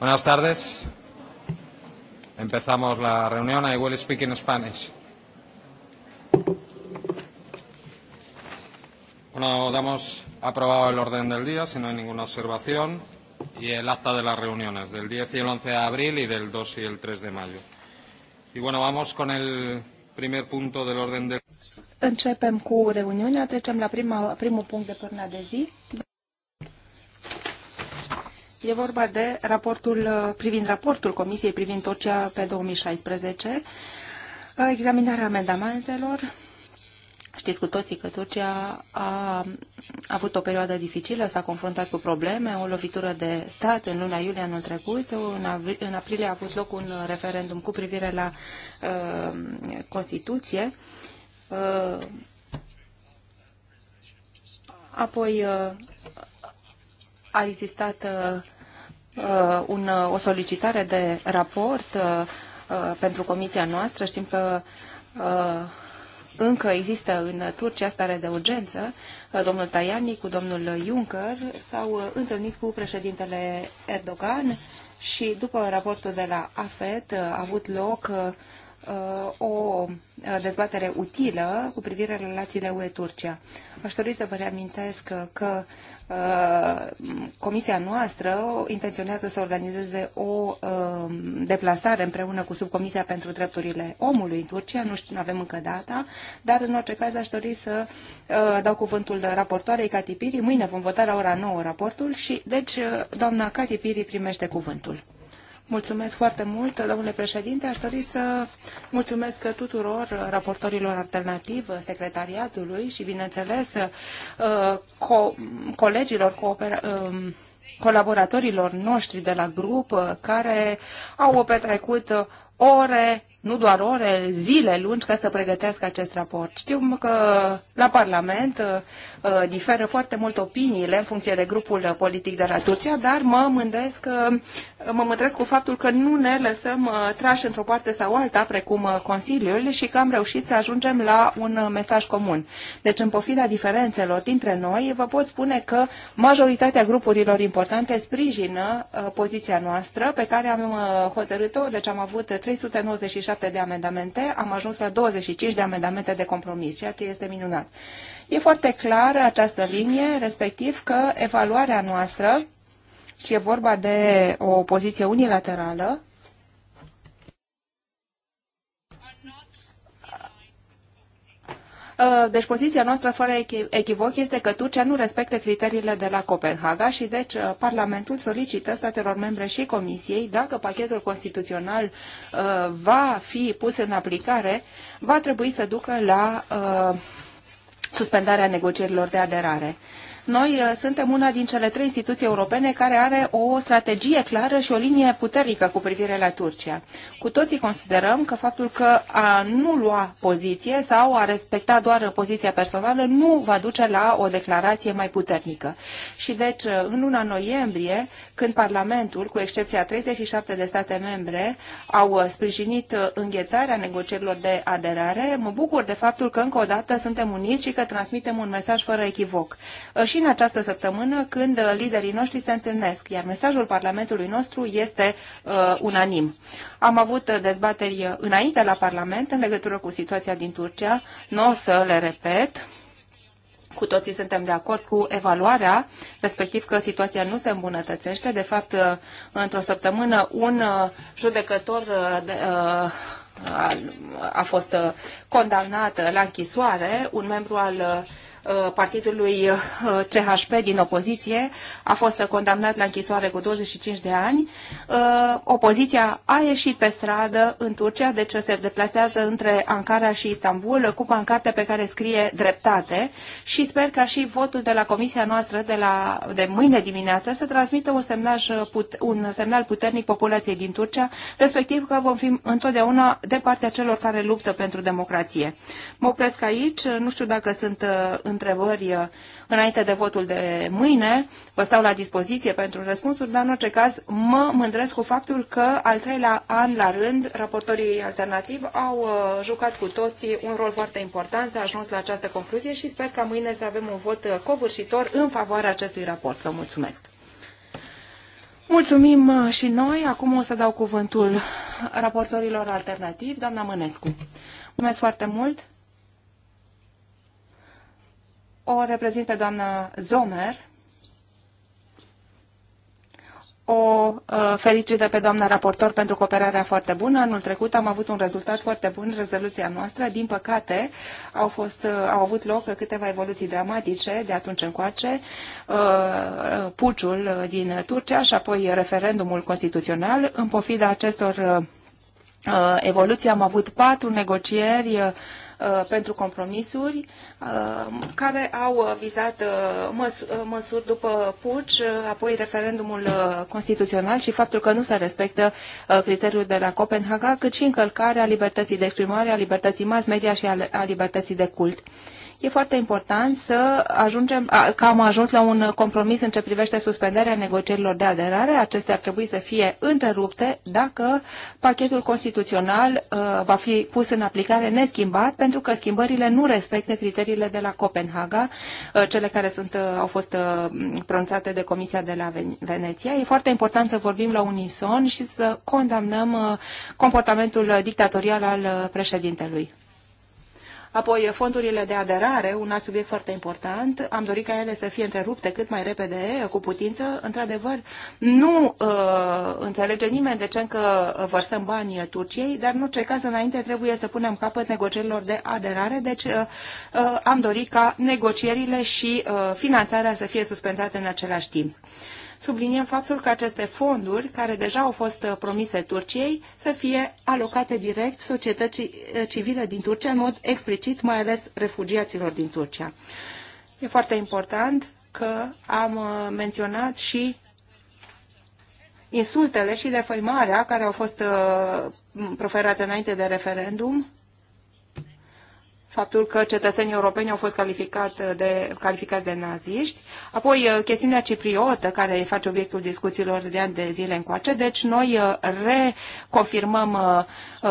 Buenas tardes. Empezamos la reunión. I will speak in Spanish. Bueno, damos aprobado el orden del día, si no hay ninguna observación, y el acta de las reuniones del 10 y el 11 de abril y del 2 y el 3 de mayo. Y bueno, vamos con el primer punto del orden del... día. Începem cu reuniunea, trecem la prima, primul punct de până de zi. E vorba de raportul uh, privind raportul Comisiei privind Turcia pe 2016, uh, examinarea amendamentelor. Știți cu toții că Turcia a avut o perioadă dificilă, s-a confruntat cu probleme, o lovitură de stat în luna iulie anul trecut. În aprilie a avut loc un referendum cu privire la uh, Constituție. Uh, apoi uh, a existat uh, uh, un, uh, o solicitare de raport uh, uh, pentru comisia noastră. Știm că uh, încă există în Turcia stare de urgență. Uh, domnul Tajani cu domnul Juncker s-au uh, întâlnit cu președintele Erdogan și după raportul de la AFET a avut loc Uh, o uh, dezbatere utilă cu privire la relațiile UE-Turcia. Aș dori să vă reamintesc că uh, comisia noastră intenționează să organizeze o um, deplasare împreună cu subcomisia pentru drepturile omului în Turcia, nu știu, avem încă data, dar în orice caz aș dori să dau cuvântul raportoarei Piri. Mâine vom vota la ora 9 raportul și deci doamna Piri primește cuvântul. Mulțumesc foarte mult, domnule președinte. Aș dori să mulțumesc tuturor raportorilor alternativ, secretariatului și, bineînțeles, uh, co colegilor, cooper um, colaboratorilor noștri de la grup uh, care au petrecut ore nu doar ore, zile lungi ca să pregătească acest raport. Știu că la Parlament uh, uh, diferă foarte mult opiniile în funcție de grupul politic de la Turcia, dar mă mândesc, uh, mă mândresc cu faptul că nu ne lăsăm trași într-o parte sau alta, precum Consiliul, și că am reușit să ajungem la un mesaj comun. Deci, în pofida diferențelor dintre noi, vă pot spune că majoritatea grupurilor importante sprijină poziția noastră pe care am hotărât-o, deci am avut 396 27 de amendamente, am ajuns la 25 de amendamente de compromis, ceea ce este minunat. E foarte clară această linie, respectiv că evaluarea noastră, și e vorba de o poziție unilaterală, Uh, deci poziția noastră fără echivoc este că Turcia nu respectă criteriile de la Copenhaga și deci uh, Parlamentul solicită statelor membre și Comisiei dacă pachetul constituțional uh, va fi pus în aplicare, va trebui să ducă la suspendarea negocierilor de aderare. Noi uh, suntem una din cele trei instituții europene care are o strategie clară și o linie puternică cu privire la Turcia. Cu toții considerăm că faptul că a nu lua poziție sau a respecta doar poziția personală nu va duce la o declarație mai puternică. Și deci, uh, în luna noiembrie, când Parlamentul, cu excepția 37 de state membre, au uh, sprijinit înghețarea negocierilor de aderare, mă bucur de faptul că încă o dată suntem uniți și că transmitem un mesaj fără echivoc și în această săptămână când liderii noștri se întâlnesc, iar mesajul Parlamentului nostru este uh, unanim. Am avut dezbateri înainte la Parlament în legătură cu situația din Turcia, nu o să le repet, cu toții suntem de acord cu evaluarea, respectiv că situația nu se îmbunătățește. De fapt, uh, într-o săptămână, un uh, judecător uh, a fost condamnat la închisoare, un membru al Uh, partidului uh, CHP din opoziție a fost condamnat la închisoare cu 25 de ani. Uh, opoziția a ieșit pe stradă în Turcia, deci se deplasează între Ankara și Istanbul cu pancarte pe care scrie dreptate și sper ca și votul de la comisia noastră de, la, de mâine dimineață să transmită un, semnaj, un semnal puternic populației din Turcia, respectiv că vom fi întotdeauna de partea celor care luptă pentru democrație. Mă opresc aici, nu știu dacă sunt întrebări uh, înainte de votul de mâine. Vă stau la dispoziție pentru răspunsuri, dar în orice caz mă mândresc cu faptul că al treilea an la rând raportorii alternativi au uh, jucat cu toții un rol foarte important, s-a ajuns la această concluzie și sper ca mâine să avem un vot uh, covârșitor în favoarea acestui raport. Vă mulțumesc! Mulțumim și noi. Acum o să dau cuvântul raportorilor alternativi, doamna Mănescu. Mulțumesc foarte mult! o reprezint pe doamna Zomer, o uh, felicită pe doamna raportor pentru cooperarea foarte bună. Anul trecut am avut un rezultat foarte bun, rezoluția noastră. Din păcate, au, fost, uh, au avut loc câteva evoluții dramatice de atunci încoace. Uh, puciul din Turcia și apoi referendumul constituțional. În pofida acestor evoluții am avut patru negocieri Uh, pentru compromisuri uh, care au uh, vizat măsuri după puci, apoi referendumul constituțional și faptul că nu se respectă criteriul de la Copenhaga, cât și încălcarea libertății de exprimare, a libertății mass media și a libertății de cult e foarte important să ajungem, că am ajuns la un compromis în ce privește suspendarea negocierilor de aderare. Acestea ar trebui să fie întrerupte dacă pachetul constituțional uh, va fi pus în aplicare neschimbat, pentru că schimbările nu respectă criteriile de la Copenhaga, uh, cele care sunt, uh, au fost pronunțate de Comisia de la Veneția. E foarte important să vorbim la unison și să condamnăm comportamentul dictatorial al președintelui. Apoi, fondurile de aderare, un alt subiect foarte important. Am dorit ca ele să fie întrerupte cât mai repede, cu putință. Într-adevăr, nu uh, înțelege nimeni de ce încă vărsăm bani Turciei, dar în orice caz, înainte trebuie să punem capăt negocierilor de aderare. Deci, uh, uh, am dorit ca negocierile și uh, finanțarea să fie suspendate în același timp. Uh, subliniem faptul că aceste fonduri, care deja au fost uh, promise Turciei, să fie alocate direct societății uh, civile din Turcia, în mod explicit, mai ales refugiaților din Turcia. E foarte important că am uh, menționat și insultele și defăimarea care au fost proferate înainte de referendum faptul că cetățenii europeni au fost calificat uh, de, calificați de naziști, apoi uh, chestiunea cipriotă care face obiectul discuțiilor de ani de zile încoace, deci noi uh, reconfirmăm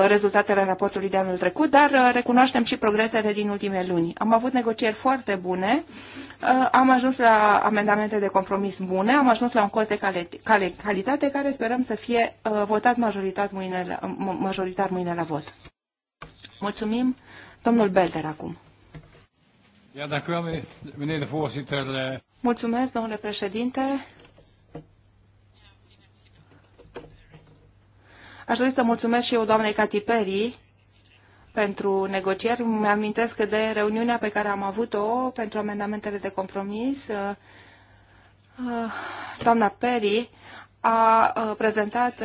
rezultatele raportului de anul trecut, dar recunoaștem și progresele din ultime luni. Am avut negocieri foarte bune, am ajuns la amendamente de compromis bune, am ajuns la un cost de calitate care sperăm să fie votat majoritar mâine, majoritar mâine la vot. Mulțumim! Domnul Belter, acum. Eh, mulțumesc, domnule președinte. Aș dori să mulțumesc și eu doamnei Catiperi pentru negocieri. Îmi amintesc de reuniunea pe care am avut-o pentru amendamentele de compromis. Eh, eh, doamna Peri a prezentat,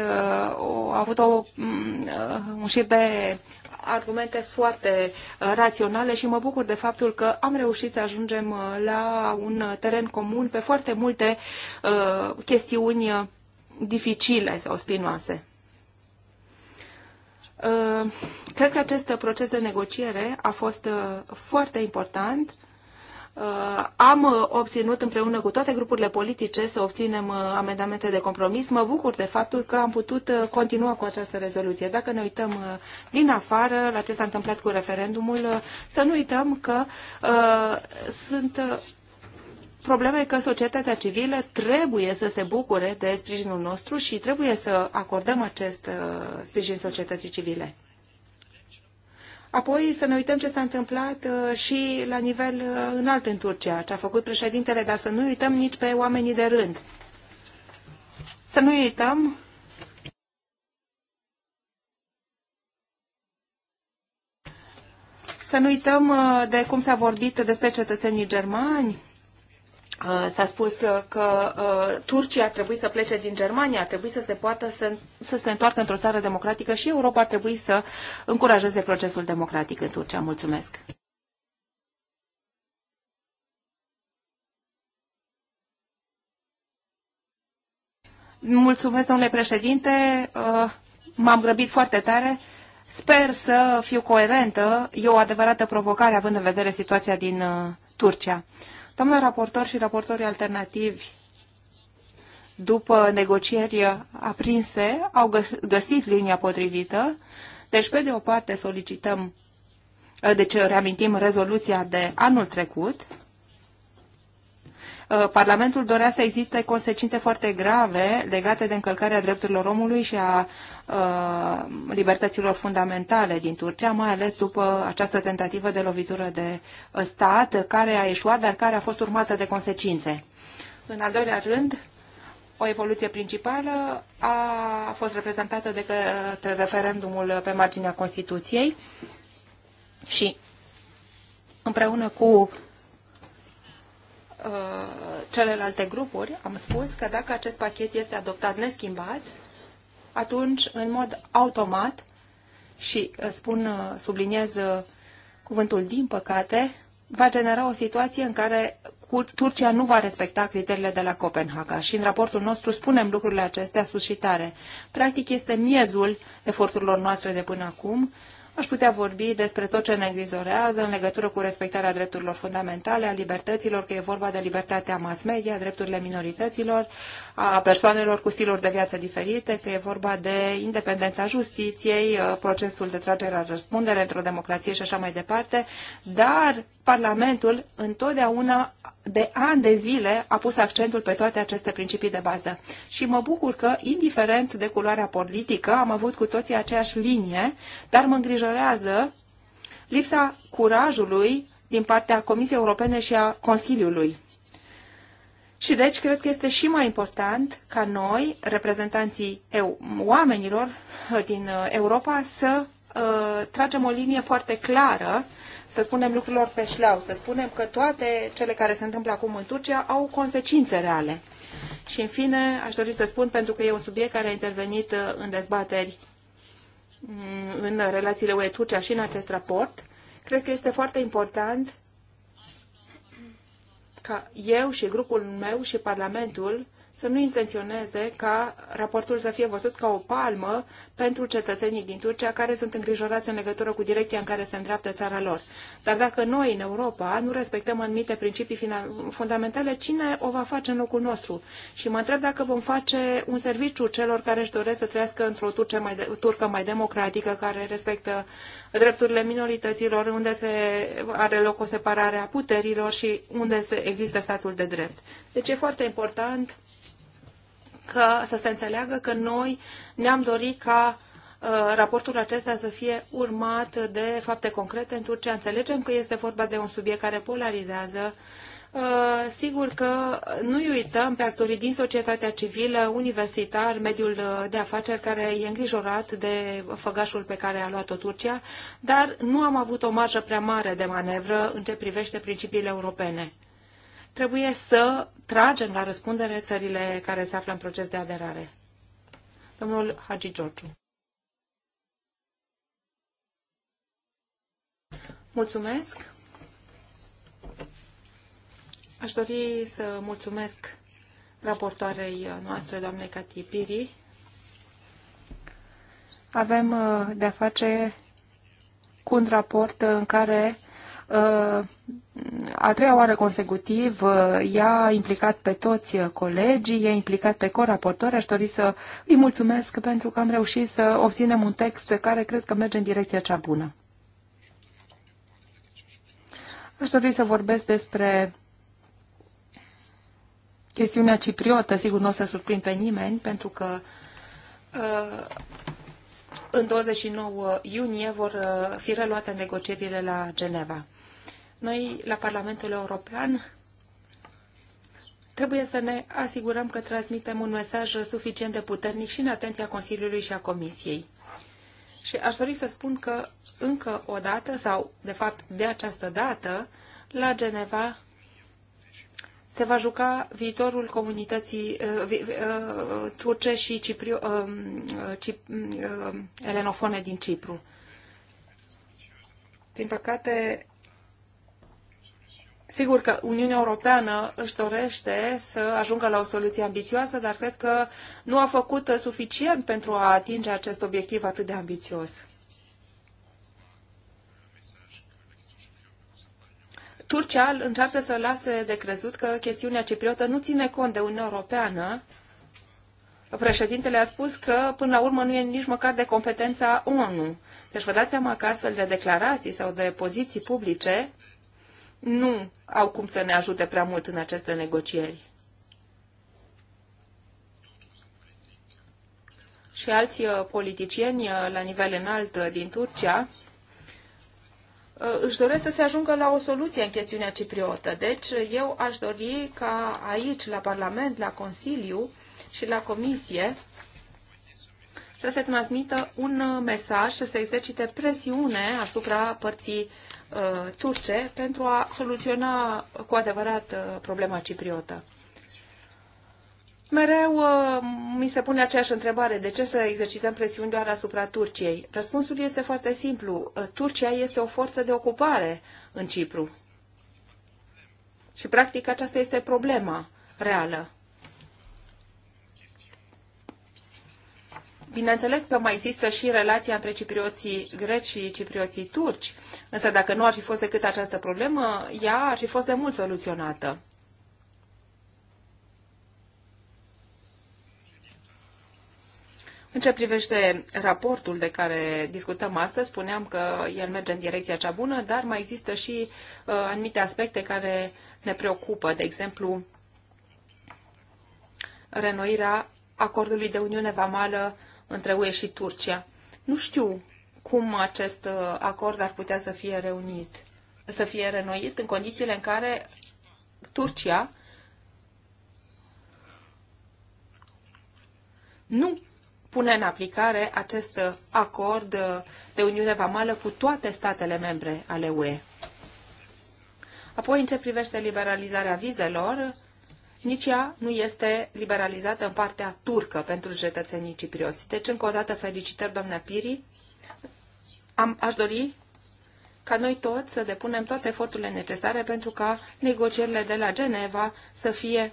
a avut o, mm, un șir de argumente foarte uh, raționale și mă bucur de faptul că am reușit să ajungem uh, la un uh, teren comun pe foarte multe chestiuni dificile sau spinoase. Cred că acest proces de negociere a fost foarte important Uh, am uh, obținut împreună cu toate grupurile politice să obținem uh, amendamente de compromis. Mă bucur de faptul că am putut continua cu această rezoluție. Dacă ne uităm din afară la ce s-a întâmplat cu referendumul, să nu uităm că uh, sunt problema e că societatea civilă trebuie să se bucure de sprijinul nostru și trebuie să acordăm acest sprijin societății civile. Apoi să ne uităm ce s-a întâmplat uh, și la nivel uh, înalt în Turcia, ce a făcut președintele, dar să nu uităm nici pe oamenii de rând. Să nu uităm Să nu uităm uh, de cum s-a vorbit despre cetățenii germani, Uh, s-a spus uh, că uh, Turcia ar trebui să plece din Germania, ar trebui să se poată să, să se întoarcă într-o țară democratică și Europa ar trebui să încurajeze procesul democratic în Turcia. Mulțumesc! Mulțumesc, domnule președinte. M-am grăbit foarte tare. Sper să fiu coerentă. E o adevărată provocare, având în vedere situația din Turcia. Doamna raportor și raportorii alternativi, după negocieri aprinse, au găsit linia potrivită. Deci, pe de o parte, solicităm, deci reamintim rezoluția de anul trecut, Uh, Parlamentul dorea să existe consecințe foarte grave legate de încălcarea drepturilor omului și a uh, libertăților fundamentale din Turcia, mai ales după această tentativă de lovitură de uh, stat, care a ieșuat, dar care a fost urmată de consecințe. În al doilea rând, o evoluție principală a fost reprezentată de către referendumul pe marginea Constituției și împreună cu Uh, celelalte grupuri, am spus că dacă acest pachet este adoptat neschimbat, atunci, în mod automat, și uh, spun, uh, subliniez cuvântul din păcate, va genera o situație în care Turcia nu va respecta criteriile de la Copenhaga și în raportul nostru spunem lucrurile acestea tare. Practic este miezul eforturilor noastre de până acum Aș putea vorbi despre tot ce ne îngrizorează în legătură cu respectarea drepturilor fundamentale, a libertăților, că e vorba de libertatea mass media, drepturile minorităților, a persoanelor cu stiluri de viață diferite, că e vorba de independența justiției, procesul de tragere la răspundere într-o democrație și așa mai departe, dar Parlamentul întotdeauna de ani de zile a pus accentul pe toate aceste principii de bază. Și mă bucur că, indiferent de culoarea politică, am avut cu toții aceeași linie, dar mă îngrijorează lipsa curajului din partea Comisiei Europene și a Consiliului. Și deci cred că este și mai important ca noi, reprezentanții eu, oamenilor din uh, Europa, să uh, tragem o linie foarte clară să spunem lucrurilor pe șleau, să spunem că toate cele care se întâmplă acum în Turcia au consecințe reale. Și în fine, aș dori să spun, pentru că e un subiect care a intervenit uh, în dezbateri mm, în relațiile UE-Turcia și în acest raport, cred că este foarte important ca eu și grupul meu și Parlamentul să nu intenționeze ca raportul să fie văzut ca o palmă pentru cetățenii din Turcia care sunt îngrijorați în legătură cu direcția în care se îndreaptă țara lor. Dar dacă noi, în Europa, nu respectăm anumite principii fundamentale, cine o va face în locul nostru? Și mă întreb dacă vom face un serviciu celor care își doresc să trăiască într-o turcă mai, de- turcă mai democratică, care respectă drepturile minorităților, unde se are loc o separare a puterilor și unde se, există statul de drept. Deci e foarte important că, să se înțeleagă că noi ne-am dorit ca uh, raportul acesta să fie urmat de fapte concrete în Turcia. Înțelegem că este vorba de un subiect care polarizează. Uh, sigur că nu uităm pe actorii din societatea civilă, universitar, mediul uh, de afaceri care e îngrijorat de făgașul pe care a luat-o Turcia, dar nu am avut o marjă prea mare de manevră în ce privește principiile europene trebuie să tragem la răspundere țările care se află în proces de aderare. Domnul Hagi Georgiu. Mulțumesc. Aș dori să mulțumesc raportoarei noastre, doamnei Cati Piri. Avem uh, de-a face cu un raport uh, în care uh, a treia oară consecutiv i-a uh, implicat pe toți uh, colegii, i-a implicat pe coraportori. Aș dori să îi mulțumesc pentru că am reușit să obținem un text care cred că merge în direcția cea bună. Aș dori să vorbesc despre chestiunea cipriotă. Sigur, nu o să surprind pe nimeni, pentru că uh, în 29 iunie vor fi reluate negocierile la Geneva. Noi, la Parlamentul European, trebuie să ne asigurăm că transmitem un mesaj suficient de puternic și în atenția Consiliului și a Comisiei. Și aș dori să spun că încă o dată, sau de fapt de această dată, la Geneva se va juca viitorul comunității uh, uh, turce și cipri, uh, cip, uh, elenofone din Cipru. Din păcate, Sigur că Uniunea Europeană își dorește să ajungă la o soluție ambițioasă, dar cred că nu a făcut suficient pentru a atinge acest obiectiv atât de ambițios. Turcia încearcă să lase de crezut că chestiunea cipriotă nu ține cont de Uniunea Europeană. Președintele a spus că, până la urmă, nu e nici măcar de competența ONU. Deci vă dați seama că astfel de declarații sau de poziții publice nu au cum să ne ajute prea mult în aceste negocieri. Și alți uh, politicieni uh, la nivel înalt uh, din Turcia își doresc să se ajungă la o soluție în chestiunea cipriotă. Deci eu aș dori ca aici, la Parlament, la Consiliu și la Comisie, să se transmită un mesaj, să se exercite presiune asupra părții Uh, turce pentru a soluționa cu adevărat uh, problema cipriotă. Mereu uh, mi se pune aceeași întrebare, de ce să exercităm presiuni doar asupra Turciei? Răspunsul este foarte simplu. Turcia este o forță de ocupare în Cipru. Și practic aceasta este problema reală. Bineînțeles că mai există și relația între ciprioții greci și ciprioții turci, însă dacă nu ar fi fost decât această problemă, ea ar fi fost de mult soluționată. În ce privește raportul de care discutăm astăzi, spuneam că el merge în direcția cea bună, dar mai există și uh, anumite aspecte care ne preocupă, de exemplu, renoirea acordului de Uniune Vamală între UE și Turcia. Nu știu cum acest uh, acord ar putea să fie reunit, să fie renoit în condițiile în care Turcia nu pune în aplicare acest uh, acord uh, de Uniune Vamală cu toate statele membre ale UE. Apoi, în ce privește liberalizarea vizelor, nici ea nu este liberalizată în partea turcă pentru cetățenii ciprioți. Deci, încă o dată, felicitări, doamna Piri. Am, aș dori ca noi toți să depunem toate eforturile necesare pentru ca negocierile de la Geneva să fie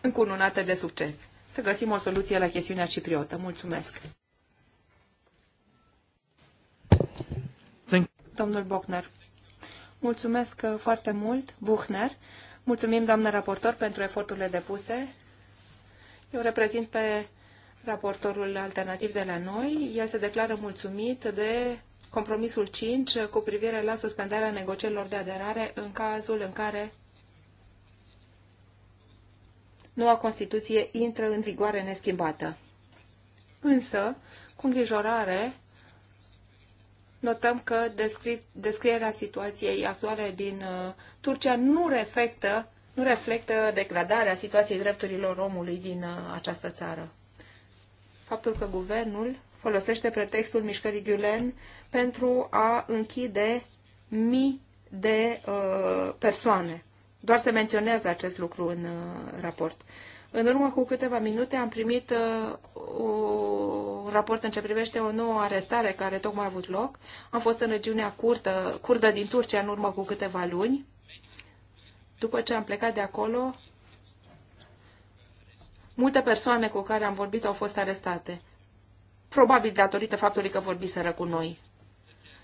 încununate de succes. Să găsim o soluție la chestiunea cipriotă. Mulțumesc! Domnul Bochner. Mulțumesc uh, foarte mult, Buchner. Mulțumim, doamnă raportor, pentru eforturile depuse. Eu reprezint pe raportorul alternativ de la noi. El se declară mulțumit de compromisul 5 cu privire la suspendarea negocierilor de aderare în cazul în care noua Constituție intră în vigoare neschimbată. Însă, cu îngrijorare, notăm că descri- descrierea situației actuale din uh, Turcia nu reflectă, nu reflectă degradarea situației drepturilor omului din uh, această țară. Faptul că guvernul folosește pretextul mișcării Gülen pentru a închide mii de uh, persoane. Doar se menționează acest lucru în uh, raport. În urmă cu câteva minute am primit uh, un raport în ce privește o nouă arestare care tocmai a avut loc. Am fost în regiunea curtă, curdă din Turcia în urmă cu câteva luni. După ce am plecat de acolo, multe persoane cu care am vorbit au fost arestate. Probabil datorită faptului că vorbiseră cu noi.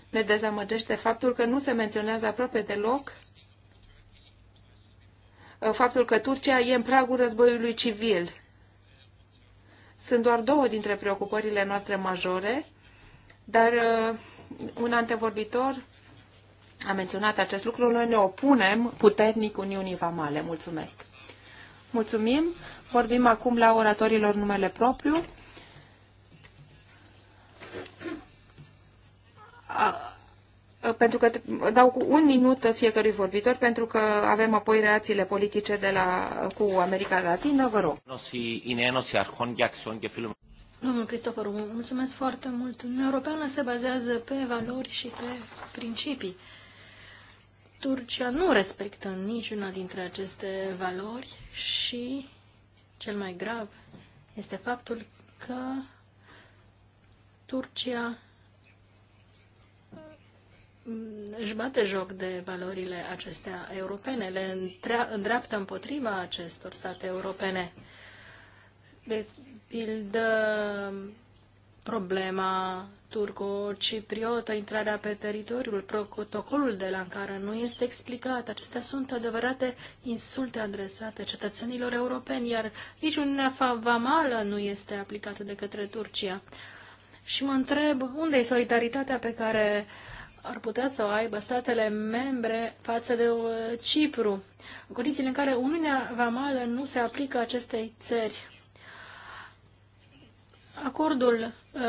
Ne dezamăgește faptul că nu se menționează aproape deloc uh, faptul că Turcia e în pragul războiului civil sunt doar două dintre preocupările noastre majore, dar uh, un antevorbitor a menționat acest lucru. Noi ne opunem puternic Uniunii Vamale. Mulțumesc! Mulțumim! Vorbim acum la oratorilor numele propriu. A pentru că dau un minut fiecărui vorbitor, pentru că avem apoi reacțiile politice de la, cu America Latină, vă rog. Domnul Cristoforu, mulțumesc foarte mult. Uniunea Europeană se bazează pe valori și pe principii. Turcia nu respectă niciuna dintre aceste valori și cel mai grav este faptul că Turcia își bate joc de valorile acestea europene, le îndreaptă împotriva acestor state europene. De pildă, problema turco-cipriotă, intrarea pe teritoriul, protocolul de la Ankara nu este explicat. Acestea sunt adevărate insulte adresate cetățenilor europeni, iar nici Uniunea Vamală nu este aplicată de către Turcia. Și mă întreb unde e solidaritatea pe care uh, ar putea să o aibă statele membre față de uh, Cipru, în condițiile în care Uniunea Vamală nu se aplică acestei țări. Acordul uh,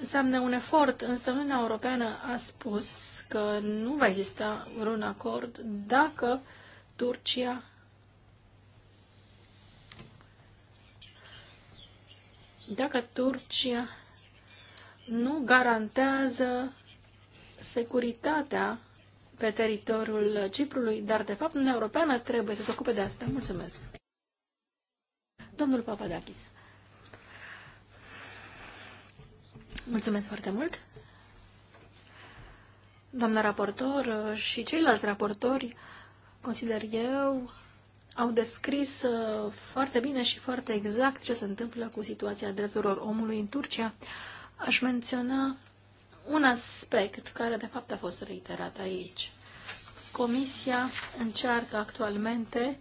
înseamnă un efort, însă Uniunea Europeană a spus că nu va exista vreun acord dacă Turcia dacă Turcia nu garantează securitatea pe teritoriul Ciprului, dar de fapt Uniunea Europeană trebuie să se ocupe de asta. Mulțumesc. Domnul Papadakis. Mulțumesc foarte mult. Doamna raportor și ceilalți raportori, consider eu, au descris uh, foarte bine și foarte exact ce se întâmplă cu situația drepturilor omului în Turcia. Aș menționa un aspect care de fapt a fost reiterat aici. Comisia încearcă actualmente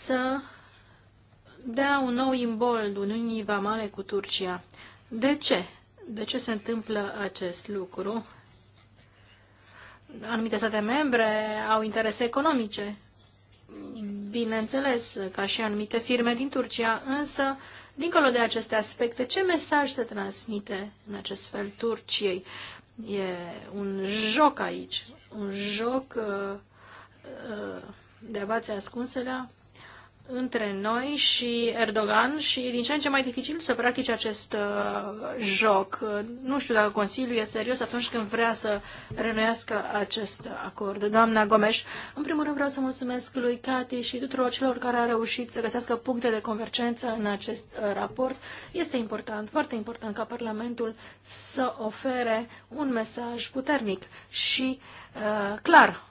să dea un nou imbold Uniunii Vamale cu Turcia. De ce? De ce se întâmplă acest lucru? Anumite state membre au interese economice, bineînțeles, ca și anumite firme din Turcia, însă Dincolo de aceste aspecte, ce mesaj se transmite în acest fel Turciei? E un joc aici, un joc uh, uh, de abația ascunselea între noi și Erdogan și e din ce în ce mai dificil să practice acest uh, joc. Nu știu dacă Consiliul e serios atunci când vrea să renuiască acest acord. Doamna Gomes, în primul rând vreau să mulțumesc lui Cati și tuturor celor care au reușit să găsească puncte de convergență în acest uh, raport. Este important, foarte important ca Parlamentul să ofere un mesaj puternic și uh, clar.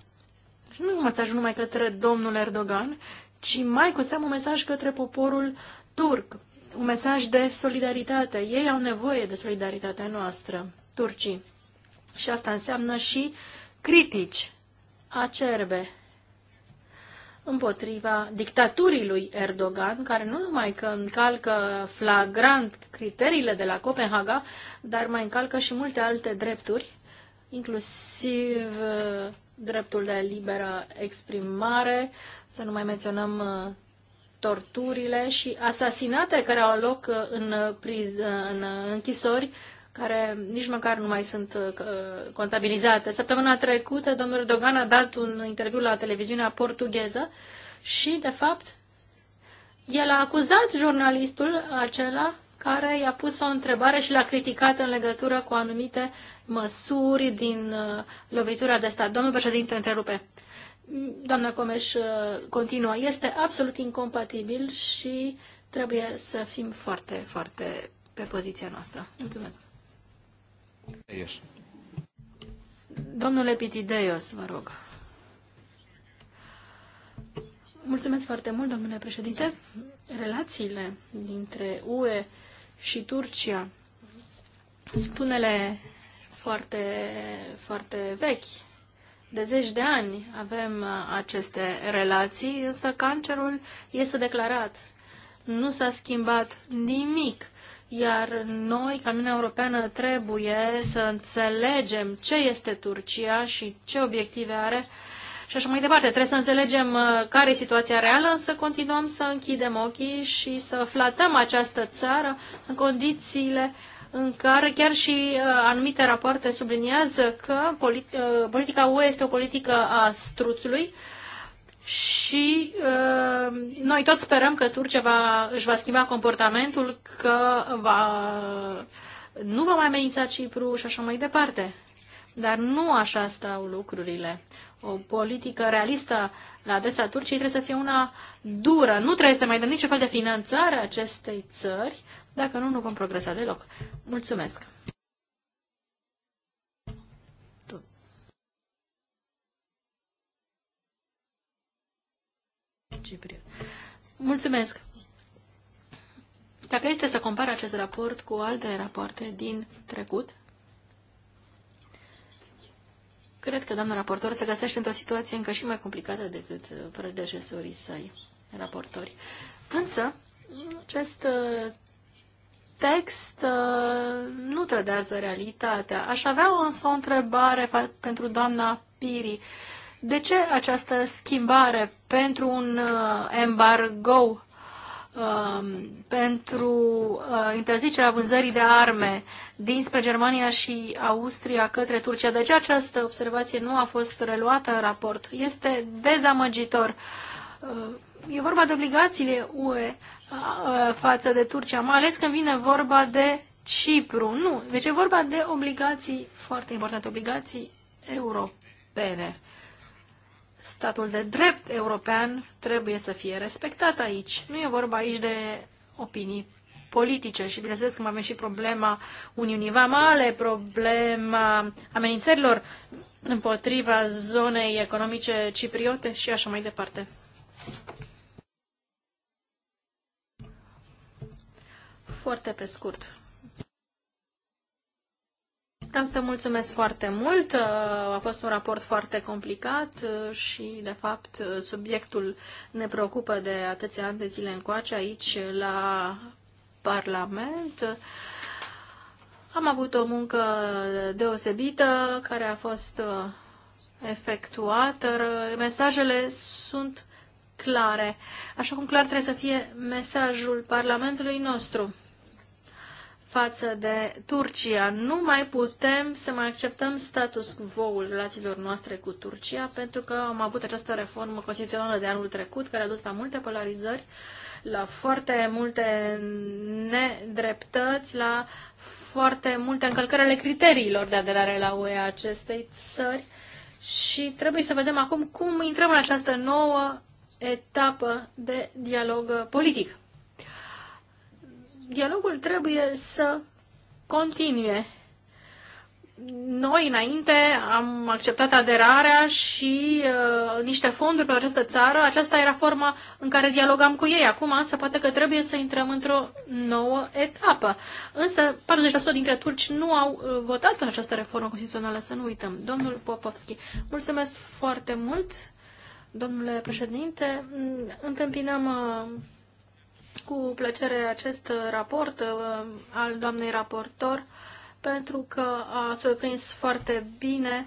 nu un mesaj numai către domnul Erdogan, ci mai cu seamă un mesaj către poporul turc, un mesaj de solidaritate. Ei au nevoie de solidaritatea noastră, turcii. Și asta înseamnă și critici acerbe împotriva dictaturii lui Erdogan, care nu numai că încalcă flagrant criteriile de la Copenhaga, dar mai încalcă și multe alte drepturi, inclusiv dreptul de liberă exprimare, să nu mai menționăm uh, torturile și asasinate care au loc uh, în, priz, uh, în închisori, care nici măcar nu mai sunt contabilizate. Săptămâna trecută, domnul Dogan a dat un interviu la televiziunea portugheză și, de fapt, el a acuzat jurnalistul acela care i-a pus o întrebare și l-a criticat în legătură cu anumite măsuri din uh, lovitura de stat. Domnul președinte, întrerupe. Doamna Comeș uh, continuă. Este absolut incompatibil și trebuie să fim foarte, foarte pe poziția noastră. Mulțumesc. Yes. Domnule Pitideos, vă rog. Mulțumesc foarte mult, domnule președinte. Relațiile dintre UE și Turcia. Sunt unele foarte, foarte vechi. De zeci de ani avem aceste relații, însă cancerul este declarat. Nu s-a schimbat nimic. Iar noi, ca Uniunea Europeană, trebuie să înțelegem ce este Turcia și ce obiective are și așa mai departe. Trebuie să înțelegem uh, care e situația reală, să continuăm să închidem ochii și să flatăm această țară în condițiile în care chiar și uh, anumite rapoarte subliniază că polit- uh, politica UE este o politică a struțului, și uh, noi toți sperăm că Turcia va, își va schimba comportamentul, că va, nu va mai amenința Cipru și așa mai departe. Dar nu așa stau lucrurile o politică realistă la adresa Turciei trebuie să fie una dură. Nu trebuie să mai dăm niciun fel de finanțare acestei țări, dacă nu, nu vom progresa deloc. Mulțumesc! Mulțumesc! Dacă este să compar acest raport cu alte rapoarte din trecut, Cred că doamna raportor se găsește într-o situație încă și mai complicată decât uh, predecesorii săi raportori. Însă, acest uh, text uh, nu trădează realitatea. Aș avea însă o întrebare pentru doamna Piri. De ce această schimbare pentru un embargo Um, pentru uh, interzicerea vânzării de arme dinspre Germania și Austria către Turcia. Deci această observație nu a fost reluată în raport. Este dezamăgitor. Uh, e vorba de obligațiile UE uh, față de Turcia, mai ales când vine vorba de Cipru. Nu, deci e vorba de obligații foarte importante, obligații europene. Statul de drept european trebuie să fie respectat aici. Nu e vorba aici de opinii politice și bineînțeles că avem și problema Uniunii Vamale, problema amenințărilor împotriva zonei economice cipriote și așa mai departe. Foarte pe scurt. Vreau să mulțumesc foarte mult. Uh, a fost un raport foarte complicat uh, și, de fapt, uh, subiectul ne preocupă de atâția ani de zile încoace aici la Parlament. Am avut o muncă deosebită care a fost efectuată. Mesajele sunt clare, așa cum clar trebuie să fie mesajul Parlamentului nostru față de Turcia. Nu mai putem să mai acceptăm status quo-ul relațiilor noastre cu Turcia, pentru că am avut această reformă constituțională de anul trecut, care a dus la multe polarizări, la foarte multe nedreptăți, la foarte multe încălcări ale criteriilor de aderare la UE a acestei țări și trebuie să vedem acum cum intrăm în această nouă etapă de dialog politic. Dialogul trebuie să continue. Noi, înainte, am acceptat aderarea și uh, niște fonduri pe această țară. Aceasta era forma în care dialogam cu ei. Acum, însă, poate că trebuie să intrăm într-o nouă etapă. Însă, 40% dintre turci nu au uh, votat în această reformă constituțională, să nu uităm. Domnul Popovski, mulțumesc foarte mult, domnule președinte. Întâmpinăm... Uh, cu plăcere acest raport uh, al doamnei raportor pentru că a surprins foarte bine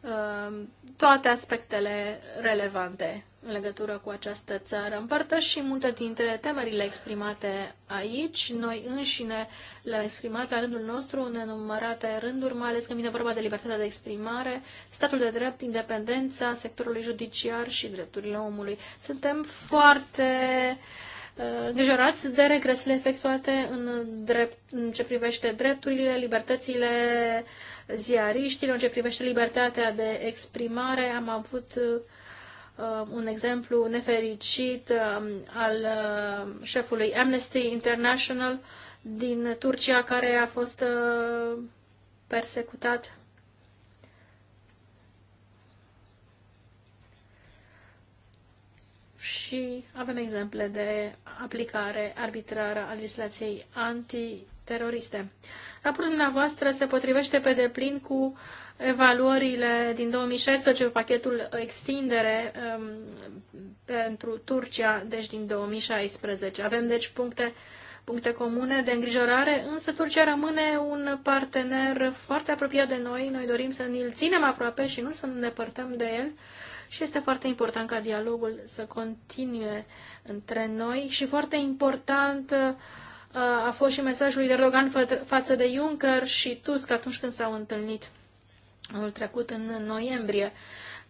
uh, toate aspectele relevante în legătură cu această țară. Împărtășim multe dintre temerile exprimate aici. Noi înșine le-am exprimat la rândul nostru în enumărate rânduri, mai ales când vine vorba de libertatea de exprimare, statul de drept, independența sectorului judiciar și drepturile omului. Suntem foarte uh, Uh, îngrijorați de regresele efectuate în, drept, în ce privește drepturile, libertățile ziariștilor, în ce privește libertatea de exprimare. Am avut uh, uh, un exemplu nefericit um, al șefului Amnesty International din Turcia, care a fost persecutat și avem exemple de aplicare arbitrară a legislației antiteroriste. Raportul dumneavoastră se potrivește pe deplin cu evaluările din 2016, pachetul extindere um, pentru Turcia, deci din 2016. Avem deci puncte puncte comune de îngrijorare, însă Turcia rămâne un partener foarte apropiat de noi. Noi dorim să ne-l ținem aproape și nu să ne depărtăm de el și este foarte important ca dialogul să continue între noi și foarte important uh, a fost și mesajul lui Erdogan față de Juncker și Tusk atunci când s-au întâlnit anul trecut în noiembrie.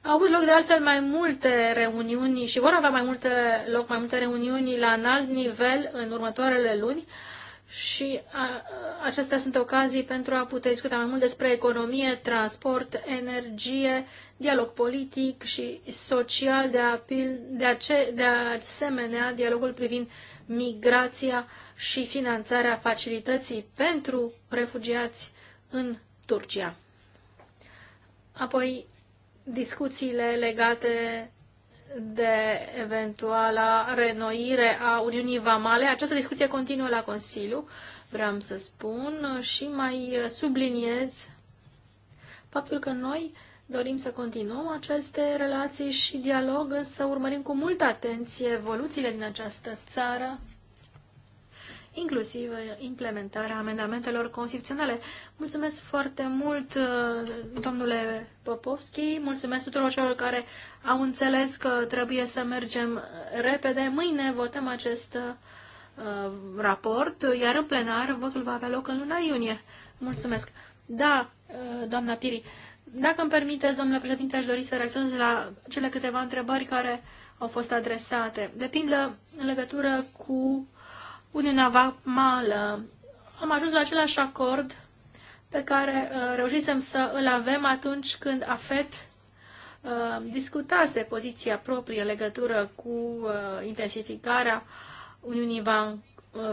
Au avut loc de altfel mai multe reuniuni și vor avea mai multe loc mai multe reuniuni la înalt nivel în următoarele luni și a, acestea sunt ocazii pentru a putea discuta mai mult despre economie, transport, energie, dialog politic și social, de, apil, de, ace, de asemenea dialogul privind migrația și finanțarea facilității pentru refugiați în Turcia. Apoi, discuțiile legate de eventuala renoire a Uniunii Vamale. Această discuție continuă la Consiliu, vreau să spun, și mai subliniez faptul că noi dorim să continuăm aceste relații și dialog, să urmărim cu multă atenție evoluțiile din această țară inclusiv implementarea amendamentelor constituționale. Mulțumesc foarte mult, domnule Popovski, mulțumesc tuturor celor care au înțeles că trebuie să mergem repede. Mâine votăm acest uh, raport, iar în plenar votul va avea loc în luna iunie. Mulțumesc. Da, uh, doamna Piri, dacă îmi permiteți, domnule președinte, aș dori să reacționez la cele câteva întrebări care au fost adresate. De pildă, în legătură cu uh, Uniunea Vamală. Am ajuns la același acord pe care uh, reușisem să îl avem atunci când AFET uh, discutase poziția proprie în legătură cu uh, intensificarea Uniunii uh,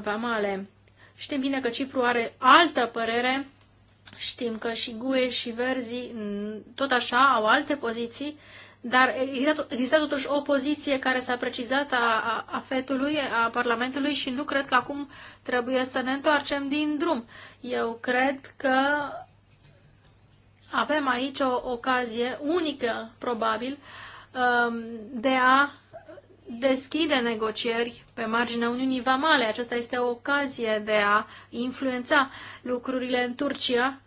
Vamale. Știm bine că Cipru are altă părere, știm că și GUE și Verzi mm, tot așa au alte poziții dar exista, exista totuși o poziție care s-a precizat a, a, a fetului, a Parlamentului și nu cred că acum trebuie să ne întoarcem din drum. Eu cred că avem aici o ocazie unică, probabil, um, de a deschide negocieri pe marginea Uniunii Vamale. Aceasta este o ocazie de a influența lucrurile în Turcia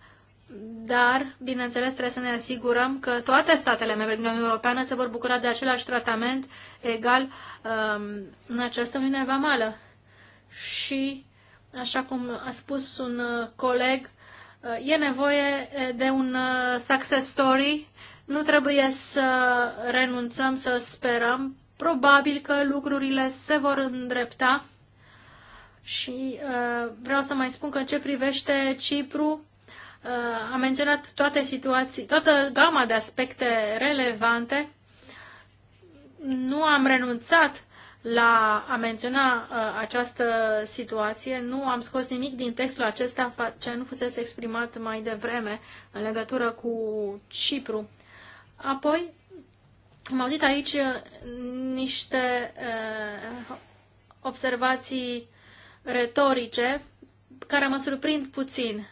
dar, bineînțeles, trebuie să ne asigurăm că toate statele membre din Uniunea Europeană se vor bucura de același tratament egal um, în această Uniune Vamală. Și, așa cum a spus un uh, coleg, uh, e nevoie uh, de un success story. Nu trebuie să renunțăm, să sperăm. Probabil că lucrurile se vor îndrepta. Și uh, vreau să mai spun că în ce privește Cipru, Uh, a menționat toate situații, toată gama de aspecte relevante. Nu am renunțat la a menționa uh, această situație, nu am scos nimic din textul acesta ce nu fusese exprimat mai devreme în legătură cu Cipru. Apoi, am auzit aici uh, niște observații retorice care mă surprind puțin.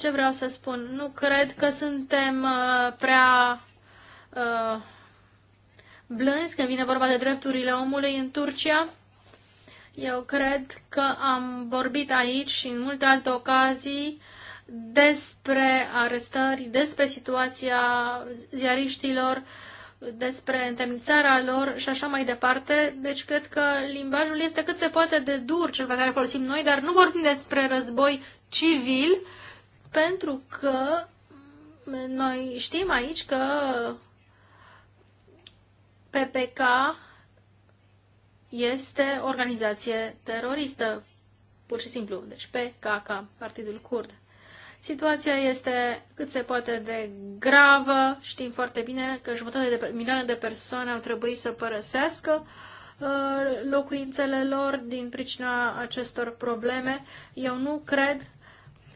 Ce vreau să spun? Nu cred că suntem uh, prea uh, blânzi când vine vorba de drepturile omului în Turcia. Eu cred că am vorbit aici și în multe alte ocazii despre arestări, despre situația ziariștilor, despre întemnițarea lor și așa mai departe. Deci cred că limbajul este cât se poate de dur, cel pe care folosim noi, dar nu vorbim despre război civil, pentru că noi știm aici că PPK este organizație teroristă, pur și simplu, deci PKK, Partidul Kurd. Situația este cât se poate de gravă, știm foarte bine că jumătate de milioane de persoane au trebuit să părăsească uh, locuințele lor din pricina acestor probleme. Eu nu cred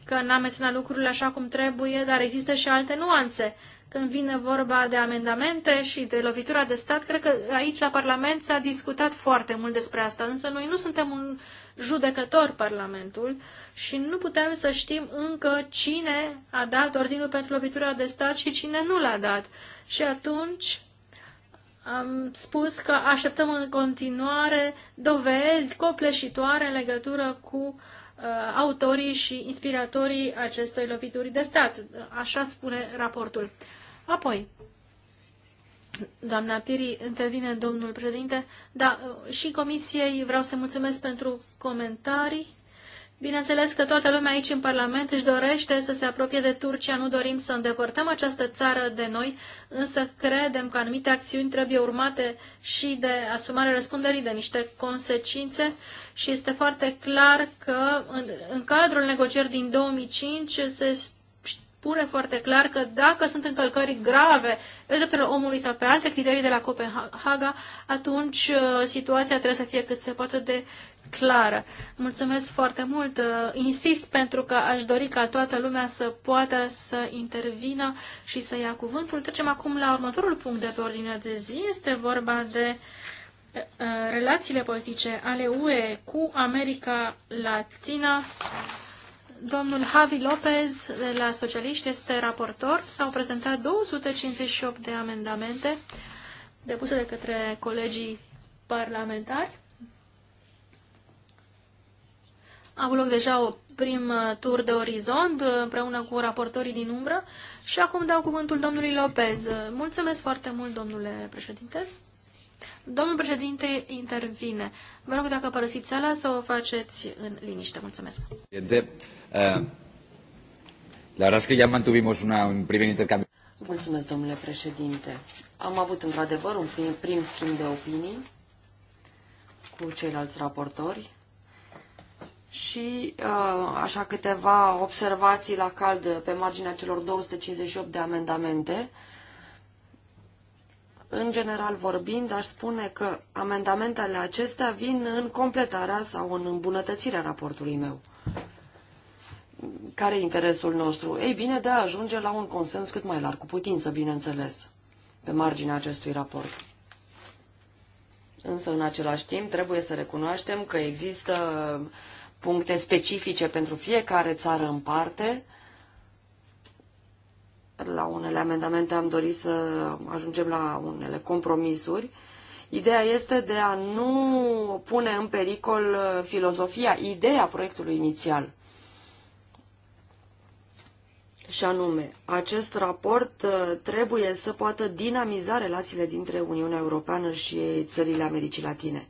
că n-am menționat lucrurile așa cum trebuie, dar există și alte nuanțe. Când vine vorba de amendamente și de lovitura de stat, cred că aici la Parlament s-a discutat foarte mult despre asta, însă noi nu suntem un judecător Parlamentul și nu putem să știm încă cine a dat ordinul pentru lovitura de stat și cine nu l-a dat. Și atunci am spus că așteptăm în continuare dovezi copleșitoare în legătură cu uh, Uh, autorii și inspiratorii acestor lovituri de stat. Așa spune raportul. Apoi, doamna Piri, intervine domnul președinte, da, uh, și comisiei vreau să mulțumesc pentru comentarii Bineînțeles că toată lumea aici în Parlament își dorește să se apropie de Turcia, nu dorim să îndepărtăm această țară de noi, însă credem că anumite acțiuni trebuie urmate și de asumare răspunderii de niște consecințe și este foarte clar că în, în cadrul negocieri din 2005 se spune foarte clar că dacă sunt încălcări grave pe drepturile omului sau pe alte criterii de la Copenhaga, atunci uh, situația trebuie să fie cât se poate de clară. Mulțumesc foarte mult. Uh, insist pentru că aș dori ca toată lumea să poată să intervină și să ia cuvântul. Trecem acum la următorul punct de pe ordinea de zi. Este vorba de uh, relațiile politice ale UE cu America Latina. Domnul Javi Lopez de la Socialiști este raportor. S-au prezentat 258 de amendamente depuse de către colegii parlamentari A avut loc deja o prim tur de orizont uh, împreună cu raportorii din umbră și acum dau cuvântul domnului Lopez. Uh, mulțumesc foarte mult, domnule președinte. Domnul președinte intervine. Vă rog dacă părăsiți sala să o faceți în liniște. Mulțumesc. De, uh, la verdad că i-am un primer intercambi. Mulțumesc, domnule președinte. Am avut într-adevăr un prim, prim schimb de opinii cu ceilalți raportori și uh, așa câteva observații la cald pe marginea celor 258 de amendamente. În general vorbind, aș spune că amendamentele acestea vin în completarea sau în îmbunătățirea raportului meu. Care e interesul nostru? Ei bine, de a ajunge la un consens cât mai larg, cu putință, bineînțeles, pe marginea acestui raport. Însă, în același timp, trebuie să recunoaștem că există uh, puncte specifice pentru fiecare țară în parte. La unele amendamente am dorit să ajungem la unele compromisuri. Ideea este de a nu pune în pericol uh, filozofia, ideea proiectului inițial. Și anume, acest raport uh, trebuie să poată dinamiza relațiile dintre Uniunea Europeană și țările Americii Latine.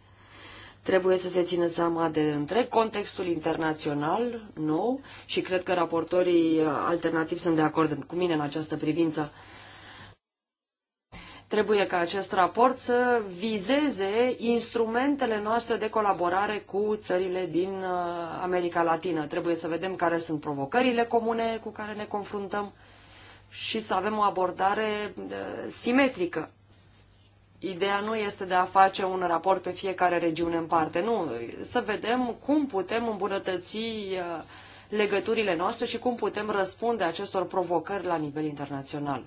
Trebuie să se țină seama de întreg contextul internațional nou și cred că raportorii alternativi sunt de acord cu mine în această privință. Trebuie ca acest raport să vizeze instrumentele noastre de colaborare cu țările din uh, America Latină. Trebuie să vedem care sunt provocările comune cu care ne confruntăm și să avem o abordare uh, simetrică Ideea nu este de a face un raport pe fiecare regiune în parte, nu. Să vedem cum putem îmbunătăți uh, legăturile noastre și cum putem răspunde acestor provocări la nivel internațional.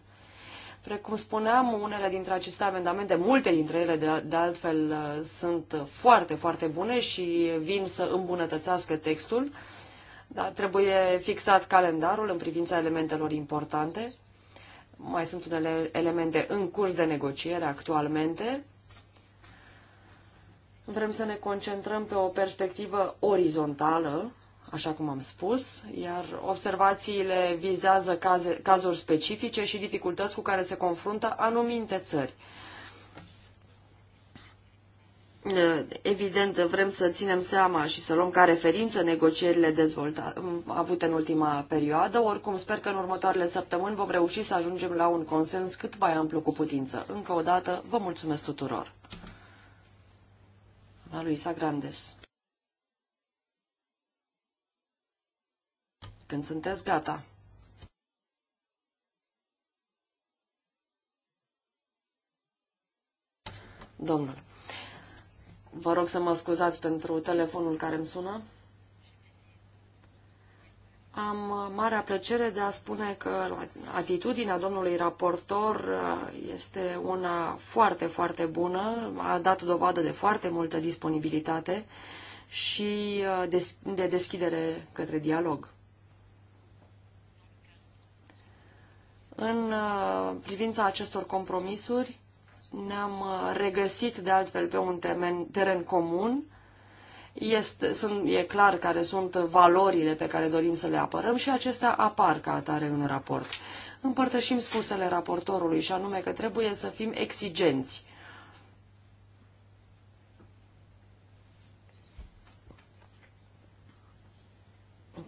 Precum spuneam, unele dintre aceste amendamente, multe dintre ele de, de altfel uh, sunt foarte, foarte bune și vin să îmbunătățească textul. Dar trebuie fixat calendarul în privința elementelor importante mai sunt unele elemente în curs de negociere actualmente. Vrem să ne concentrăm pe o perspectivă orizontală, așa cum am spus, iar observațiile vizează caze, cazuri specifice și dificultăți cu care se confruntă anumite țări. Evident, vrem să ținem seama și să luăm ca referință negocierile dezvoltate, avute în ultima perioadă. Oricum, sper că în următoarele săptămâni vom reuși să ajungem la un consens cât mai amplu cu putință. Încă o dată, vă mulțumesc tuturor. Luisa Grandes. Când sunteți gata. Domnul. Vă rog să mă scuzați pentru telefonul care îmi sună. Am marea plăcere de a spune că atitudinea domnului raportor este una foarte, foarte bună, a dat dovadă de foarte multă disponibilitate și uh, de deschidere către dialog. În uh, privința acestor compromisuri, ne-am uh, regăsit de altfel pe un temen, teren comun. Este, sunt, e clar care sunt valorile pe care dorim să le apărăm și acestea apar ca atare în raport. Împărtășim spusele raportorului și anume că trebuie să fim exigenți.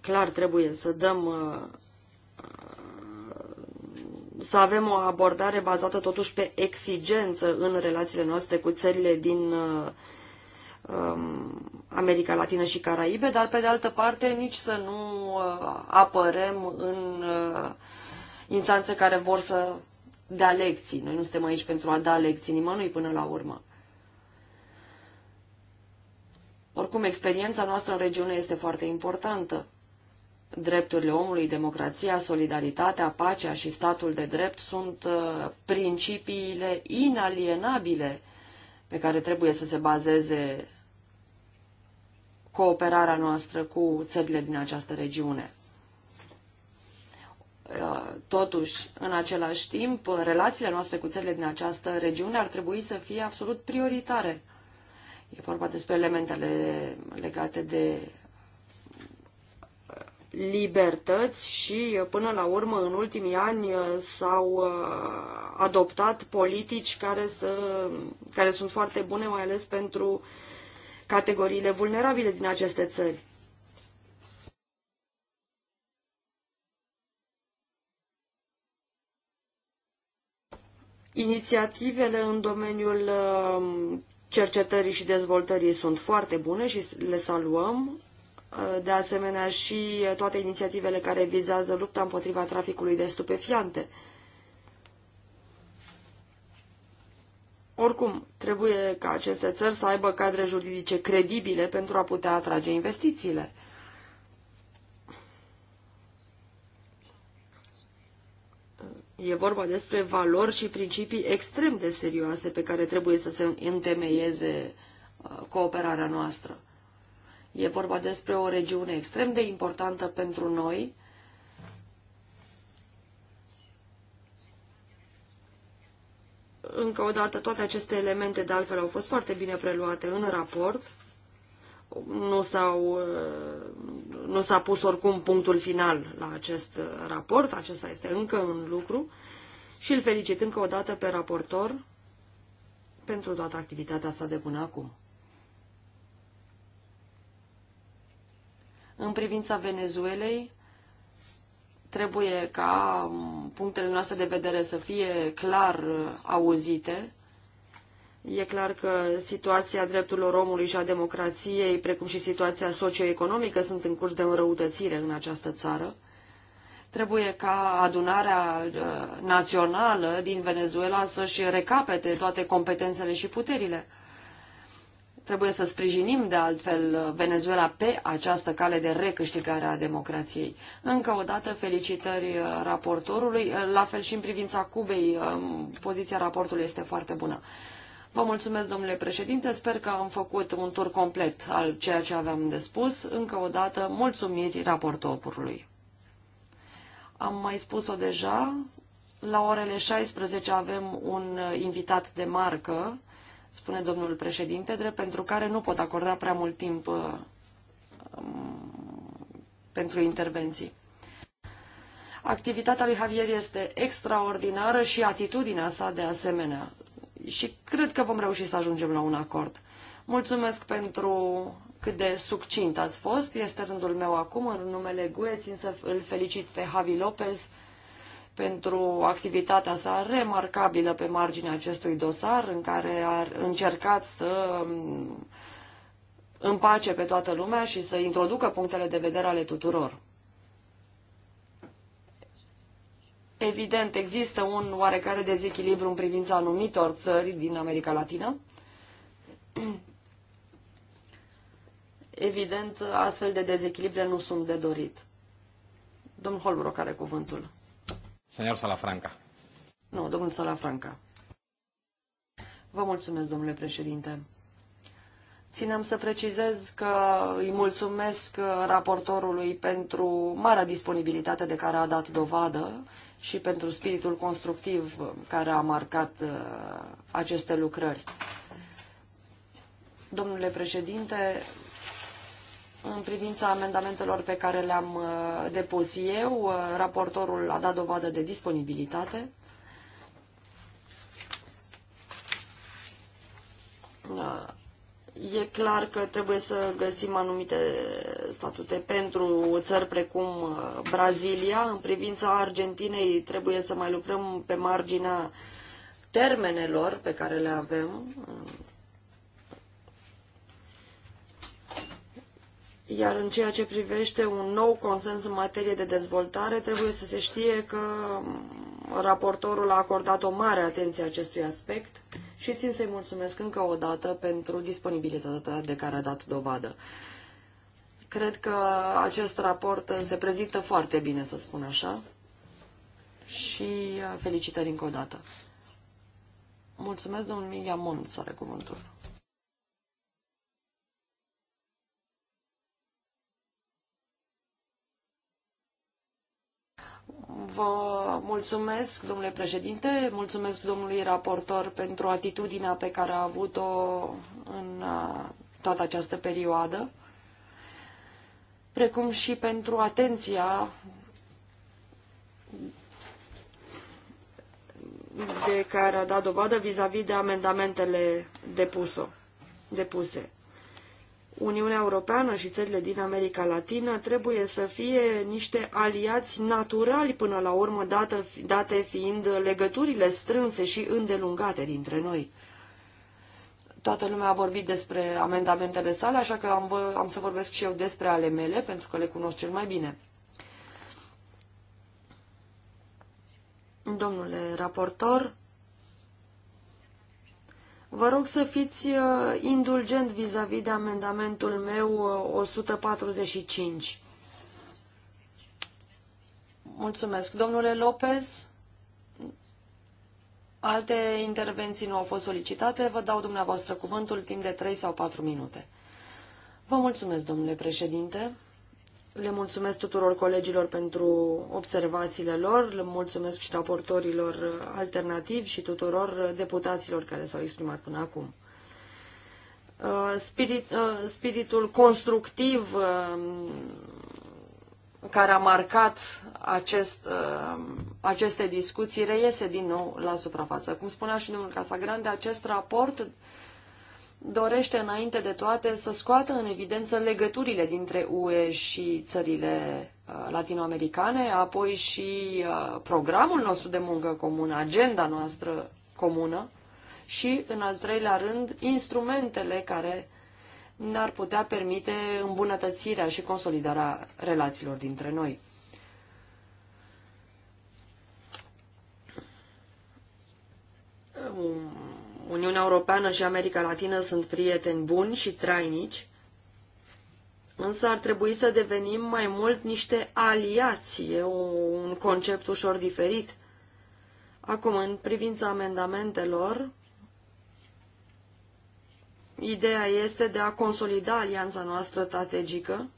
Clar trebuie să dăm uh, să avem o abordare bazată totuși pe exigență în relațiile noastre cu țările din uh, um, America Latină și Caraibe, dar pe de altă parte nici să nu uh, apărăm în uh, instanțe care vor să dea lecții. Noi nu suntem aici pentru a da lecții nimănui până la urmă. Oricum, experiența noastră în regiune este foarte importantă drepturile omului, democrația, solidaritatea, pacea și statul de drept sunt uh, principiile inalienabile pe care trebuie să se bazeze cooperarea noastră cu țările din această regiune. Uh, totuși, în același timp, relațiile noastre cu țările din această regiune ar trebui să fie absolut prioritare. E vorba despre elementele legate de libertăți și, uh, până la urmă, în ultimii ani uh, s-au uh, adoptat politici care, să, care sunt foarte bune, mai ales pentru categoriile vulnerabile din aceste țări. Inițiativele în domeniul cercetării și dezvoltării sunt foarte bune și le saluăm, Uh, de asemenea și uh, toate inițiativele care vizează lupta împotriva traficului de stupefiante. Oricum, trebuie ca aceste țări să aibă cadre juridice credibile pentru a putea atrage investițiile. Uh, e vorba despre valori și principii extrem de serioase pe care trebuie să se întemeieze cooperarea noastră. E vorba despre o regiune extrem de importantă pentru noi. Încă o dată, toate aceste elemente, de altfel, au fost foarte bine preluate în raport. Nu, s-au, uh, nu s-a pus oricum punctul final la acest raport, acesta este încă în lucru și îl felicit încă o dată pe raportor pentru toată activitatea sa de până acum. În privința Venezuelei, trebuie ca punctele noastre de vedere să fie clar uh, auzite. E clar că situația drepturilor omului și a democrației, precum și situația socioeconomică, sunt în curs de înrăutățire în această țară. Trebuie ca adunarea uh, națională din Venezuela să-și recapete toate competențele și puterile. Trebuie să sprijinim de altfel Venezuela pe această cale de recâștigare a democrației. Încă o dată felicitări uh, raportorului, uh, la fel și în privința Cubei, uh, poziția raportului este foarte bună. Vă mulțumesc, domnule președinte, sper că am făcut un tur complet al ceea ce aveam de spus. Încă o dată, mulțumiri raportorului. Am mai spus-o deja, la orele 16 avem un invitat de marcă, spune domnul președinte, drept pentru care nu pot acorda prea mult timp uh, um, pentru intervenții. Activitatea lui Javier este extraordinară și atitudinea sa de asemenea. Și cred că vom reuși să ajungem la un acord. Mulțumesc pentru cât de succint ați fost. Este rândul meu acum, în numele Gueți, să îl felicit pe Javi Lopez, pentru activitatea sa remarcabilă pe marginea acestui dosar, în care a încercat să împace pe toată lumea și să introducă punctele de vedere ale tuturor. Evident, există un oarecare dezechilibru în privința anumitor țări din America Latină. Evident, astfel de dezechilibre nu sunt de dorit. Domnul Holbrook are cuvântul. Señor Salafranca. Nu, domnul Salafranca. Vă mulțumesc, domnule președinte. Ținem să precizez că îi mulțumesc raportorului pentru marea disponibilitate de care a dat dovadă și pentru spiritul constructiv care a marcat uh, aceste lucrări. Domnule președinte, în privința amendamentelor pe care le-am uh, depus eu. Uh, raportorul a dat dovadă de disponibilitate. Uh, e clar că trebuie să găsim anumite statute pentru țări precum Brazilia. În privința Argentinei trebuie să mai lucrăm pe marginea termenelor pe care le avem Iar în ceea ce privește un nou consens în materie de dezvoltare, trebuie să se știe că raportorul a acordat o mare atenție acestui aspect și țin să-i mulțumesc încă o dată pentru disponibilitatea de care a dat dovadă. Cred că acest raport se prezintă foarte bine, să spun așa, și uh, felicitări încă o dată. Mulțumesc, domnul Iamon, să are cuvântul. Vă mulțumesc, domnule președinte, mulțumesc domnului raportor pentru atitudinea pe care a avut-o în uh, toată această perioadă, precum și pentru atenția de care a dat dovadă vis-a-vis de amendamentele depuse. Uniunea Europeană și țările din America Latină trebuie să fie niște aliați naturali până la urmă, date fiind legăturile strânse și îndelungate dintre noi. Toată lumea a vorbit despre amendamentele sale, așa că am, am să vorbesc și eu despre ale mele, pentru că le cunosc cel mai bine. Domnule raportor, Vă rog să fiți uh, indulgent vis-a-vis -vis de amendamentul meu 145. Uh, mulțumesc. Domnule Lopez, alte intervenții nu au fost solicitate. Vă dau dumneavoastră cuvântul timp de 3 sau 4 minute. Vă mulțumesc, domnule președinte. Le mulțumesc tuturor colegilor pentru observațiile lor, le mulțumesc și raportorilor alternativi și tuturor deputaților care s-au exprimat până acum. Uh, spirit, uh, spiritul constructiv uh, care a marcat acest, aceste discuții reiese din nou la suprafață. Cum spunea și domnul Casagrande, acest raport dorește înainte de toate să scoată în evidență legăturile dintre UE și țările uh, latinoamericane, apoi și uh, programul nostru de muncă comun, agenda noastră comună și, în al treilea rând, instrumentele care ne-ar putea permite îmbunătățirea și consolidarea relațiilor dintre noi. Uniunea Europeană și America Latină sunt prieteni buni și trainici, însă ar trebui să devenim mai mult niște aliați, e un concept ușor diferit. Acum, în privința amendamentelor, ideea este de a consolida alianța noastră strategică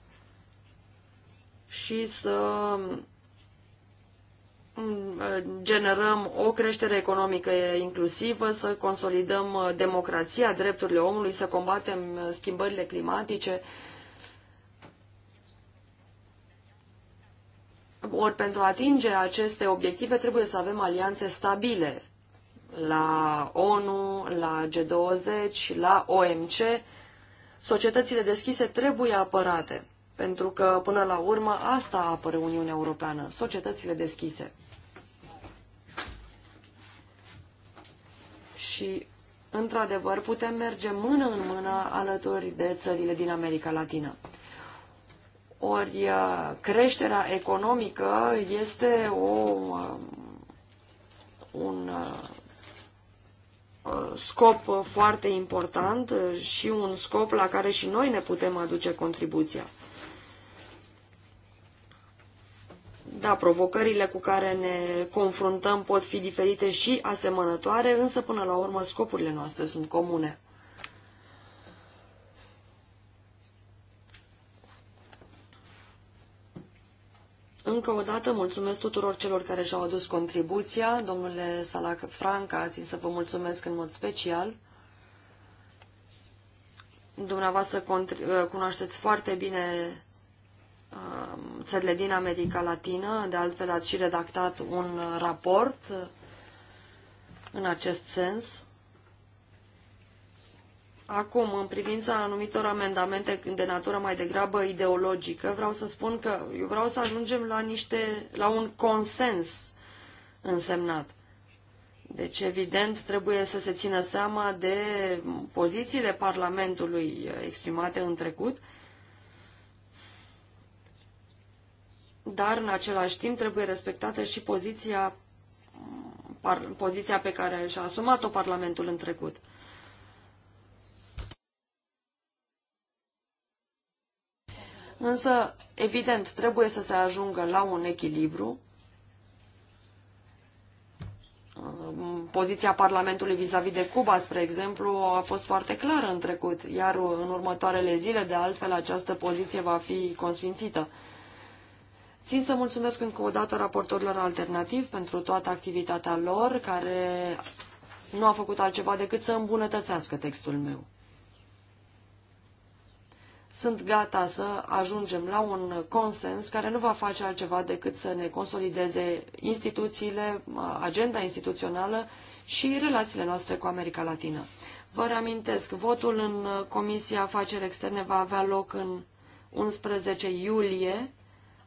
și să Mm, uh, generăm o creștere economică inclusivă, să consolidăm uh, democrația, drepturile omului, să combatem uh, schimbările climatice. Ori pentru a atinge aceste obiective trebuie să avem alianțe stabile la ONU, la G20, la OMC. Societățile deschise trebuie apărate. Pentru că, până la urmă, asta apără Uniunea Europeană, societățile deschise. Și, într-adevăr, putem merge mână în mână alături de țările din America Latină. Ori uh, creșterea economică este o, um, un uh, uh, scop foarte important și un scop la care și noi ne putem aduce contribuția. Da, provocările cu care ne confruntăm pot fi diferite și asemănătoare, însă până la urmă scopurile noastre sunt comune. Încă o dată mulțumesc tuturor celor care și-au adus contribuția. Domnule Salac Franca, țin să vă mulțumesc în mod special. Dumneavoastră cunoașteți foarte bine Um, țările din America Latină. De altfel, ați și redactat un raport în acest sens. Acum, în privința anumitor amendamente de natură mai degrabă ideologică, vreau să spun că eu vreau să ajungem la, niște, la un consens însemnat. Deci, evident, trebuie să se țină seama de pozițiile Parlamentului exprimate în trecut, dar în același timp trebuie respectată și poziția, par, poziția pe care și-a asumat-o Parlamentul în trecut. Însă, evident, trebuie să se ajungă la un echilibru. Poziția Parlamentului vis-a-vis -vis de Cuba, spre exemplu, a fost foarte clară în trecut, iar în următoarele zile, de altfel, această poziție va fi consfințită. Țin să mulțumesc încă o dată raportorilor alternativ pentru toată activitatea lor, care nu a făcut altceva decât să îmbunătățească textul meu. Sunt gata să ajungem la un consens care nu va face altceva decât să ne consolideze instituțiile, agenda instituțională și relațiile noastre cu America Latină. Vă reamintesc, votul în Comisia Afaceri Externe va avea loc în 11 iulie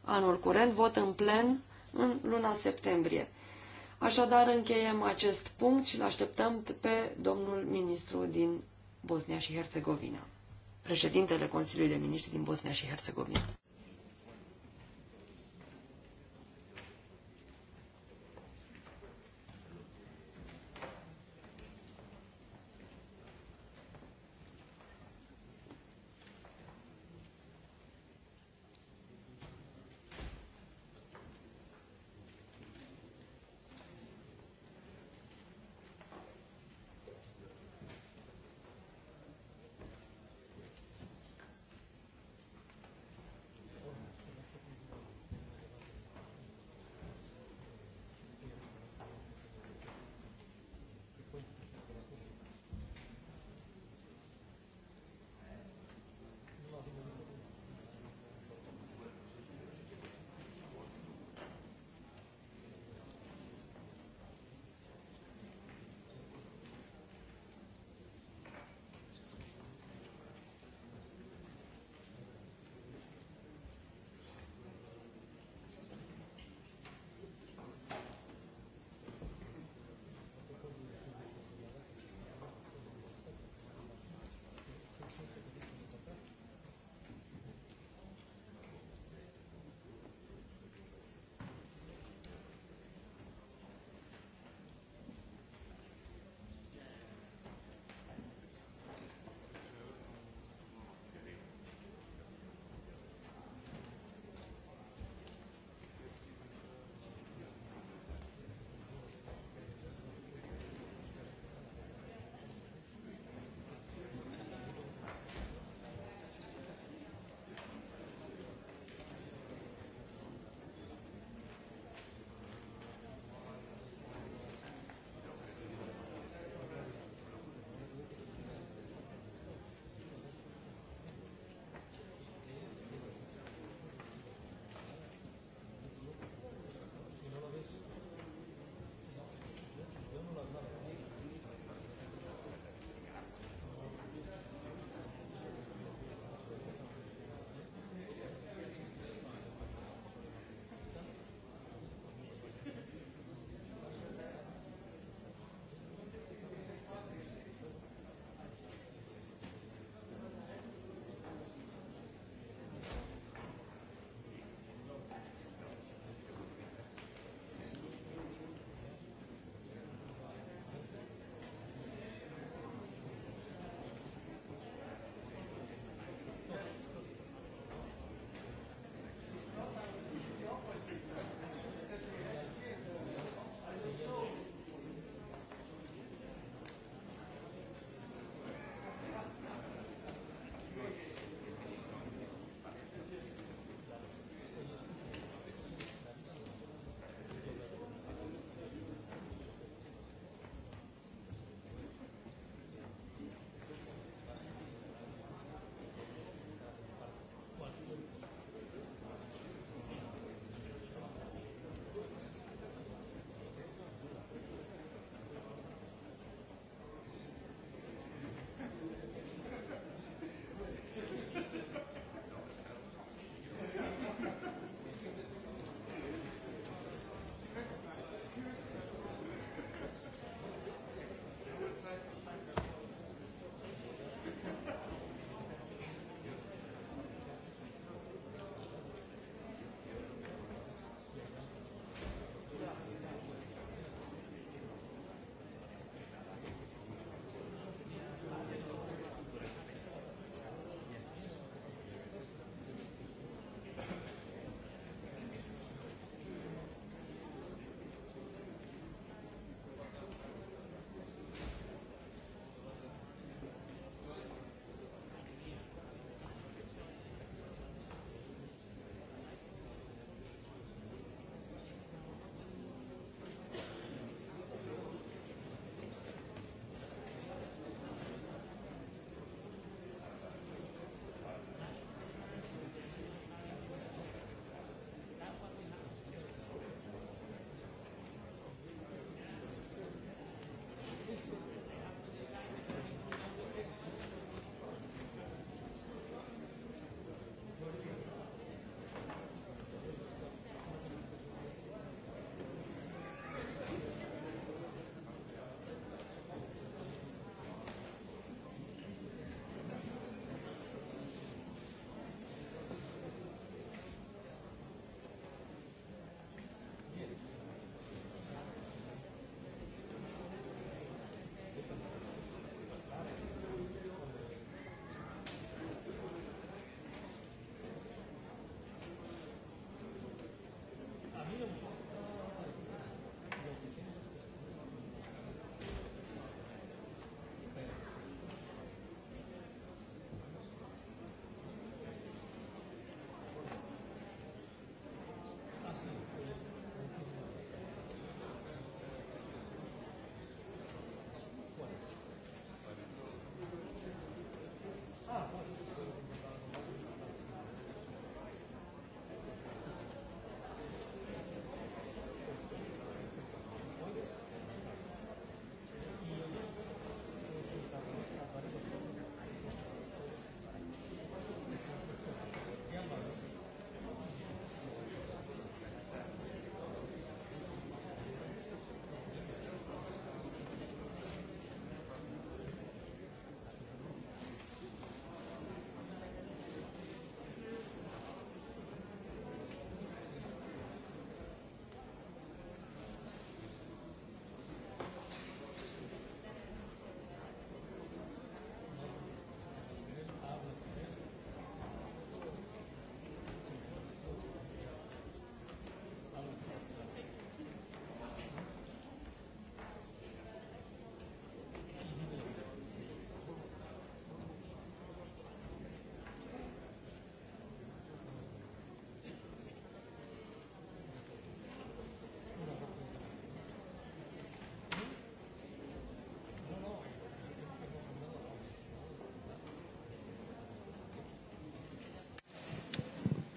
anul curent, vot în plen în luna septembrie. Așadar, încheiem acest punct și îl așteptăm pe domnul ministru din Bosnia și Herțegovina, președintele Consiliului de Miniștri din Bosnia și Herțegovina.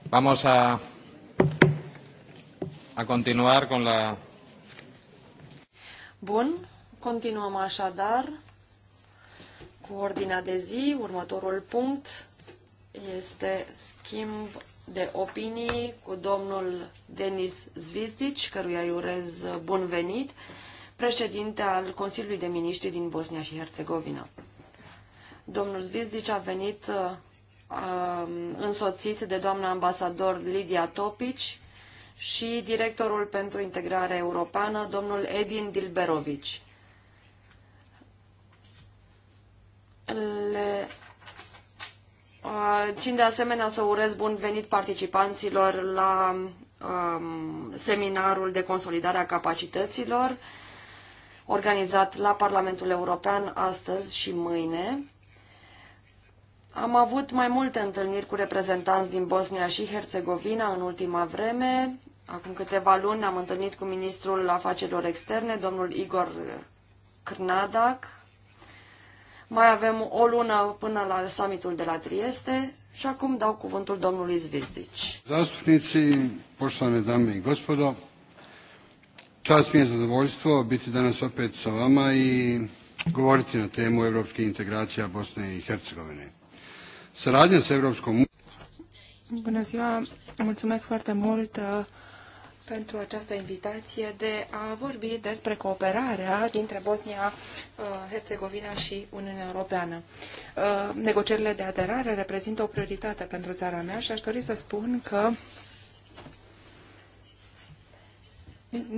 Vamos a, a continuar con la. Bun, continuăm așadar cu ordinea de zi. Următorul punct este schimb de opinii cu domnul Denis Zvizdic, căruia îi urez bun venit, președinte al Consiliului de Miniștri din Bosnia și Herțegovina. Domnul Zvizdic a venit Um, însoțit de doamna ambasador Lidia Topici și directorul pentru integrare europeană, domnul Edin Dilberovici. Le uh, Țin de asemenea să urez bun venit participanților la um, seminarul de consolidare a capacităților organizat la Parlamentul European astăzi și mâine. Am avut mai multe întâlniri cu reprezentanți din Bosnia și Herțegovina în ultima vreme. Acum câteva luni am întâlnit cu ministrul afacerilor externe, domnul Igor Crnadac. Mai avem o lună până la summitul de la Trieste și acum dau cuvântul domnului Zvizdici. Zastupnici, poștane dame i gospodo, čast mi je zadovoljstvo biti danas opet sa vama i govoriti na temu evropske integracija Bosne i Hercegovine s Bună ziua! Mulțumesc foarte mult uh, pentru această invitație de a vorbi despre cooperarea dintre Bosnia, uh, Herțegovina și Uniunea Europeană. Uh, negocierile de aderare reprezintă o prioritate pentru țara mea și aș dori să spun că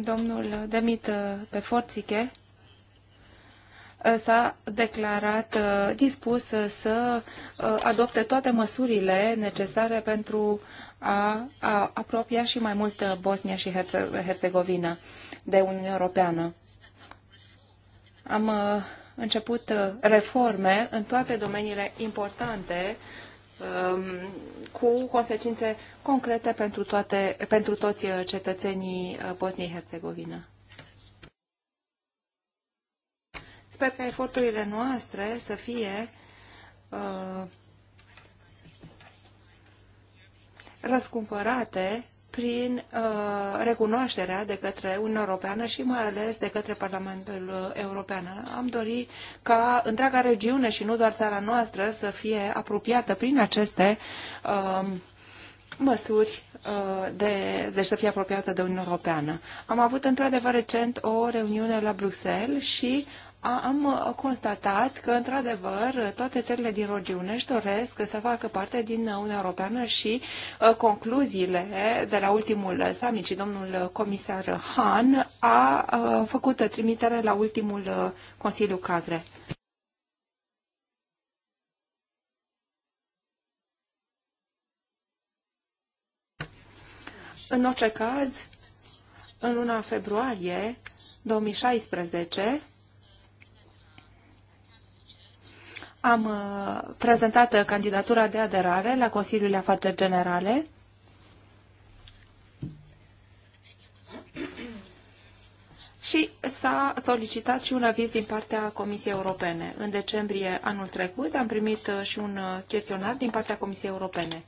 domnul Demit Peforțiche Uh, s-a declarat uh, dispus uh, să adopte toate măsurile necesare pentru a, a apropia și mai mult Bosnia și Herțegovina de Uniunea Europeană. Am început reforme în toate domeniile importante um, cu consecințe concrete pentru, toate, pentru toți cetățenii Bosniei-Herzegovina. Sper ca eforturile noastre să fie uh, răscumpărate prin uh, recunoașterea de către Uniunea Europeană și mai ales de către Parlamentul European. Am dorit ca întreaga regiune și nu doar țara noastră să fie apropiată prin aceste uh, măsuri uh, de, deci să fie apropiată de Uniunea Europeană. Am avut într-adevăr recent o reuniune la Bruxelles și am uh, constatat că, într-adevăr, toate țările din regiune își doresc să facă parte din Uniunea Europeană și uh, concluziile de la ultimul summit și domnul comisar Han a uh, făcut trimitere la ultimul Consiliu Cadre. În orice caz, în luna februarie 2016, am uh, prezentat uh, candidatura de aderare la Consiliul Afaceri Generale. Și s-a solicitat și un aviz din partea Comisiei Europene. În decembrie anul trecut am primit uh, și un chestionar din partea Comisiei Europene.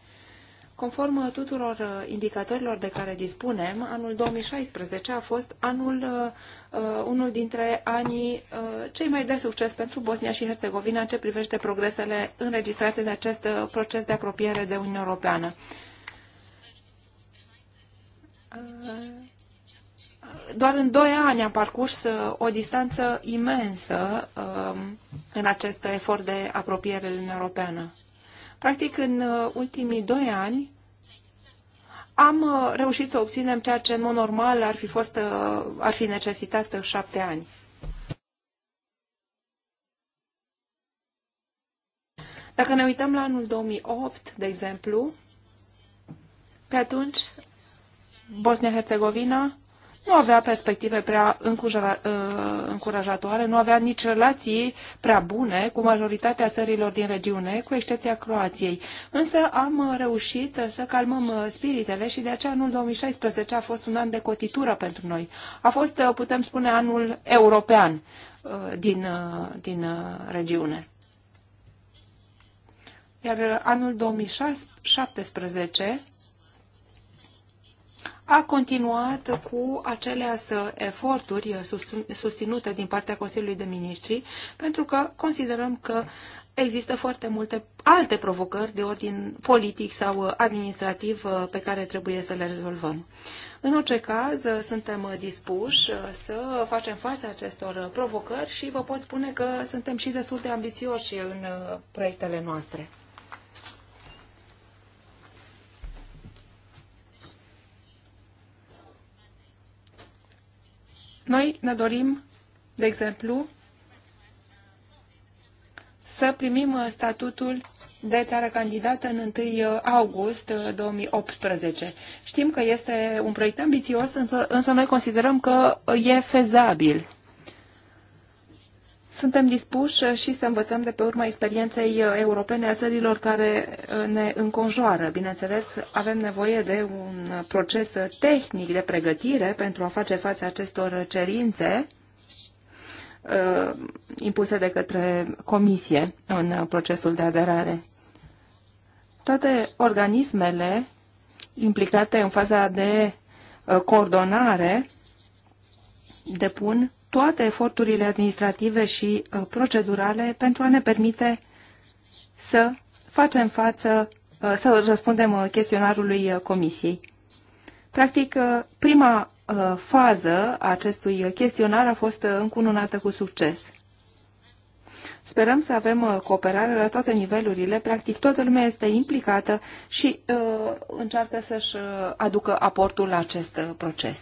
Conform tuturor uh, indicatorilor de care dispunem, anul 2016 a fost anul, uh, uh, unul dintre anii cei mai de succes pentru Bosnia și Herțegovina în ce privește progresele înregistrate în acest proces de apropiere de Uniunea Europeană doar în doi ani am parcurs o distanță imensă în acest efort de apropiere în Europeană. Practic, în uh, ultimii doi ani am uh, reușit să obținem ceea ce în mod normal ar fi, fost, uh, ar fi necesitat șapte ani. Dacă ne uităm la anul 2008, de exemplu, pe atunci Bosnia-Herzegovina nu avea perspective prea uh, încurajatoare, nu avea nici relații prea bune cu majoritatea țărilor din regiune, cu excepția Croației. Însă am reușit să calmăm spiritele și de aceea anul 2016 a fost un an de cotitură pentru noi. A fost, uh, putem spune, anul european uh, din, din regiune. Iar anul 2017 a continuat cu aceleași eforturi susținute din partea Consiliului de Ministri, pentru că considerăm că există foarte multe alte provocări de ordin politic sau administrativ uh, pe care trebuie să le rezolvăm. În orice caz, uh, suntem dispuși uh, să facem față acestor provocări și vă pot spune că suntem și destul de ambițioși în proiectele noastre. Noi ne dorim, de exemplu, să primim uh, statutul de țară candidată în 1 uh, august 2018. Uh, Știm că este un proiect ambițios, însă, însă noi considerăm că e fezabil. Suntem dispuși și să învățăm de pe urma experienței uh, europene a țărilor care uh, ne înconjoară. Bineînțeles, avem nevoie de un proces tehnic de pregătire pentru a face față acestor cerințe uh, impuse de către Comisie în procesul de aderare. Toate organismele implicate în faza de coordonare depun toate eforturile administrative și uh, procedurale pentru a ne permite să facem față, uh, să răspundem uh, chestionarului Comisiei. Practic, prima fază a acestui chestionar a fost încununată cu succes. Sperăm să avem cooperare la toate nivelurile, practic toată lumea este implicată și uh, încearcă să-și aducă aportul la acest proces.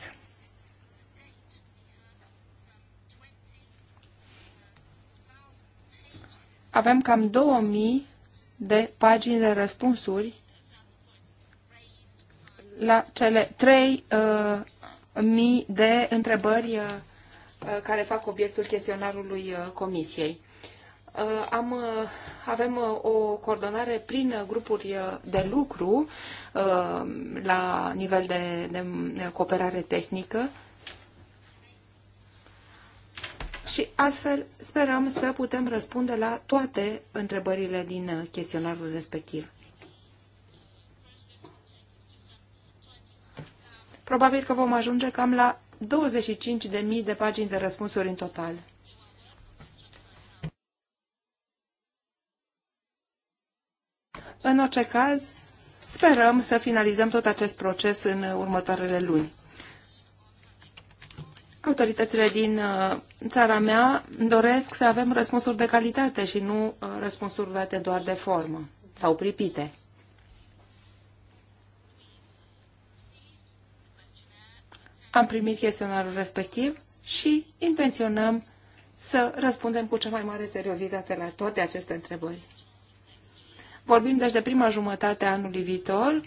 avem cam 2000 de pagini de răspunsuri la cele 3000 uh, de întrebări uh, uh, care fac obiectul chestionarului comisiei. Am, avem o coordonare prin grupuri de lucru la nivel de, de cooperare tehnică și astfel sperăm să putem răspunde la toate întrebările din chestionarul respectiv. Probabil că vom ajunge cam la 25.000 de pagini de răspunsuri în total. În orice caz, sperăm să finalizăm tot acest proces în următoarele luni autoritățile din uh, țara mea doresc să avem răspunsuri de calitate și nu uh, răspunsuri date doar de formă sau pripite. Am primit chestionarul respectiv și intenționăm să răspundem cu cea mai mare seriozitate la toate aceste întrebări. Vorbim deci de prima jumătate a anului viitor,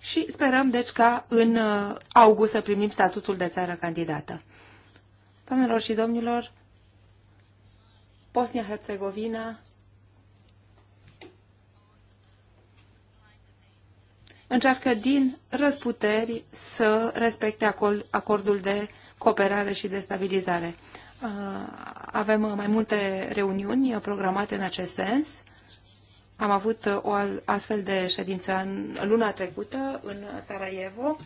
și sperăm, deci, ca în uh, august să primim statutul de țară candidată. Doamnelor și domnilor, Bosnia-Herzegovina încearcă din răsputeri să respecte acordul de cooperare și de stabilizare. Uh, avem uh, mai multe reuniuni programate în acest sens am avut uh, o astfel de ședință în luna trecută în Sarajevo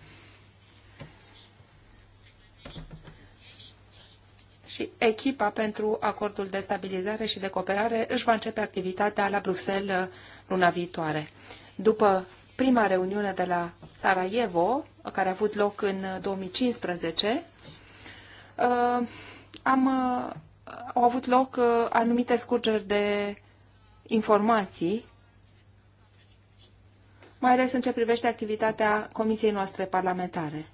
și echipa pentru acordul de stabilizare și de cooperare își va începe activitatea la Bruxelles uh, luna viitoare. După prima reuniune de la Sarajevo, uh, care a avut loc în 2015, am, au avut loc anumite scurgeri de informații, mai ales în ce privește activitatea comisiei noastre parlamentare.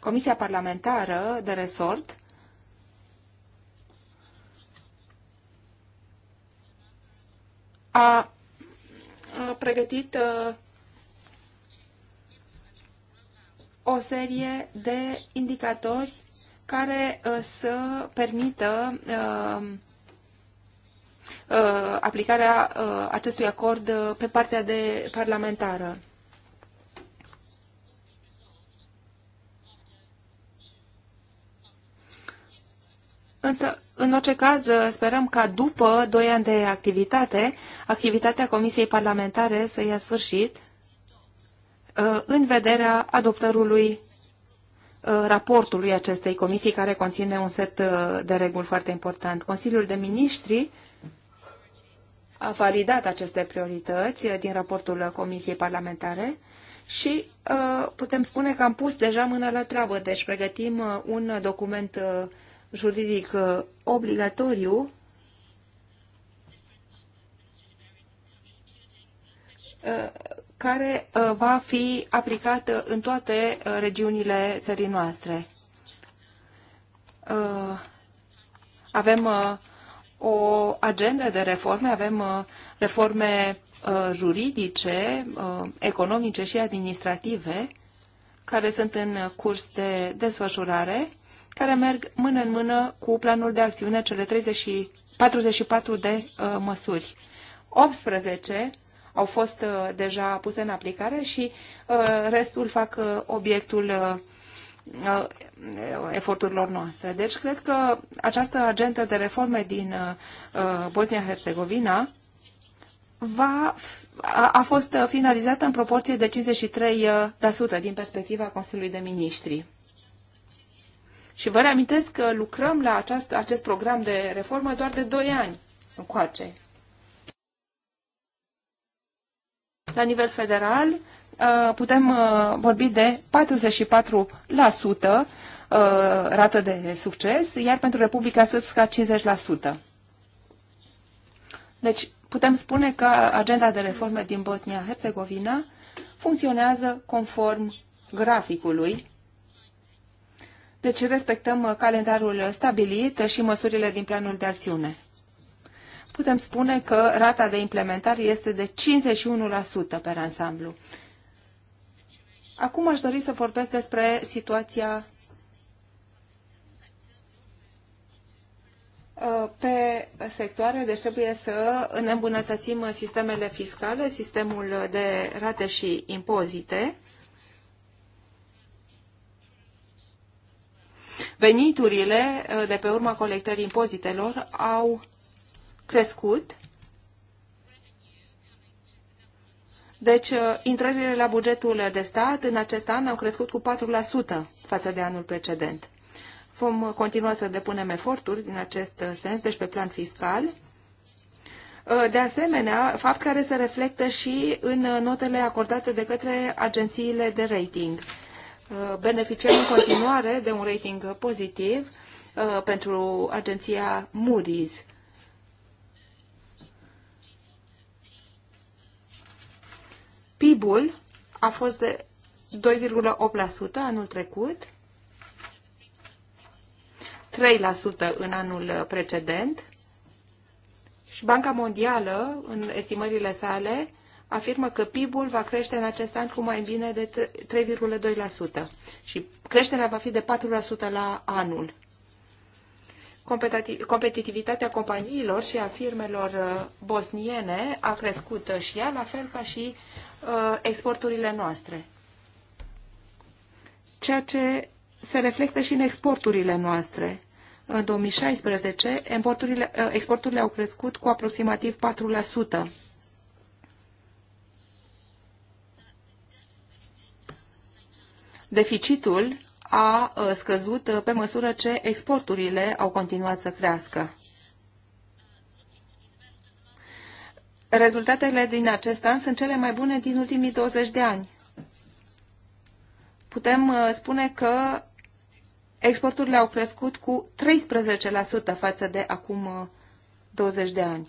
Comisia parlamentară de resort a pregătit uh, o serie de indicatori care uh, să permită uh, uh, aplicarea acestui acord pe partea de parlamentară. Însă, în orice caz, sperăm ca după 2 ani de activitate, activitatea Comisiei Parlamentare să ia sfârșit în vederea adoptărului Uh, raportului acestei comisii care conține un set uh, de reguli foarte important. Consiliul de Ministri a validat aceste priorități uh, din raportul Comisiei Parlamentare și putem spune că am pus deja mâna la treabă, deci pregătim un document juridic obligatoriu care uh, va fi aplicată în toate uh, regiunile țării noastre. Uh, avem o agendă de reforme, avem reforme juridice, economice și administrative care sunt în curs de desfășurare, care merg mână în mână cu planul de acțiune, cele 30 și 44 de măsuri. 18 au fost uh, deja puse în aplicare și uh, restul fac uh, obiectul eforturilor noastre. Deci cred că această agentă de reforme din Bosnia-Herzegovina va, a, a fost finalizată în proporție de 53% din perspectiva Consiliului de Ministri. Și vă reamintesc că lucrăm la aceast, acest program de reformă doar de 2 ani încoace. La nivel federal uh, putem uh, vorbi de 44% uh, rată de succes, iar pentru Republica Srpska 50%. Deci putem spune că agenda de reforme din Bosnia-Herzegovina funcționează conform graficului. Deci respectăm calendarul stabilit și măsurile din planul de acțiune putem spune că rata de implementare este de 51% pe ansamblu. Acum aș dori să vorbesc despre situația uh, pe sectoare, deci trebuie să ne îmbunătățim sistemele fiscale, sistemul de rate și impozite. Veniturile uh, de pe urma colectării impozitelor au crescut. Deci, uh, intrările la bugetul de stat în acest an au crescut cu 4% față de anul precedent. Vom continua să depunem eforturi în acest sens, deci pe plan fiscal. Uh, de asemenea, fapt care se reflectă și în notele acordate de către agențiile de rating. Uh, beneficiem în continuare de un rating pozitiv pentru agenția Moody's. PIB-ul a fost de 2,8% anul trecut, 3% în anul precedent și Banca Mondială, în estimările sale, afirmă că PIB-ul va crește în acest an cu mai bine de 3,2% și creșterea va fi de 4% la anul competitivitatea companiilor și a firmelor uh, bosniene a crescut și ea, la fel ca și uh, exporturile noastre. Ceea ce se reflectă și în exporturile noastre. În 2016, exporturile, uh, exporturile au crescut cu aproximativ 4%. Deficitul a uh, scăzut uh, pe măsură ce exporturile au continuat să crească. Rezultatele din acest an sunt cele mai bune din ultimii 20 de ani. Putem uh, spune că exporturile au crescut cu 13% față de acum 20 de ani.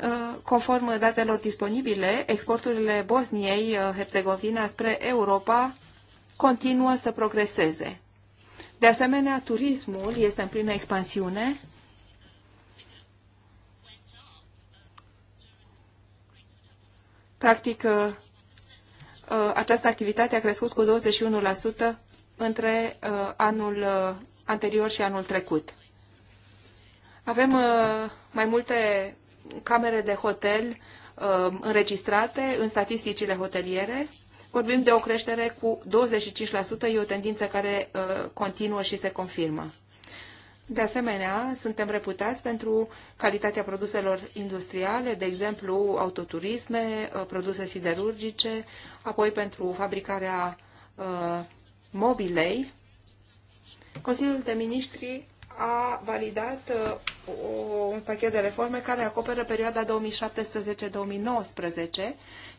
Uh, conform datelor disponibile, exporturile Bosniei, uh, Herzegovina spre Europa continuă să progreseze. De asemenea, turismul este în plină expansiune. Practic, uh, această activitate a crescut cu 21% între anul anterior și anul trecut. Avem mai multe camere de hotel uh, înregistrate în statisticile hoteliere. Vorbim de o creștere cu 25%, e o tendință care uh, continuă și se confirmă. De asemenea, suntem reputați pentru calitatea produselor industriale, de exemplu autoturisme, uh, produse siderurgice, apoi pentru fabricarea uh, mobilei. Consiliul de Ministri a validat uh, un pachet de reforme care acoperă perioada 2017-2019.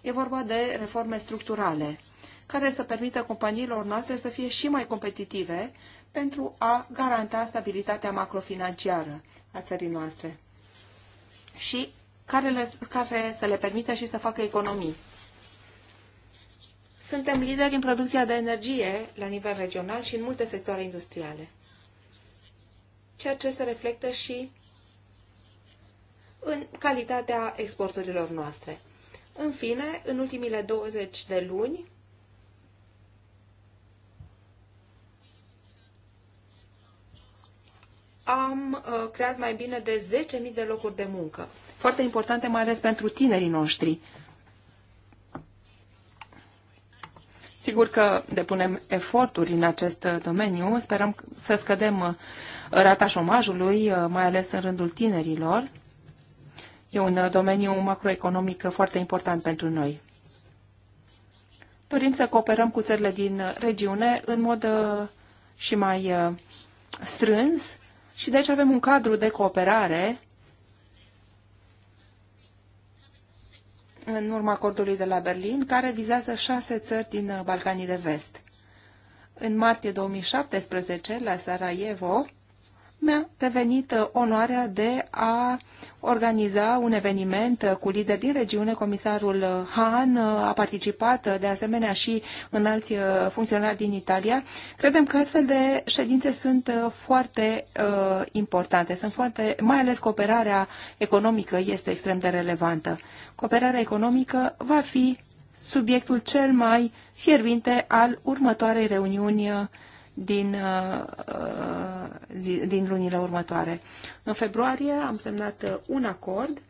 E vorba de reforme structurale care să permită companiilor noastre să fie și mai competitive pentru a garanta stabilitatea macrofinanciară a țării noastre și care, le, care să le permită și să facă economii. Suntem lideri în producția de energie la nivel regional și în multe sectoare industriale ceea ce se reflectă și în calitatea exporturilor noastre. În fine, în ultimile 20 de luni, am uh, creat mai bine de 10.000 de locuri de muncă. Foarte importante, mai ales pentru tinerii noștri. Sigur că depunem eforturi în acest domeniu, sperăm să scădem uh, rata șomajului, uh, mai ales în rândul tinerilor. E un uh, domeniu macroeconomic foarte important pentru noi. Dorim să cooperăm cu țările din regiune în mod și mai strâns și deci avem un cadru de cooperare în urma acordului de la Berlin, care vizează șase țări din uh, Balcanii de Vest. În martie 2017, la Sarajevo, mi-a revenit onoarea de a organiza un eveniment cu lideri din regiune. Comisarul Han a participat de asemenea și în alți uh, funcționari din Italia. Credem că astfel de ședințe sunt uh, foarte uh, importante, sunt foarte, mai ales cooperarea economică este extrem de relevantă. Cooperarea economică va fi subiectul cel mai fierbinte al următoarei reuniuni uh, din, uh, uh, din lunile următoare. În februarie am semnat uh, un acord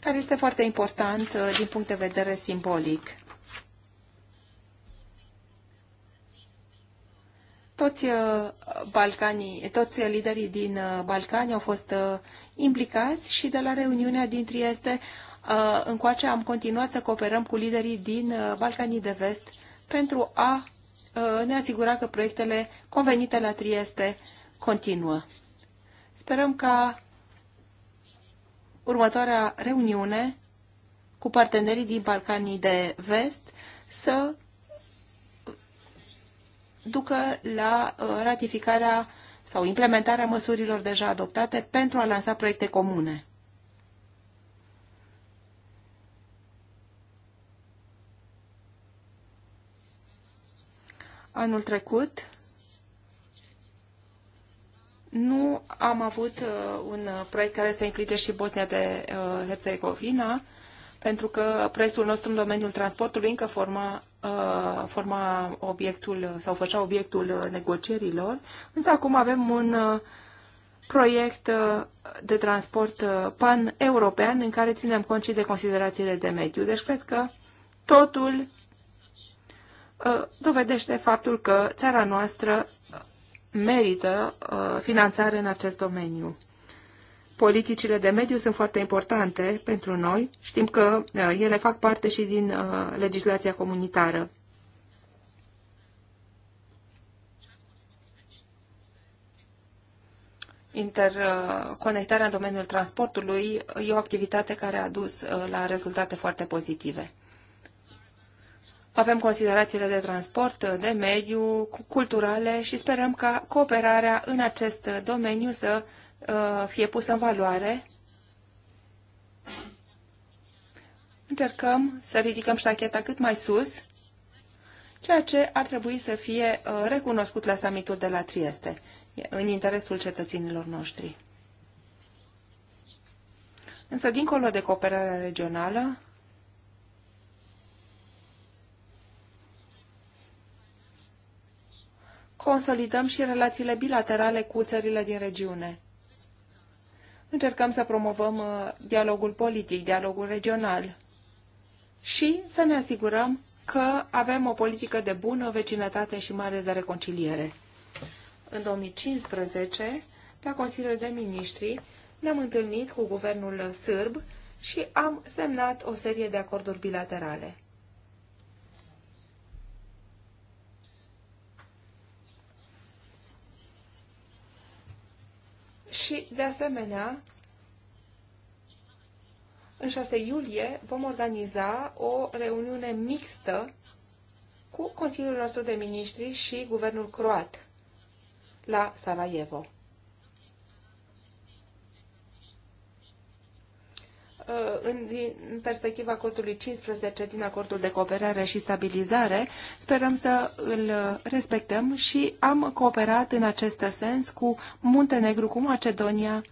care este foarte important din punct de vedere simbolic. toți, uh, Balcanii, toți liderii din uh, Balcani au fost uh, implicați și de la reuniunea din Trieste încoace am continuat să cooperăm cu liderii din Balcanii de Vest pentru a ne asigura că proiectele convenite la Trieste continuă. Sperăm ca următoarea reuniune cu partenerii din Balcanii de Vest să ducă la uh, ratificarea sau implementarea măsurilor deja adoptate pentru a lansa proiecte comune. Anul trecut nu am avut uh, un uh, proiect care să implice și Bosnia de Herțegovina, pentru că proiectul nostru în domeniul transportului încă forma, uh, forma obiectul sau făcea obiectul negocierilor, însă acum avem un uh, proiect uh, de transport pan-european în care ținem cont și de considerațiile de mediu. Deci cred că totul dovedește faptul că țara noastră merită finanțare în acest domeniu politicile de mediu sunt foarte importante pentru noi. Știm că uh, ele fac parte și din uh, legislația comunitară. Interconectarea în domeniul transportului e o activitate care a dus uh, la rezultate foarte pozitive. Avem considerațiile de transport, de mediu, culturale și sperăm ca cooperarea în acest domeniu să Uh, fie pusă în valoare. Încercăm să ridicăm ștacheta cât mai sus, ceea ce ar trebui să fie uh, recunoscut la summitul de la Trieste, în interesul cetățenilor noștri. Însă, dincolo de cooperarea regională, consolidăm și relațiile bilaterale cu țările din regiune. Încercăm să promovăm uh, dialogul politic, dialogul regional și să ne asigurăm că avem o politică de bună vecinătate și mare de reconciliere. În 2015, la Consiliul de Ministri, ne-am întâlnit cu guvernul sârb și am semnat o serie de acorduri bilaterale. și, de asemenea, în 6 iulie vom organiza o reuniune mixtă cu Consiliul nostru de Ministri și Guvernul Croat la Sarajevo. Uh, în, din perspectiva acordului 15 din acordul de cooperare și stabilizare. Sperăm să îl respectăm și am cooperat în acest sens cu Muntenegru, cu Macedonia.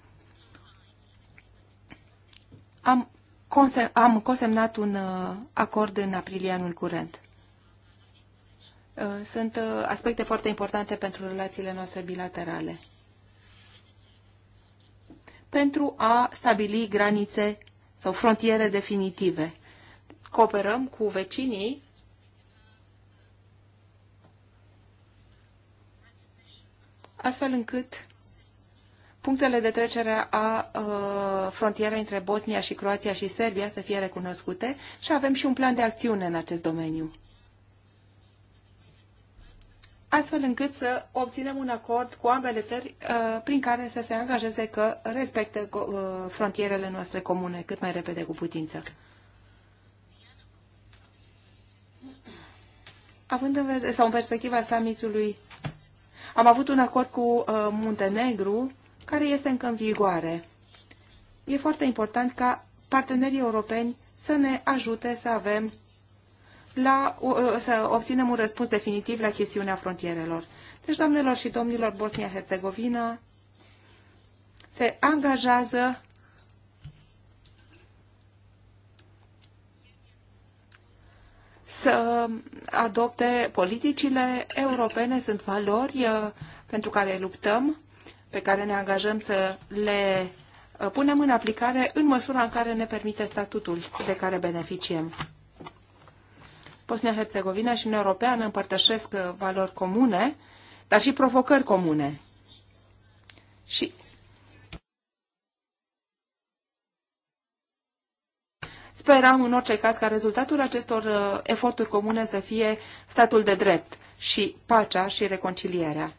Am, consem, am consemnat un uh, acord în aprilie anul curent. Uh, sunt aspecte foarte importante pentru relațiile noastre bilaterale pentru a stabili granițe sau frontiere definitive. Cooperăm cu vecinii astfel încât punctele de trecere a uh, frontierei între Bosnia și Croația și Serbia să fie recunoscute și avem și un plan de acțiune în acest domeniu astfel încât să obținem un acord cu ambele țări uh, prin care să se angajeze că respectă uh, frontierele noastre comune cât mai repede cu putință. Având în vedere, sau în perspectiva summitului, am avut un acord cu uh, Muntenegru care este încă în vigoare. E foarte important ca partenerii europeni să ne ajute să avem la, să obținem un răspuns definitiv la chestiunea frontierelor. Deci, doamnelor și domnilor, Bosnia-Herzegovina se angajează să adopte politicile europene, sunt valori uh, pentru care luptăm, pe care ne angajăm să le uh, punem în aplicare în măsura în care ne permite statutul de care beneficiem. Bosnia-Herzegovina și Uniunea Europeană împărtășesc uh, valori comune, dar și provocări comune. Și Sperăm în orice caz ca rezultatul acestor uh, eforturi comune să fie statul de drept și pacea și reconcilierea.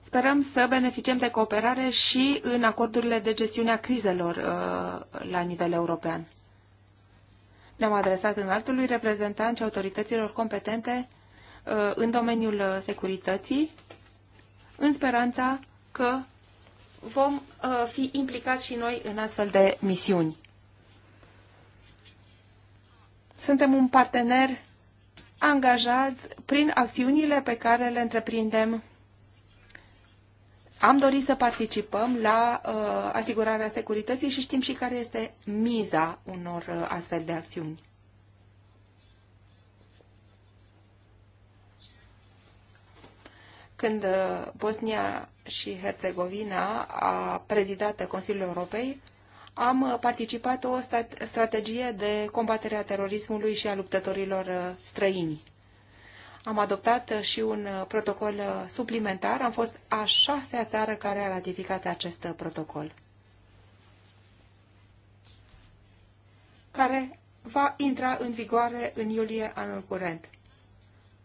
Sperăm să beneficiem de cooperare și în acordurile de gestiune a crizelor uh, la nivel european ne-am adresat în altului reprezentanți autorităților competente uh, în domeniul uh, securității, în speranța că vom uh, fi implicați și noi în astfel de misiuni. Suntem un partener angajat prin acțiunile pe care le întreprindem am dorit să participăm la uh, asigurarea securității și știm și care este miza unor uh, astfel de acțiuni. Când uh, Bosnia și Herțegovina a prezidat Consiliul Europei, am uh, participat o strategie de combatere a terorismului și a luptătorilor uh, străini am adoptat și un protocol suplimentar. Am fost a șasea țară care a ratificat acest protocol, care va intra în vigoare în iulie anul curent.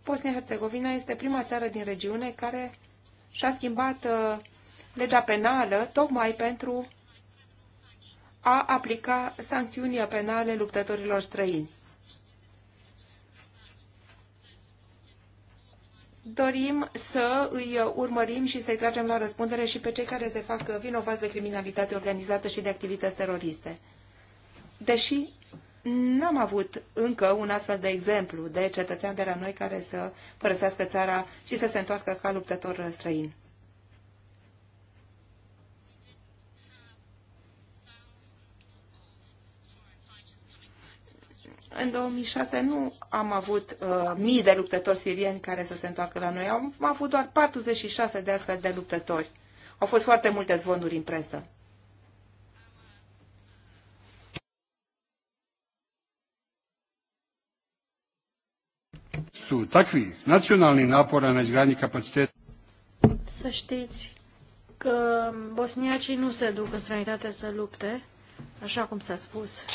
Bosnia-Herzegovina este prima țară din regiune care și-a schimbat uh, legea penală tocmai pentru a aplica sancțiuni penale luptătorilor străini. dorim să îi urmărim și să-i tragem la răspundere și pe cei care se fac vinovați de criminalitate organizată și de activități teroriste. Deși n-am avut încă un astfel de exemplu de cetățean de la noi care să părăsească țara și să se întoarcă ca luptător străin. În 2006 nu am avut uh, mii de luptători sirieni care să se întoarcă la noi. Am avut doar 46 de astfel de luptători. Au fost foarte multe zvonuri în presă. takvi nacionalni napora na izgradnji kapaciteta. Să știți că bosniacii nu se duc în străinătate să lupte, așa cum s-a spus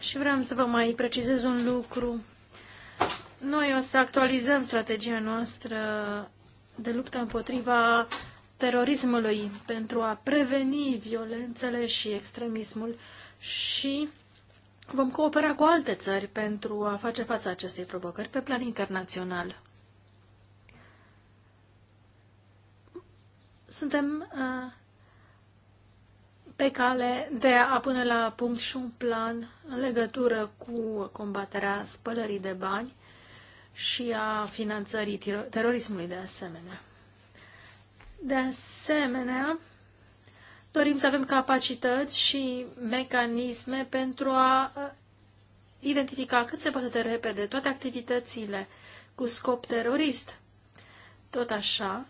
și vreau să vă mai precizez un lucru. Noi o să actualizăm strategia noastră de luptă împotriva terorismului pentru a preveni violențele și extremismul și vom coopera cu alte țări pentru a face față acestei provocări pe plan internațional. Suntem uh, pe cale de a pune la punct și un plan în legătură cu combaterea spălării de bani și a finanțării terorismului de asemenea. De asemenea, dorim să avem capacități și mecanisme pentru a identifica cât se poate de repede toate activitățile cu scop terorist. Tot așa,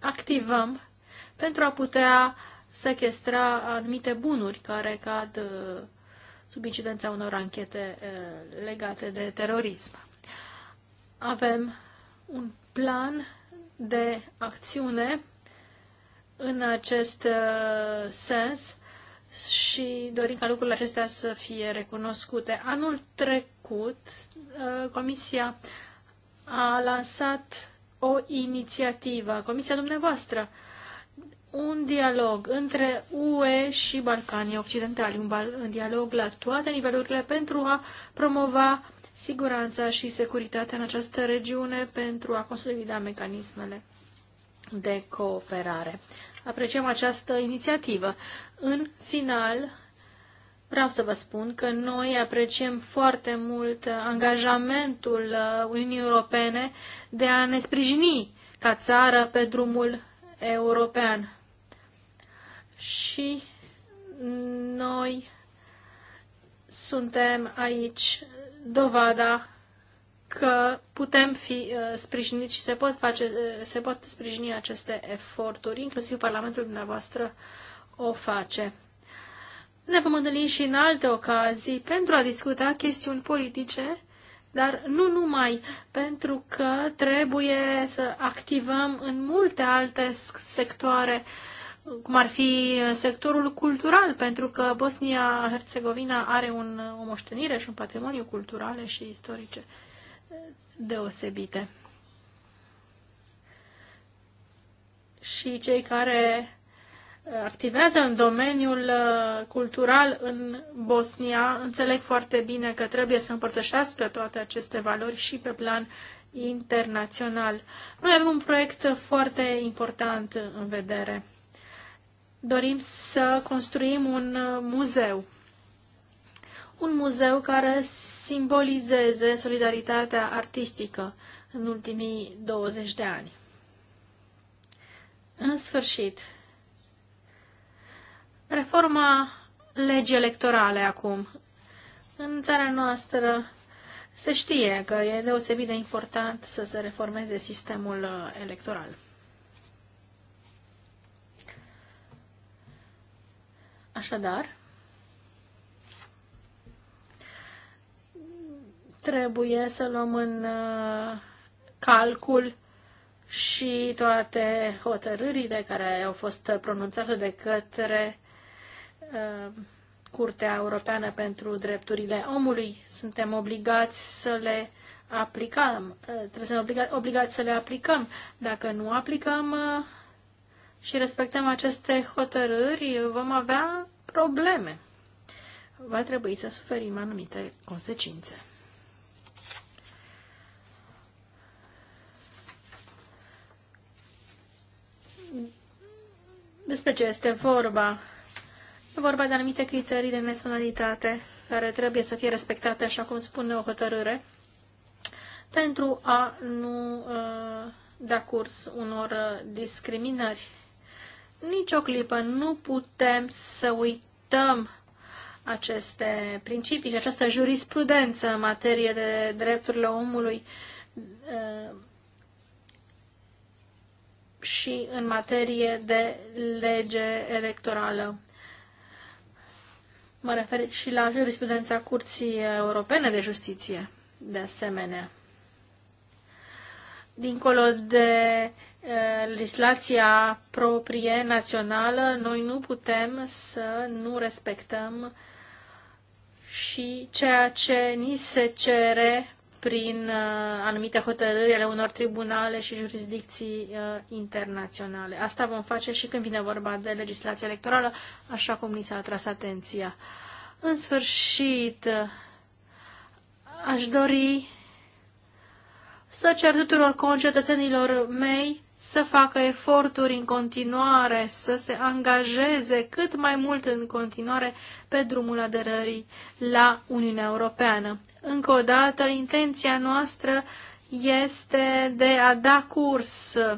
activăm pentru a putea sechestra anumite bunuri care cad uh, sub incidența unor anchete uh, legate de terorism. Avem un plan de acțiune în acest uh, sens și dorim ca lucrurile acestea să fie recunoscute. Anul trecut, Comisia a lansat o inițiativă, Comisia dumneavoastră, un dialog între UE și Balcanii Occidentali, un, bal- un dialog la toate nivelurile pentru a promova siguranța și securitatea în această regiune pentru a consolida mecanismele de cooperare. Apreciem această inițiativă. În final, vreau să vă spun că noi apreciem foarte mult angajamentul uh, Uniunii Europene de a ne sprijini ca țară pe drumul european și noi suntem aici dovada că putem fi uh, sprijiniți și se pot, face, uh, se pot sprijini aceste eforturi, inclusiv Parlamentul dumneavoastră o face. Ne vom întâlni și în alte ocazii pentru a discuta chestiuni politice, dar nu numai, pentru că trebuie să activăm în multe alte sectoare uh, cum ar fi sectorul cultural, pentru că Bosnia-Herzegovina are un, o moștenire și un patrimoniu culturale și istorice deosebite. Și cei care activează în domeniul uh, cultural în Bosnia înțeleg foarte bine că trebuie să împărtășească toate aceste valori și pe plan internațional. Noi avem un proiect foarte important în vedere dorim să construim un uh, muzeu. Un muzeu care simbolizeze solidaritatea artistică în ultimii 20 de ani. În sfârșit, reforma legii electorale acum. În țara noastră se știe că e deosebit de important să se reformeze sistemul uh, electoral. Așadar, trebuie să luăm în uh, calcul și toate hotărârile care au fost pronunțate de către uh, Curtea Europeană pentru Drepturile Omului. Suntem obligați să le aplicăm. Uh, trebuie să ne obligați să le aplicăm. Dacă nu aplicăm și respectăm aceste hotărâri, vom avea probleme. Va trebui să suferim anumite consecințe. Despre ce este vorba? E vorba de anumite criterii de naționalitate care trebuie să fie respectate, așa cum spune o hotărâre, pentru a nu uh, da curs unor uh, discriminări nici o clipă nu putem să uităm aceste principii și această jurisprudență în materie de drepturile omului uh, și în materie de lege electorală. Mă refer și la jurisprudența Curții Europene de Justiție, de asemenea. Dincolo de Eh, legislația proprie națională, noi nu putem să nu respectăm și ceea ce ni se cere prin eh, anumite hotărâri ale unor tribunale și jurisdicții eh, internaționale. Asta vom face și când vine vorba de legislația electorală, așa cum ni s-a atras atenția. În sfârșit, aș dori să cer tuturor concetățenilor mei să facă eforturi în continuare, să se angajeze cât mai mult în continuare pe drumul aderării la Uniunea Europeană. Încă o dată, intenția noastră este de a da curs uh,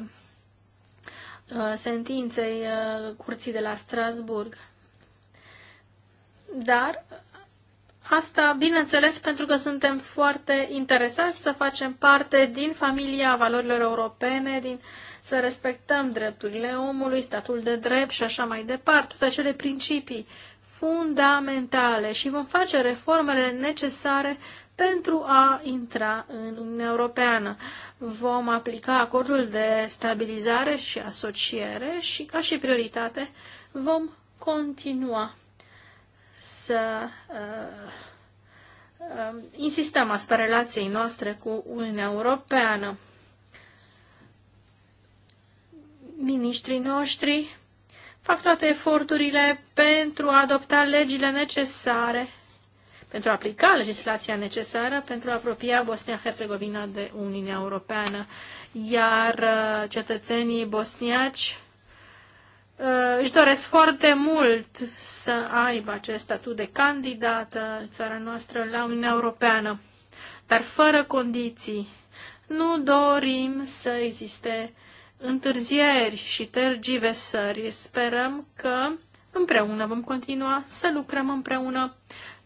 sentinței uh, curții de la Strasburg. Dar Asta, bineînțeles, pentru că suntem foarte interesați să facem parte din familia valorilor europene, din să respectăm drepturile omului, statul de drept și așa mai departe, toate acele principii fundamentale și vom face reformele necesare pentru a intra în Uniunea Europeană. Vom aplica acordul de stabilizare și asociere și, ca și prioritate, vom continua să uh, uh, insistăm asupra relației noastre cu Uniunea Europeană. miniștrii noștri fac toate eforturile pentru a adopta legile necesare, pentru a aplica legislația necesară, pentru a apropia Bosnia-Herzegovina de Uniunea Europeană. Iar uh, cetățenii bosniaci uh, își doresc foarte mult să aibă acest statut de candidată țara noastră la Uniunea Europeană, dar fără condiții. Nu dorim să existe uh, întârzieri și tergiversări. Sperăm că împreună vom continua să lucrăm împreună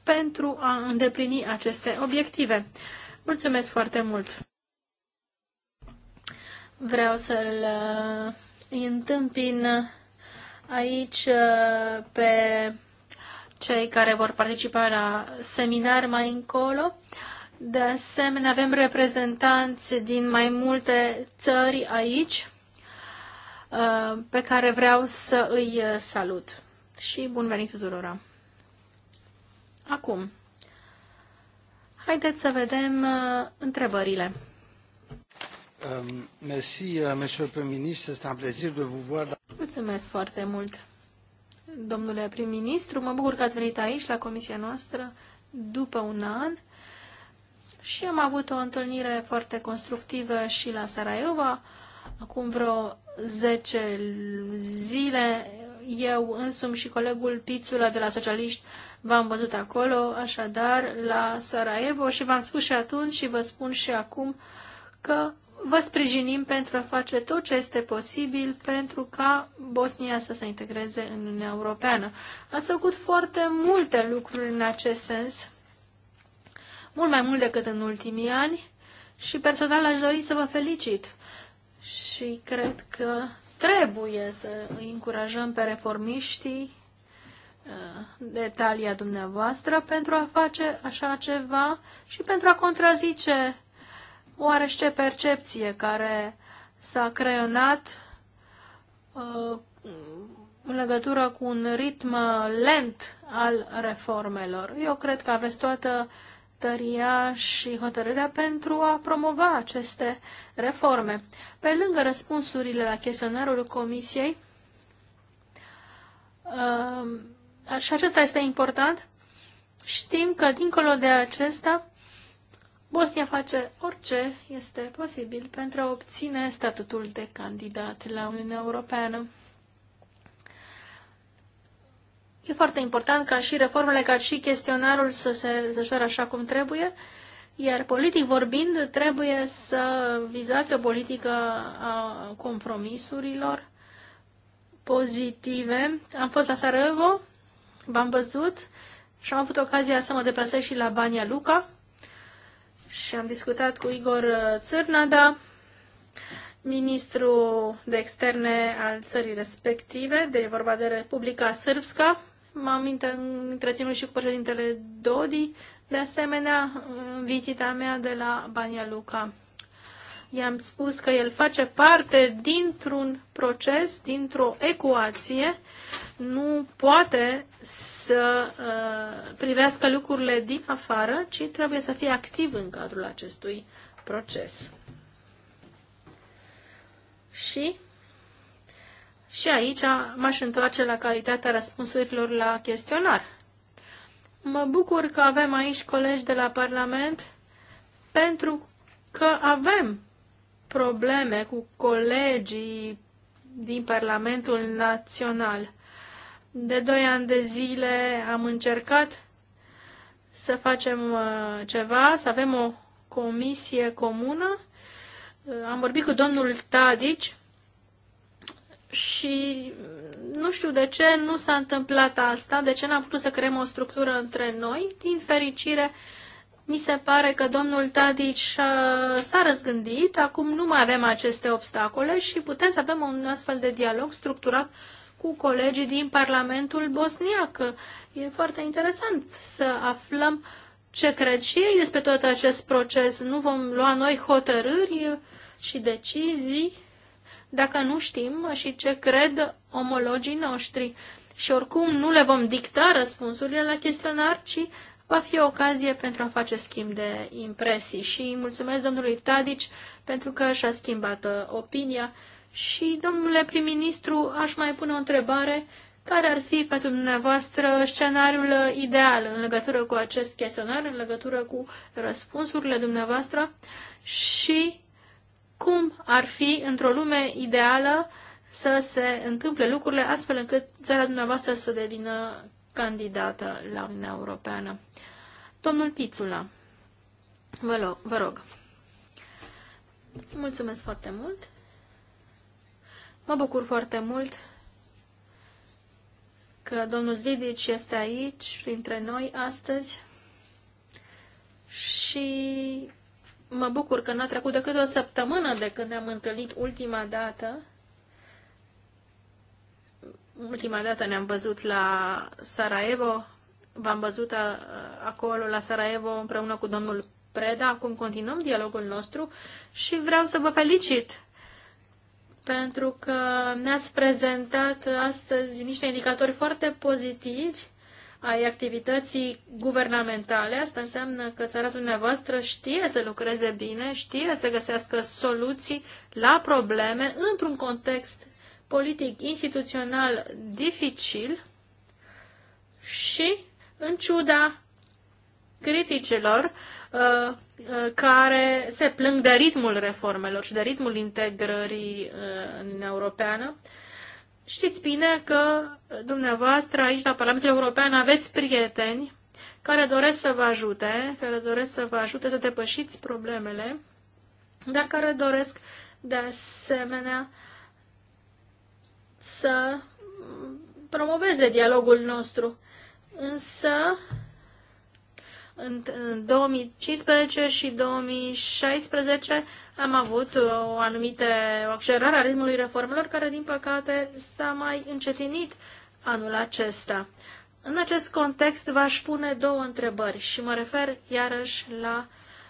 pentru a îndeplini aceste obiective. Mulțumesc foarte mult! Vreau să-l uh, întâmpin aici uh, pe cei care vor participa la seminar mai încolo. De asemenea, avem reprezentanți din mai multe țări aici Uh, pe care vreau să îi uh, salut. Și bun venit tuturora! Acum, haideți să vedem uh, întrebările. Um, Mulțumesc foarte mult, domnule prim-ministru. Mă bucur că ați venit aici, la comisia noastră, după un an. Și am avut o întâlnire foarte constructivă și la Sarajevo, acum vreo 10 zile. Eu însumi și colegul Pițula de la Socialiști v-am văzut acolo, așadar, la Sarajevo și v-am spus și atunci și vă spun și acum că vă sprijinim pentru a face tot ce este posibil pentru ca Bosnia să se integreze în Uniunea Europeană. Ați făcut foarte multe lucruri în acest sens, mult mai mult decât în ultimii ani și personal aș dori să vă felicit și cred că trebuie să îi încurajăm pe reformiștii uh, detalia dumneavoastră pentru a face așa ceva și pentru a contrazice oarește percepție care s-a creionat uh, în legătură cu un ritm lent al reformelor. Eu cred că aveți toată uh, tăria și hotărârea pentru a promova aceste reforme. Pe lângă răspunsurile la chestionarul Comisiei, um, și acesta este important, știm că dincolo de acesta, Bosnia face orice este posibil pentru a obține statutul de candidat la Uniunea Europeană. E foarte important ca și reformele, ca și chestionarul să se desfășoare așa cum trebuie, iar politic vorbind, trebuie să vizați o politică a compromisurilor pozitive. Am fost la Sarajevo, v-am văzut și am avut ocazia să mă deplasez și la Bania Luca și am discutat cu Igor Țârnada, ministru de externe al țării respective, de vorba de Republica Sârbska, M-am întreținut și cu președintele Dodi, de asemenea, în vizita mea de la Bania Luca. I-am spus că el face parte dintr-un proces, dintr-o ecuație, nu poate să uh, privească lucrurile din afară, ci trebuie să fie activ în cadrul acestui proces. Și și aici m-aș întoarce la calitatea răspunsurilor la chestionar. Mă bucur că avem aici colegi de la Parlament pentru că avem probleme cu colegii din Parlamentul Național. De doi ani de zile am încercat să facem uh, ceva, să avem o comisie comună. Uh, am vorbit cu domnul Tadici, și nu știu de ce nu s-a întâmplat asta, de ce n-am putut să creăm o structură între noi. Din fericire, mi se pare că domnul Tadic s-a răzgândit, acum nu mai avem aceste obstacole și putem să avem un astfel de dialog structurat cu colegii din Parlamentul Bosniac. E foarte interesant să aflăm ce cred și ei despre tot acest proces. Nu vom lua noi hotărâri și decizii dacă nu știm și ce cred omologii noștri. Și oricum nu le vom dicta răspunsurile la chestionar, ci va fi o ocazie pentru a face schimb de impresii. Și mulțumesc domnului Tadici pentru că și-a schimbat uh, opinia. Și, domnule prim-ministru, aș mai pune o întrebare. Care ar fi pentru dumneavoastră scenariul uh, ideal în legătură cu acest chestionar, în legătură cu răspunsurile dumneavoastră și cum ar fi într-o lume ideală să se întâmple lucrurile astfel încât țara dumneavoastră să devină candidată la Uniunea Europeană. Domnul Pițula, vă, lo- vă rog. Mulțumesc foarte mult. Mă bucur foarte mult că domnul Zvidici este aici, printre noi, astăzi. Și Mă bucur că n-a trecut decât o săptămână de când ne-am întâlnit ultima dată. Ultima dată ne-am văzut la Sarajevo. V-am văzut uh, acolo la Sarajevo împreună cu domnul Preda. Acum continuăm dialogul nostru și vreau să vă felicit pentru că ne-ați prezentat astăzi niște indicatori foarte pozitivi ai activității guvernamentale. Asta înseamnă că țara dumneavoastră știe să lucreze bine, știe să găsească soluții la probleme într-un context politic instituțional dificil și în ciuda criticilor uh, uh care se plâng de ritmul reformelor și de ritmul integrării uh, în Europeană. Știți bine că dumneavoastră aici la Parlamentul European aveți prieteni care doresc să vă ajute, care doresc să vă ajute să depășiți problemele, dar care doresc de asemenea să promoveze dialogul nostru. Însă, în 2015 și 2016 am avut o anumită accelerare a ritmului reformelor care, din păcate, s-a mai încetinit anul acesta. În acest context v-aș pune două întrebări și mă refer iarăși la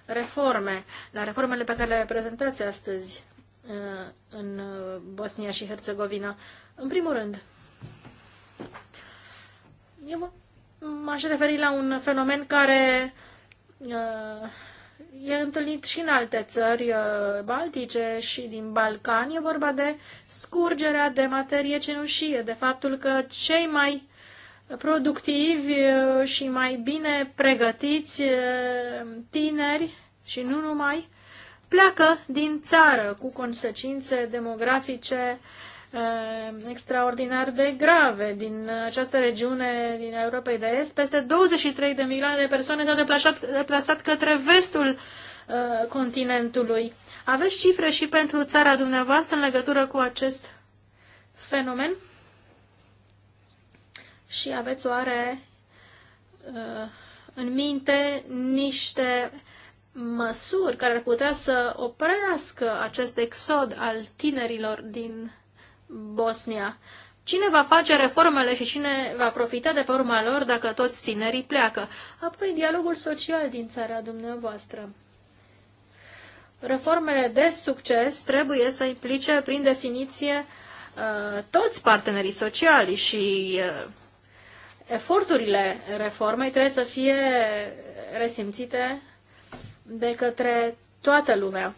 reforme, la reformele pe care le prezentați astăzi uh, în uh, Bosnia și Herțegovina. În primul rând, e m-aș referi la un fenomen care uh, e întâlnit și în alte țări uh, baltice și din Balcani. E vorba de scurgerea de materie cenușie, de faptul că cei mai productivi uh, și mai bine pregătiți tineri și nu numai, pleacă din țară cu consecințe demografice uh, Uh, extraordinar de grave din această regiune din Europei de Est. Peste 23 de milioane de persoane s-au deplasat, deplasat către vestul uh, continentului. Aveți cifre și pentru țara dumneavoastră în legătură cu acest fenomen? Și aveți oare uh, în minte niște măsuri care ar putea să oprească acest exod al tinerilor din Bosnia. Cine va face reformele și cine va profita de pe urma lor dacă toți tinerii pleacă? Apoi dialogul social din țara dumneavoastră. Reformele de succes trebuie să implice, prin definiție, uh, toți partenerii sociali și uh, eforturile reformei trebuie să fie resimțite de către toată lumea.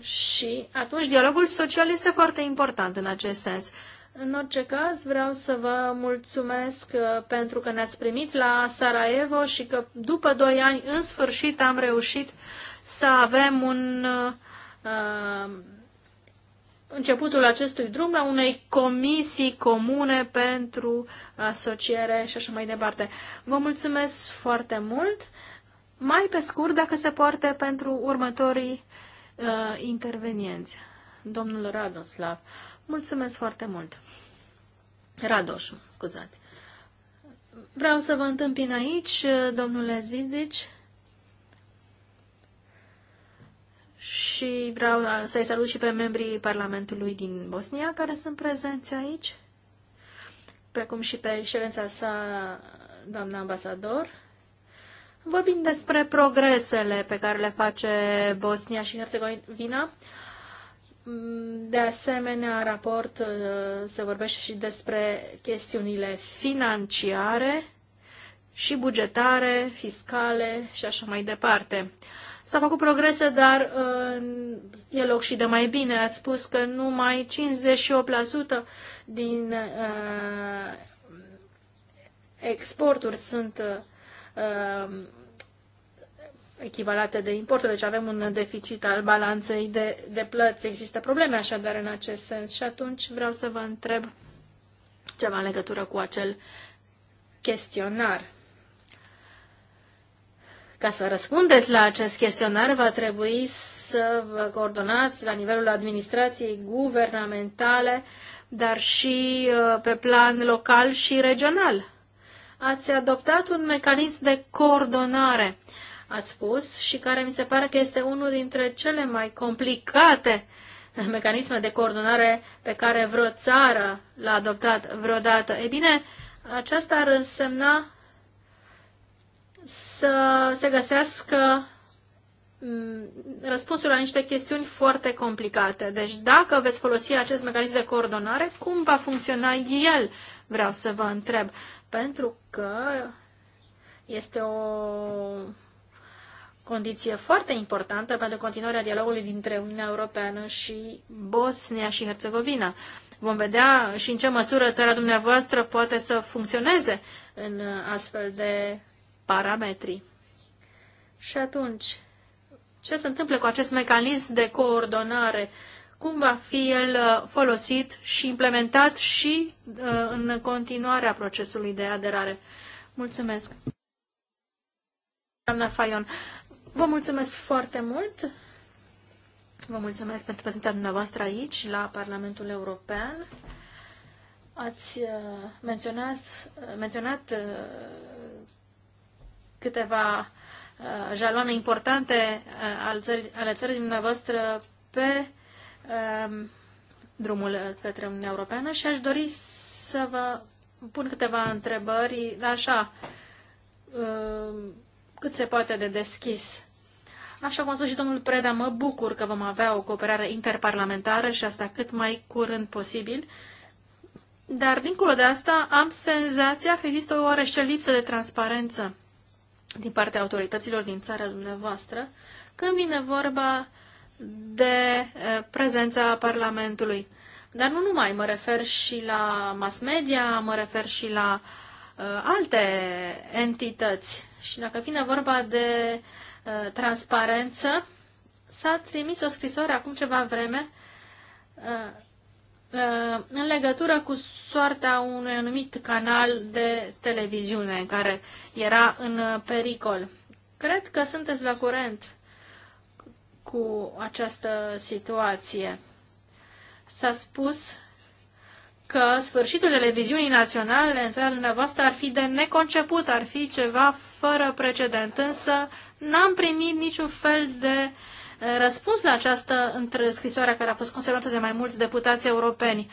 Și atunci dialogul social este foarte important în acest sens. În orice caz, vreau să vă mulțumesc uh, pentru că ne-ați primit la Sarajevo și că după doi ani, în sfârșit, am reușit să avem un uh, începutul acestui drum la unei comisii comune pentru asociere și așa mai departe. Vă mulțumesc foarte mult! Mai pe scurt, dacă se poate, pentru următorii uh, intervenienți. Domnul Radoslav, mulțumesc foarte mult. Radoș, scuzați. Vreau să vă întâmpin aici, domnule Zvizdici, și vreau să-i salut și pe membrii Parlamentului din Bosnia care sunt prezenți aici, precum și pe excelența sa, doamna ambasador, Vorbim despre progresele pe care le face Bosnia și Herțegovina. De asemenea, raport uh, se vorbește și despre chestiunile financiare și bugetare, fiscale și așa mai departe. S-a făcut progrese, dar uh, e loc și de mai bine. Ați spus că numai 58% din uh, exporturi sunt Um, echivalate de importuri, deci avem un deficit al balanței de, de plăți. Există probleme așadar în acest sens și atunci vreau să vă întreb ceva în legătură cu acel chestionar. Ca să răspundeți la acest chestionar, va trebui să vă coordonați la nivelul administrației guvernamentale, dar și uh, pe plan local și regional ați adoptat un mecanism de coordonare, ați spus, și care mi se pare că este unul dintre cele mai complicate mecanisme de coordonare pe care vreo țară l-a adoptat vreodată. E bine, aceasta ar însemna să se găsească mm, răspunsul la niște chestiuni foarte complicate. Deci dacă veți folosi acest mecanism de coordonare, cum va funcționa el? Vreau să vă întreb pentru că este o condiție foarte importantă pentru continuarea dialogului dintre Uniunea Europeană și Bosnia și Herțegovina. Vom vedea și în ce măsură țara dumneavoastră poate să funcționeze în astfel de parametri. Și atunci, ce se întâmplă cu acest mecanism de coordonare cum va fi el uh, folosit și implementat și uh, în continuarea procesului de aderare. Mulțumesc! Doamna Fayon, vă mulțumesc foarte mult! Vă mulțumesc pentru prezentarea dumneavoastră aici, la Parlamentul European. Ați uh, menționat, menționat câteva jaloane importante ale țării dumneavoastră pe Um, drumul către Uniunea Europeană și aș dori să vă pun câteva întrebări, așa, um, cât se poate de deschis. Așa cum a spus și domnul Preda, mă bucur că vom avea o cooperare interparlamentară și asta cât mai curând posibil. Dar, dincolo de asta, am senzația că există o oareșe lipsă de transparență din partea autorităților din țara dumneavoastră când vine vorba de prezența Parlamentului. Dar nu numai, mă refer și la mass media, mă refer și la uh, alte entități. Și dacă vine vorba de uh, transparență, s-a trimis o scrisoare acum ceva vreme uh, uh, în legătură cu soarta unui anumit canal de televiziune care era în pericol. Cred că sunteți la curent cu această situație. S-a spus că sfârșitul televiziunii naționale în țara dumneavoastră ar fi de neconceput, ar fi ceva fără precedent, însă n-am primit niciun fel de eh, răspuns la această scrisoare care a fost conservată de mai mulți deputați europeni.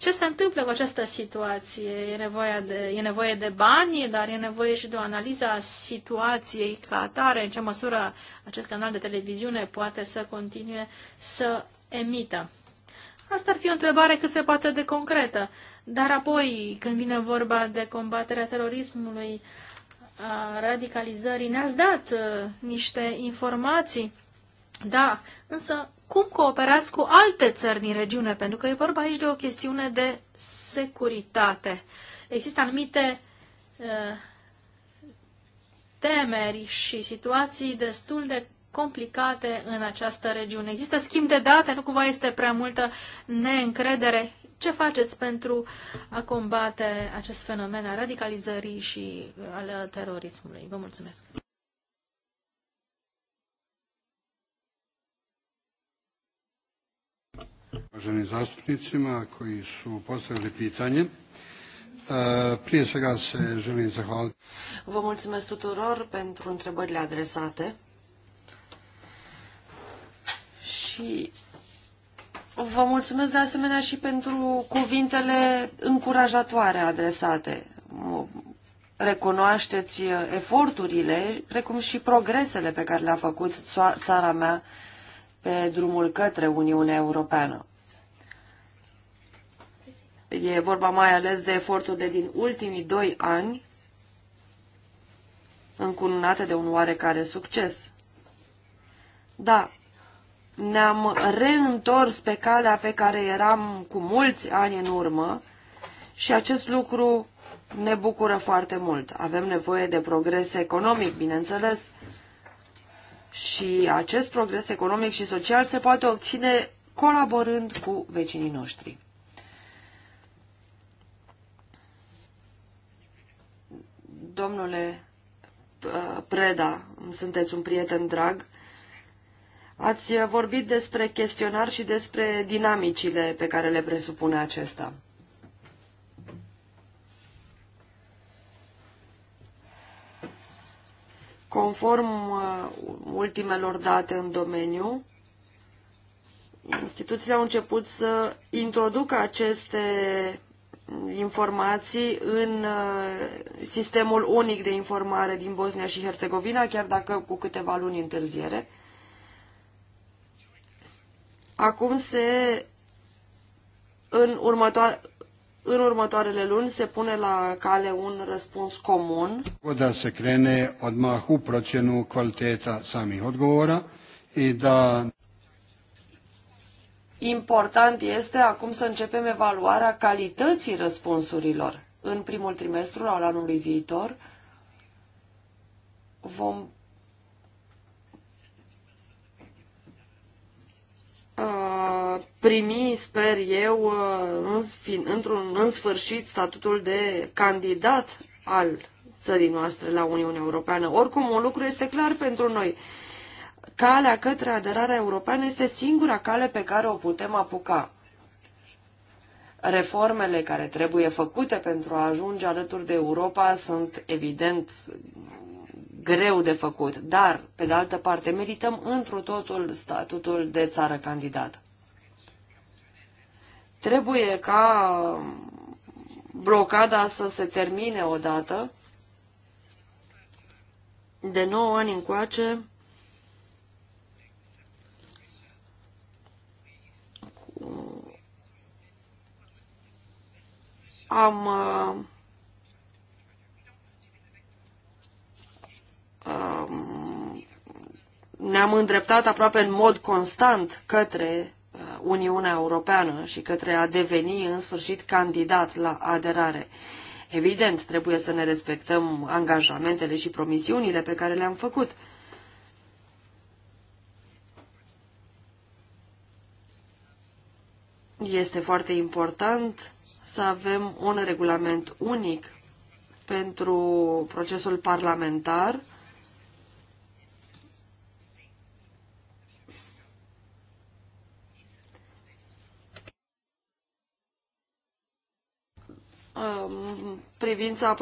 Ce se întâmplă cu această situație? E nevoie, de, e nevoie de bani, dar e nevoie și de o analiză a situației ca atare, în ce măsură acest canal de televiziune poate să continue să emită. Asta ar fi o întrebare cât se poate de concretă. Dar apoi, când vine vorba de combaterea terorismului, a radicalizării, ne-ați dat uh, niște informații. Da, însă cum cooperați cu alte țări din regiune, pentru că e vorba aici de o chestiune de securitate. Există anumite uh, temeri și situații destul de complicate în această regiune. Există schimb de date, nu cumva este prea multă neîncredere. Ce faceți pentru a combate acest fenomen al radicalizării și uh, al terorismului? Vă mulțumesc! Uvaženim zastupnicima koji su postavili pitanje, prije svega se želim zahvaliti. Vă mulțumesc tuturor pentru întrebările adresate și vă mulțumesc de asemenea și pentru cuvintele încurajatoare adresate. Recunoașteți eforturile, precum și progresele pe care le-a făcut țara mea pe drumul către Uniunea Europeană. E vorba mai ales de efortul de din ultimii doi ani, încununate de un oarecare succes. Da, ne-am reîntors pe calea pe care eram cu mulți ani în urmă și acest lucru ne bucură foarte mult. Avem nevoie de progres economic, bineînțeles, și acest progres economic și social se poate obține colaborând cu vecinii noștri. domnule uh, Preda, sunteți un prieten drag, ați vorbit despre chestionar și despre dinamicile pe care le presupune acesta. Conform uh, ultimelor date în domeniu, instituțiile au început să introducă aceste informații în uh, sistemul unic de informare din Bosnia și Herțegovina, chiar dacă cu câteva luni întârziere. Acum se în, următoare, în următoarele luni se pune la cale un răspuns comun. Da se crene odmah u procenu calitatea samih odgovora i da Important este acum să începem evaluarea calității răspunsurilor. În primul trimestru al anului viitor vom uh, primi, sper eu, uh, un în sfârșit statutul de candidat al țării noastre la Uniunea Europeană. Oricum, un lucru este clar pentru noi calea către aderarea europeană este singura cale pe care o putem apuca. Reformele care trebuie făcute pentru a ajunge alături de Europa sunt evident greu de făcut, dar, pe de altă parte, merităm întru totul statutul de țară candidată. Trebuie ca blocada să se termine odată. De 9 ani încoace, am uh, ne-am îndreptat aproape în mod constant către uh, Uniunea Europeană și către a deveni în sfârșit candidat la aderare. Evident, trebuie să ne respectăm angajamentele și promisiunile pe care le-am făcut. Este foarte important să avem un regulament unic pentru procesul parlamentar privința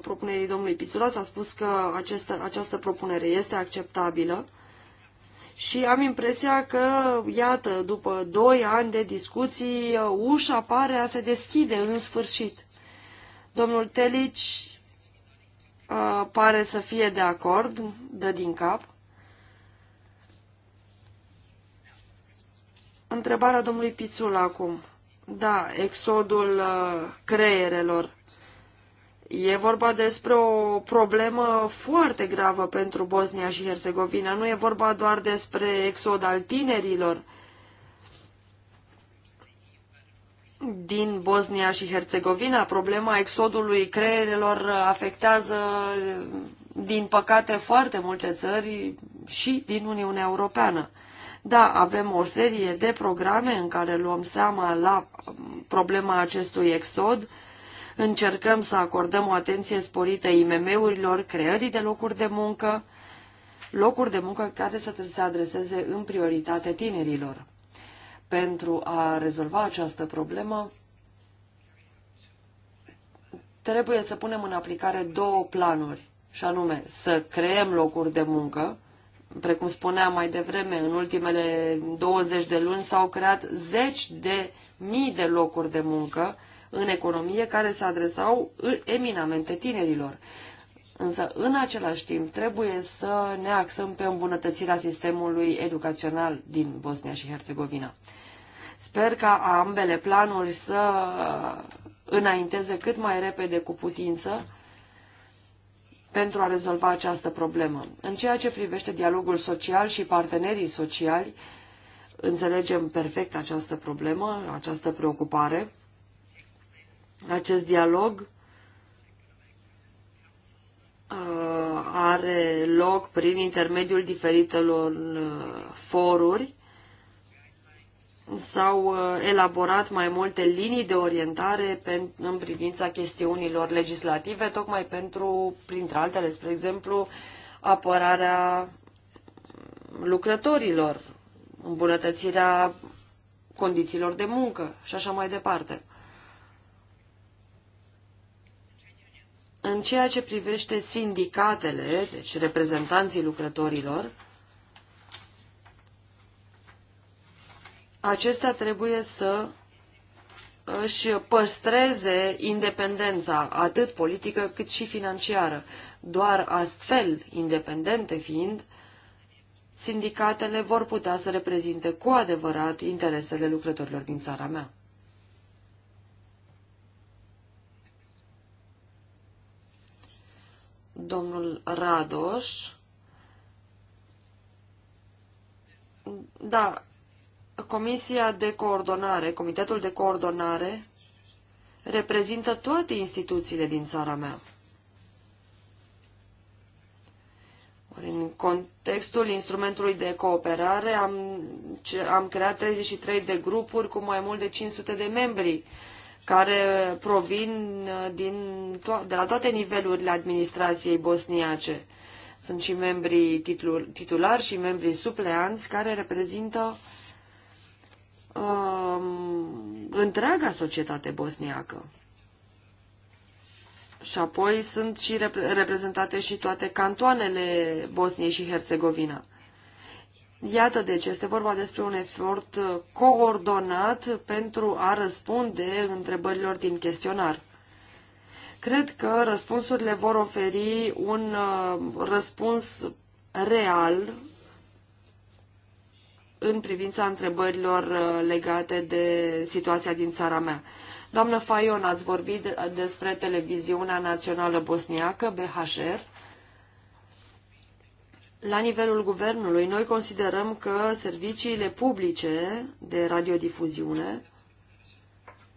propunerii domnului Pițula s-a spus că această propunere este acceptabilă și am impresia că, iată, după doi ani de discuții, ușa pare a se deschide în sfârșit. Domnul Telici pare să fie de acord, dă din cap. Întrebarea domnului Pițul acum. Da, exodul uh, creierelor. E vorba despre o problemă foarte gravă pentru Bosnia și Herțegovina. Nu e vorba doar despre exod al tinerilor din Bosnia și Herțegovina. Problema exodului creierelor afectează, din păcate, foarte multe țări și din Uniunea Europeană. Da, avem o serie de programe în care luăm seama la problema acestui exod, Încercăm să acordăm o atenție sporită IMM-urilor, creării de locuri de muncă, locuri de muncă care să se adreseze în prioritate tinerilor. Pentru a rezolva această problemă, trebuie să punem în aplicare două planuri, și anume să creăm locuri de muncă, precum spuneam mai devreme, în ultimele 20 de luni s-au creat zeci de mii de locuri de muncă în economie care se adresau eminamente tinerilor. Însă, în același timp, trebuie să ne axăm pe îmbunătățirea sistemului educațional din Bosnia și Herțegovina. Sper ca ambele planuri să înainteze cât mai repede cu putință pentru a rezolva această problemă. În ceea ce privește dialogul social și partenerii sociali, înțelegem perfect această problemă, această preocupare. Acest dialog uh, are loc prin intermediul diferitelor uh, foruri. S-au uh, elaborat mai multe linii de orientare în privința chestiunilor legislative, tocmai pentru, printre altele, spre exemplu, apărarea lucrătorilor, îmbunătățirea condițiilor de muncă și așa mai departe. În ceea ce privește sindicatele, deci reprezentanții lucrătorilor, acestea trebuie să își păstreze independența, atât politică cât și financiară. Doar astfel, independente fiind, sindicatele vor putea să reprezinte cu adevărat interesele lucrătorilor din țara mea. domnul Radoș. Da, Comisia de Coordonare, Comitetul de Coordonare, reprezintă toate instituțiile din țara mea. În contextul instrumentului de cooperare am, am creat 33 de grupuri cu mai mult de 500 de membri care provin uh, din, de la toate nivelurile administrației bosniace. Sunt și membrii titulari și membrii supleanți care reprezintă uh, întreaga societate bosniacă. Și apoi sunt și repre- reprezentate și toate cantoanele Bosniei și Herțegovina. Iată deci, este vorba despre un efort uh, coordonat pentru a răspunde întrebărilor din chestionar. Cred că răspunsurile vor oferi un uh, răspuns real în privința întrebărilor uh, legate de situația din țara mea. Doamnă Faion, ați vorbit despre televiziunea națională bosniacă, BHR. La nivelul guvernului, noi considerăm că serviciile publice de radiodifuziune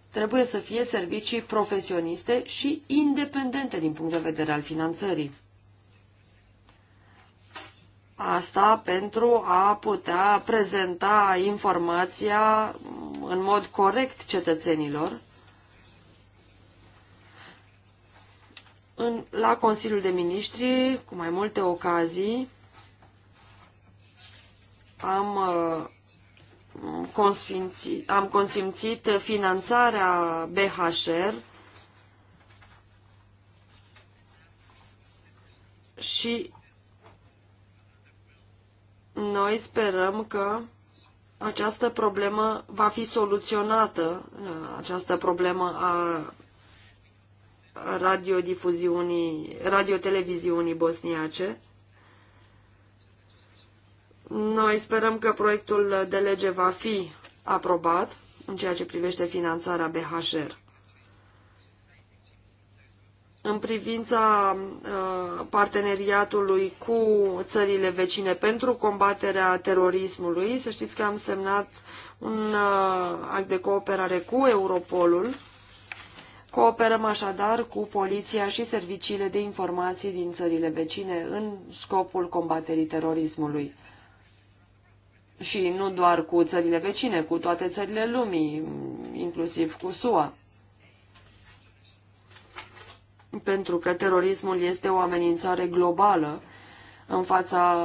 trebuie să fie servicii profesioniste și independente din punct de vedere al finanțării. Asta pentru a putea prezenta informația în mod corect cetățenilor în, la Consiliul de Ministri, cu mai multe ocazii, am, uh, consfințit, am consimțit finanțarea BHR și noi sperăm că această problemă va fi soluționată, uh, această problemă a radiodifuziunii, radioteleviziunii bosniace. Noi sperăm că proiectul de lege va fi aprobat în ceea ce privește finanțarea BHR. În privința uh, parteneriatului cu țările vecine pentru combaterea terorismului, să știți că am semnat un uh, act de cooperare cu Europolul. Cooperăm așadar cu poliția și serviciile de informații din țările vecine în scopul combaterii terorismului și nu doar cu țările vecine, cu toate țările lumii, inclusiv cu SUA. Pentru că terorismul este o amenințare globală în fața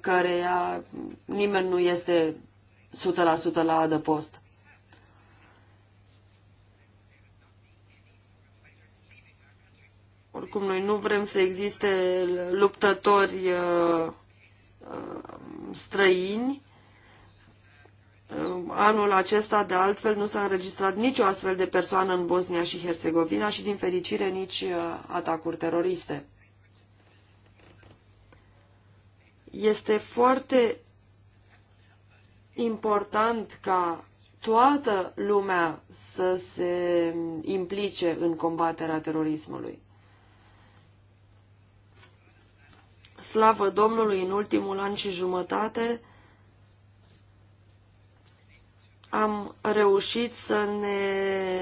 căreia nimeni nu este 100% la adăpost. Oricum, noi nu vrem să existe luptători uh, uh, străini Anul acesta, de altfel, nu s-a înregistrat nicio astfel de persoană în Bosnia și Herțegovina și, din fericire, nici uh, atacuri teroriste. Este foarte important ca toată lumea să se implice în combaterea terorismului. Slavă Domnului, în ultimul an și jumătate, am reușit să ne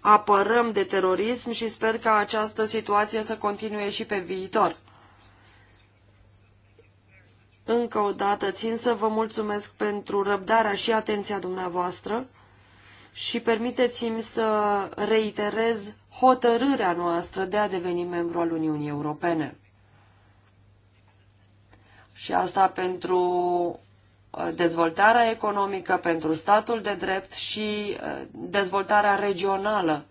apărăm de terorism și sper ca această situație să continue și pe viitor. Încă o dată țin să vă mulțumesc pentru răbdarea și atenția dumneavoastră și permiteți-mi să reiterez hotărârea noastră de a deveni membru al Uniunii Europene. Și asta pentru Uh, dezvoltarea economică, pentru statul de drept și uh, dezvoltarea regională.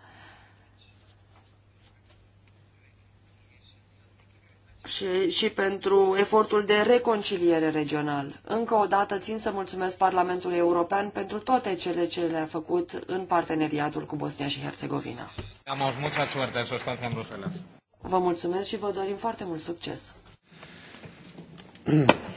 Și, și pentru efortul de reconciliere regional. Încă o dată țin să mulțumesc Parlamentului European pentru toate cele ce le-a făcut în parteneriatul cu Bosnia și Herțegovina. Vă mulțumesc și vă dorim foarte mult succes.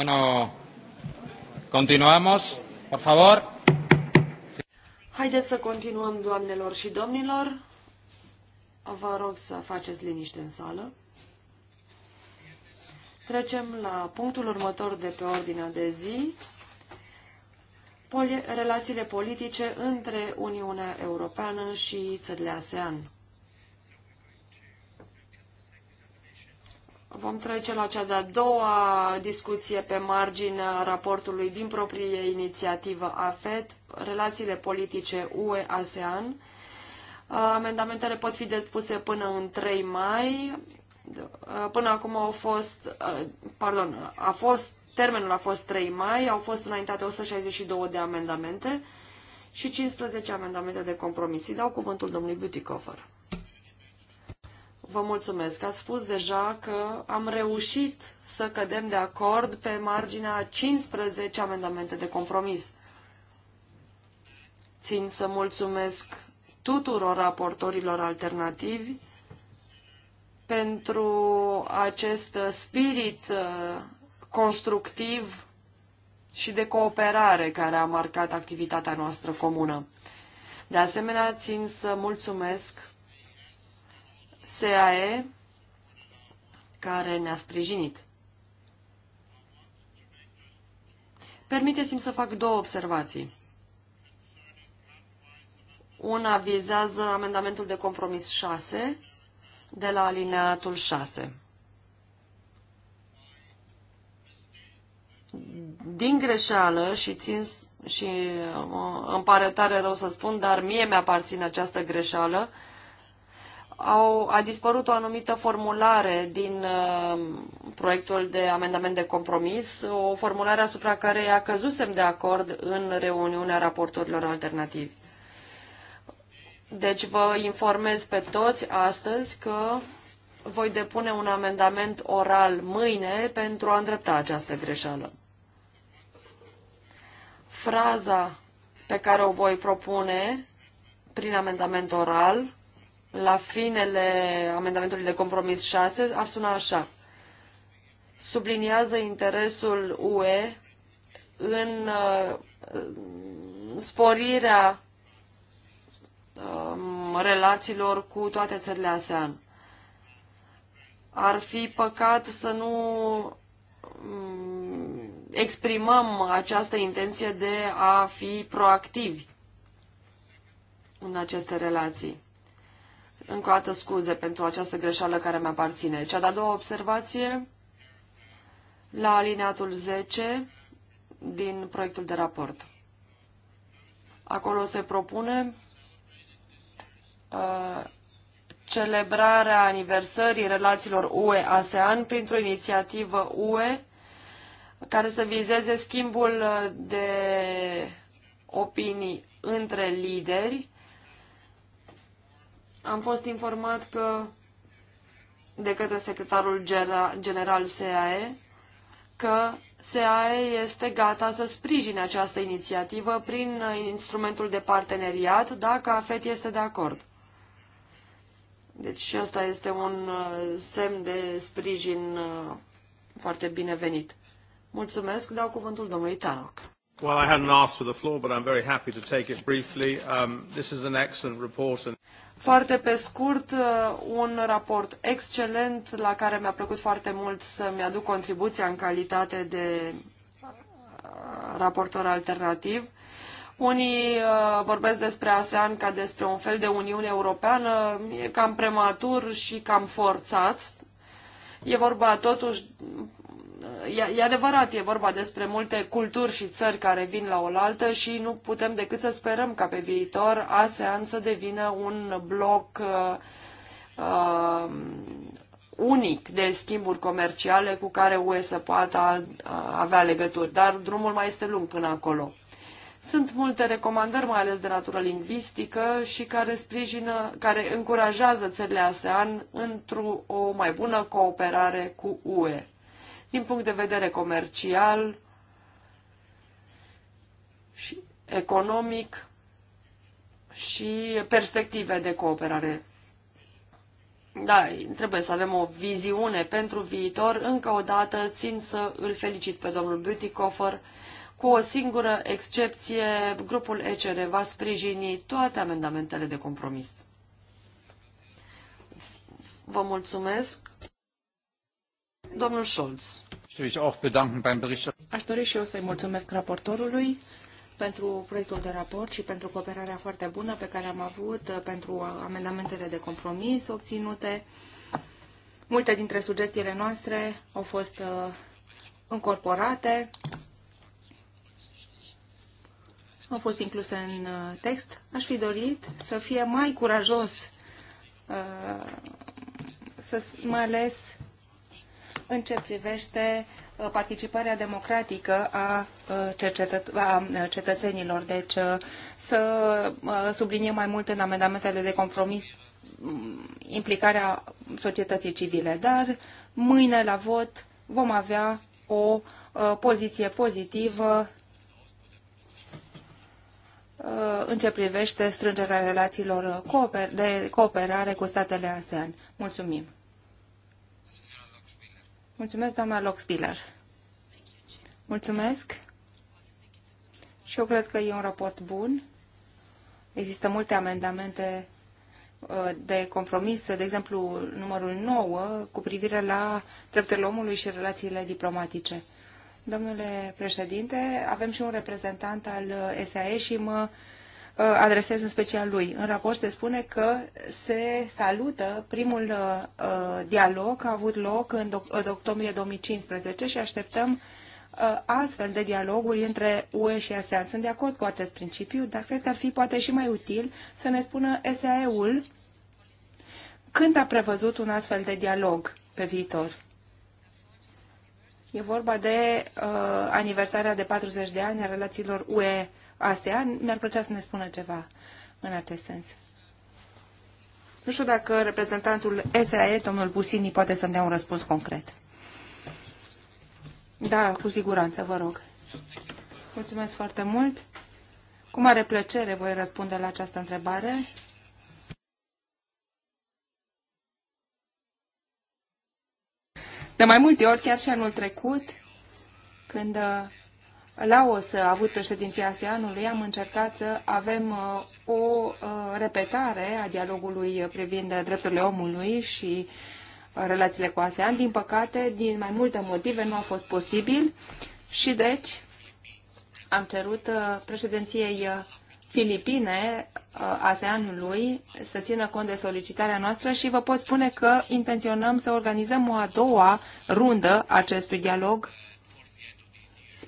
Bueno, continuamos, por favor. Haideți să continuăm, doamnelor și domnilor. Vă rog să faceți liniște în sală. Trecem la punctul următor de pe ordinea de zi, relațiile politice între Uniunea Europeană și țările ASEAN. Vom trece la cea de-a doua discuție pe marginea raportului din proprie inițiativă AFET, relațiile politice UE-ASEAN. Amendamentele pot fi depuse până în 3 mai. Până acum au fost, pardon, a fost, termenul a fost 3 mai, au fost înaintate 162 de amendamente și 15 amendamente de compromis. Îi dau cuvântul domnului Butikofer vă mulțumesc. Ați spus deja că am reușit să cădem de acord pe marginea 15 amendamente de compromis. Țin să mulțumesc tuturor raportorilor alternativi pentru acest spirit uh, constructiv și de cooperare care a marcat activitatea noastră comună. De asemenea, țin să mulțumesc SAE care ne-a sprijinit. Permiteți-mi să fac două observații. Una vizează amendamentul de compromis 6 de la alineatul 6. Din greșeală și țin și uh, îmi pare tare rău să spun, dar mie mi-aparține această greșeală, uh, au, a dispărut o anumită formulare din uh, proiectul de amendament de compromis, o formulare asupra care a căzusem de acord în reuniunea raportorilor alternativi. Deci vă informez pe toți astăzi că voi depune un amendament oral mâine pentru a îndrepta această greșeală. Fraza pe care o voi propune prin amendament oral la finele amendamentului de compromis 6 ar suna așa. Subliniază interesul UE în uh, sporirea um, relațiilor cu toate țările ASEAN. Ar fi păcat să nu um, exprimăm această intenție de a fi proactivi în aceste relații. Încă o dată scuze pentru această greșeală care mi aparține. Cea de-a doua observație, la alineatul 10 din proiectul de raport. Acolo se propune uh, celebrarea aniversării relațiilor UE-ASEAN printr-o inițiativă UE care să vizeze schimbul de opinii între lideri am fost informat că de către secretarul general SAE că SAE este gata să sprijine această inițiativă prin uh, instrumentul de parteneriat dacă AFET este de acord. Deci și asta este un uh, semn de sprijin uh, foarte binevenit. Mulțumesc, dau cuvântul domnului Tanoc. Well, I hadn't asked for the floor, but I'm very happy to take it briefly. Um, this is an excellent report. And... Foarte pe scurt, uh, un raport excelent la care mi-a plăcut foarte mult să-mi aduc contribuția în calitate de uh, raportor alternativ. Unii uh, vorbesc despre ASEAN ca despre un fel de Uniune Europeană, e cam prematur și cam forțat. E vorba totuși e, e adevărat, e vorba despre multe culturi și țări care vin la oaltă și nu putem decât să sperăm ca pe viitor ASEAN să devină un bloc uh, uh unic de schimburi comerciale cu care UE să poată uh, avea legături, dar drumul mai este lung până acolo. Sunt multe recomandări, mai ales de natură lingvistică, și care sprijină, care încurajează țările ASEAN într-o mai bună cooperare cu UE din punct de vedere comercial și economic și perspective de cooperare. Da, trebuie să avem o viziune pentru viitor. Încă o dată țin să îl felicit pe domnul Beautycoffer. Cu o singură excepție, grupul ECR va sprijini toate amendamentele de compromis. Vă mulțumesc. Domnul Scholz. Aș dori și eu să-i mulțumesc raportorului pentru proiectul de raport și pentru cooperarea foarte bună pe care am avut, uh, pentru amendamentele de compromis obținute. Multe dintre sugestiile noastre au fost uh, încorporate, au fost incluse în uh, text. Aș fi dorit să fie mai curajos, să mai ales în ce privește uh, participarea democratică a, uh, uh, cetățenilor. Deci să subliniem mai mult în amendamentele de compromis mm, implicarea societății civile. Dar mâine la vot vom avea o poziție pozitivă în ce privește strângerea relațiilor de cooperare cu statele ASEAN. Mulțumim! Mulțumesc, doamna Lockspiller. Mulțumesc. Și eu cred că e un raport bun. Există multe amendamente uh, de compromis, de exemplu numărul 9, cu privire la drepturile omului și relațiile diplomatice. Domnule președinte, avem și un reprezentant al SAE și mă Uh, adresez în special lui. În raport se spune că se salută primul uh, uh, dialog a avut loc în, doc- în octombrie 2015 și așteptăm astfel de dialoguri între UE și ASEAN. Sunt de acord cu acest principiu, dar cred că ar fi poate și mai util să ne spună SAE-ul când a prevăzut un astfel de dialog pe viitor. E vorba de uh, aniversarea de 40 de ani a relațiilor UE-ASEAN astea, Mi-ar plăcea să ne spună ceva în acest sens. Nu știu dacă reprezentantul SAE, domnul Busini, poate să-mi dea un răspuns concret. Da, cu siguranță, vă rog. Mulțumesc foarte mult. Cu mare plăcere voi răspunde la această întrebare. De mai multe ori, chiar și anul trecut, când uh, Laos a avut președinția ASEANului, am încercat să avem uh, o uh, repetare a dialogului privind drepturile omului și uh, relațiile cu ASEAN. Din păcate, din mai multe motive, nu a fost posibil și deci am cerut președinției Filipine ASEANului să țină cont de solicitarea noastră și vă pot spune că intenționăm să organizăm o a doua rundă acestui dialog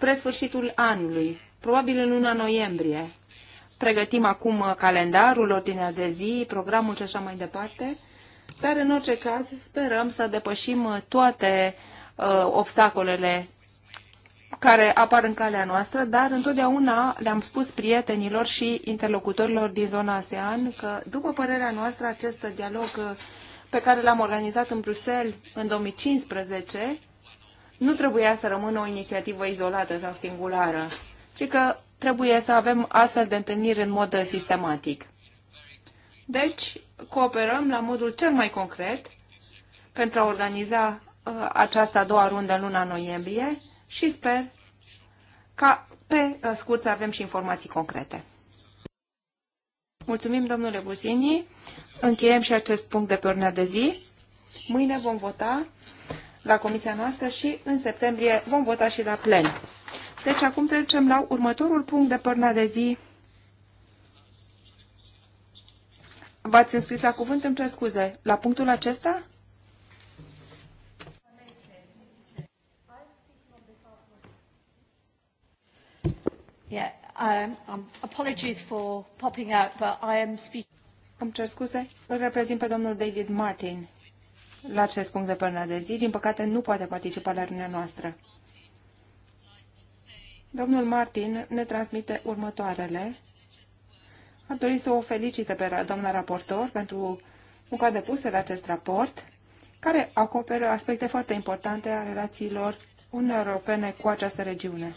spre sfârșitul anului, probabil în luna noiembrie. Pregătim acum uh, calendarul, ordinea de zi, programul și așa mai departe, dar în orice caz sperăm să depășim uh, toate uh, obstacolele care apar în calea noastră, dar întotdeauna le-am spus prietenilor și interlocutorilor din zona ASEAN că, după părerea noastră, acest dialog uh, pe care l-am organizat în Bruxelles în 2015 nu trebuia să rămână o inițiativă izolată sau singulară, ci că trebuie să avem astfel de întâlniri în mod sistematic. Deci, cooperăm la modul cel mai concret pentru a organiza uh, această a doua rundă în luna noiembrie și sper ca pe uh, scurt să avem și informații concrete. Mulțumim, domnule Buzini. Încheiem și acest punct de pe de zi. Mâine vom vota la comisia noastră și în septembrie vom vota și la plen. Deci acum trecem la următorul punct de părna de zi. V-ați înscris la cuvânt, îmi cer scuze. La punctul acesta? Yeah, um, um, apologies for popping out, but I am speaking. Îmi cer scuze, îl reprezint pe domnul David Martin la acest punct de până de zi. Din păcate, nu poate participa la reuniunea noastră. Domnul Martin ne transmite următoarele. Ar dori să o felicite pe doamna raportor pentru munca depusă la acest raport, care acoperă aspecte foarte importante a relațiilor Uniunii Europene cu această regiune.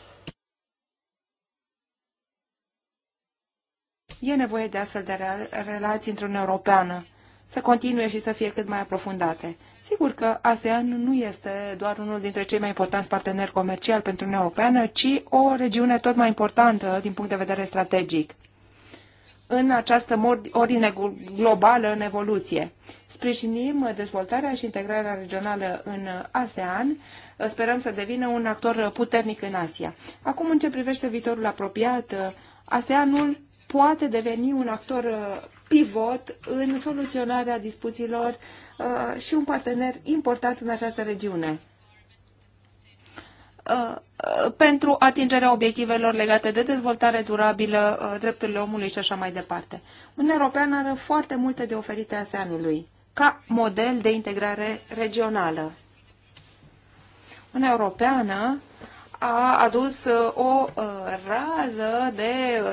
E nevoie de astfel de relații într o europeană să continue și să fie cât mai aprofundate. Sigur că ASEAN nu este doar unul dintre cei mai importanți parteneri comerciali pentru Uniunea Europeană, ci o regiune tot mai importantă din punct de vedere strategic în această ordine globală în evoluție. Sprijinim dezvoltarea și integrarea regională în ASEAN. Sperăm să devină un actor puternic în Asia. Acum, în ce privește viitorul apropiat, ASEANul poate deveni un actor pivot în soluționarea dispuțiilor uh, și un partener important în această regiune uh, uh, pentru atingerea obiectivelor legate de dezvoltare durabilă, drepturile omului și așa mai departe. Uniunea Europeană are foarte multe de oferite ASEANului ca model de integrare regională. Uniunea Europeană a adus uh, o uh, rază de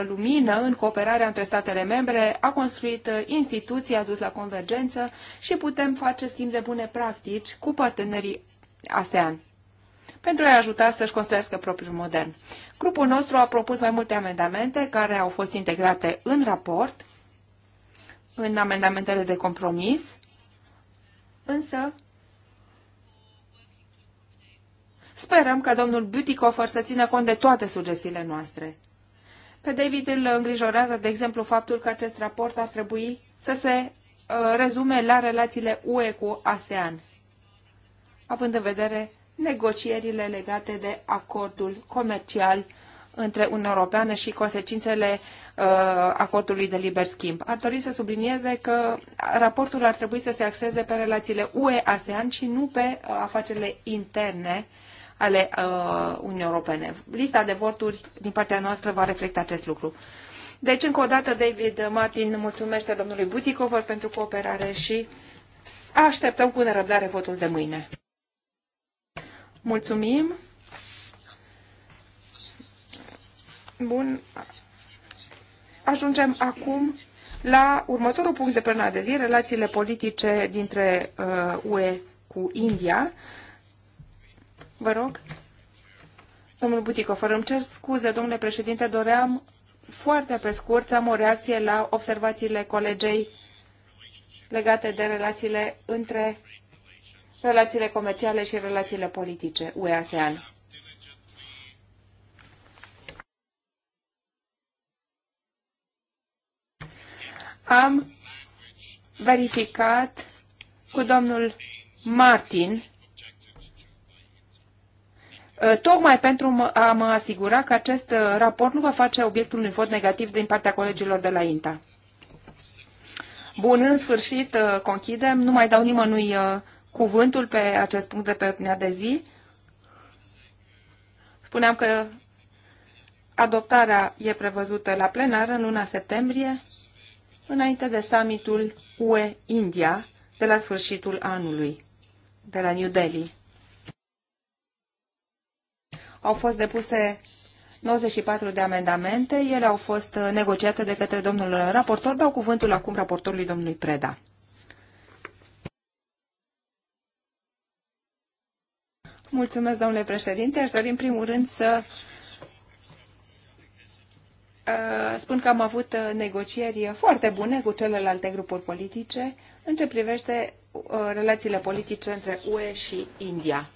lumină în cooperarea între statele membre, a construit uh, instituții, a dus la convergență și putem face schimb de bune practici cu partenerii ASEAN pentru a-i ajuta să-și construiască propriul modern. Grupul nostru a propus mai multe amendamente care au fost integrate în raport, în amendamentele de compromis, însă Sperăm că domnul Butikofer să țină cont de toate sugestiile noastre. Pe David îl îngrijorează, de exemplu, faptul că acest raport ar trebui să se uh, rezume la relațiile UE cu ASEAN, având în vedere negocierile legate de acordul comercial între Uniunea Europeană și consecințele uh, acordului de liber schimb. Ar dori să sublinieze că raportul ar trebui să se axeze pe relațiile UE-ASEAN și nu pe uh, afacerile interne ale uh, Uniunii Europene. Lista de voturi din partea noastră va reflecta acest lucru. Deci, încă o dată, David Martin mulțumește domnului Buticovăr pentru cooperare și așteptăm cu nerăbdare votul de mâine. Mulțumim. Bun. Ajungem acum la următorul punct de pe de zi, relațiile politice dintre uh, UE cu India. Vă rog. Domnul Buticofer, îmi cer scuze, domnule președinte, doream foarte pe scurt să am o reacție la observațiile colegei legate de relațiile între relațiile comerciale și relațiile politice UE-ASEAN. Am verificat cu domnul Martin Uh, tocmai pentru a mă asigura că acest uh, raport nu va face obiectul unui vot negativ din partea colegilor de la INTA. Bun, în sfârșit uh, conchidem. Nu mai dau nimănui cuvântul pe acest punct de pe ordinea de zi. Spuneam că adoptarea e prevăzută la plenar în luna septembrie, înainte de summitul UE-India de la sfârșitul anului, de la New Delhi. Au fost depuse 94 de amendamente. Ele au fost uh, negociate de către domnul raportor. Dau cuvântul acum raportorului domnului Preda. Mulțumesc, domnule președinte. Aș dori în primul rând să uh, spun că am avut uh, negocieri foarte bune cu celelalte grupuri politice în ce privește relațiile politice între UE și India.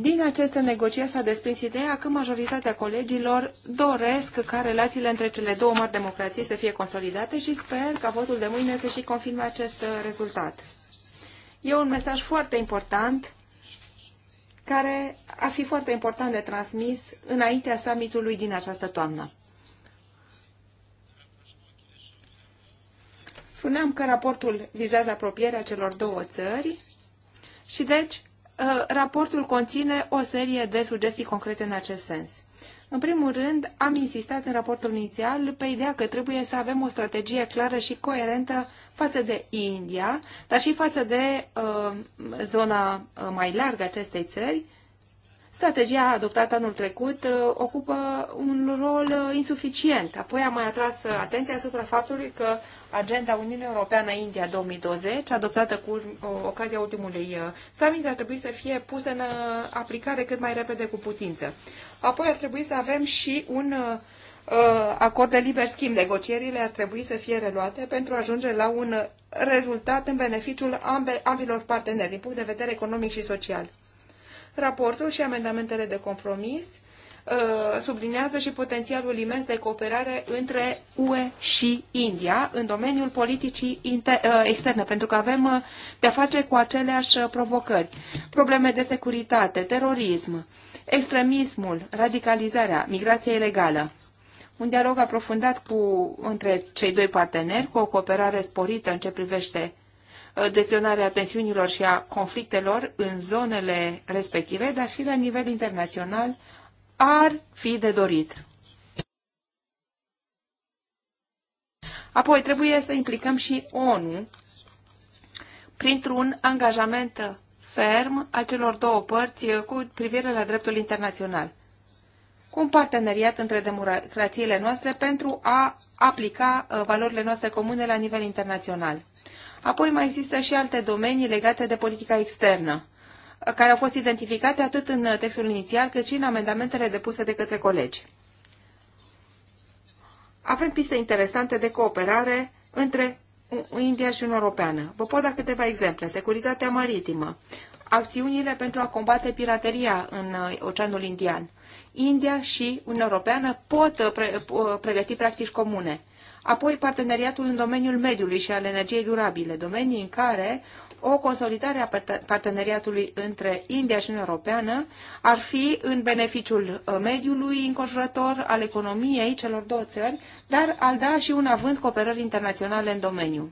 Din aceste negocieri s-a desprins ideea că majoritatea colegilor doresc ca relațiile între cele două mari democrații să fie consolidate și sper ca votul de mâine să și confirme acest uh, rezultat. E un mesaj foarte important care ar fi foarte important de transmis înaintea summitului din această toamnă. Spuneam că raportul vizează apropierea celor două țări și deci Uh, raportul conține o serie de sugestii concrete în acest sens. În primul rând, am insistat în raportul inițial pe ideea că trebuie să avem o strategie clară și coerentă față de India, dar și față de uh, zona uh, mai largă acestei țări, Strategia adoptată anul trecut uh, ocupă un rol uh, insuficient. Apoi am mai atras uh, atenția asupra faptului că agenda Uniunii Europeană-India 2020, adoptată cu ocazia ultimului summit, ar trebui să fie pusă în aplicare cât mai repede cu putință. Apoi ar trebui să avem și un acord de liber schimb. Negocierile ar trebui să fie reluate pentru a ajunge la un rezultat în beneficiul ambe, ambilor parteneri, din punct de vedere economic și social. Raportul și amendamentele de compromis uh, sublinează și potențialul imens de cooperare între UE și India în domeniul politicii uh, externe, pentru că avem uh, de-a face cu aceleași provocări. Probleme de securitate, terorism, extremismul, radicalizarea, migrația ilegală. Un dialog aprofundat cu, între cei doi parteneri, cu o cooperare sporită în ce privește gestionarea tensiunilor și a conflictelor în zonele respective, dar și la nivel internațional, ar fi de dorit. Apoi trebuie să implicăm și ONU printr-un angajament ferm a celor două părți cu privire la dreptul internațional, cu un parteneriat între democrațiile noastre pentru a aplica uh, valorile noastre comune la nivel internațional. Apoi mai există și alte domenii legate de politica externă, care au fost identificate atât în textul inițial cât și în amendamentele depuse de către colegi. Avem piste interesante de cooperare între India și Uniunea Europeană. Vă pot da câteva exemple. Securitatea maritimă, acțiunile pentru a combate pirateria în uh, Oceanul Indian. India și Uniunea Europeană pot uh, uh, pregăti practici comune apoi parteneriatul în domeniul mediului și al energiei durabile, domenii în care o consolidare a parteneriatului între India și Uniunea Europeană ar fi în beneficiul uh, mediului înconjurător, al economiei celor două țări, dar al da și un avânt cooperări internaționale în domeniu.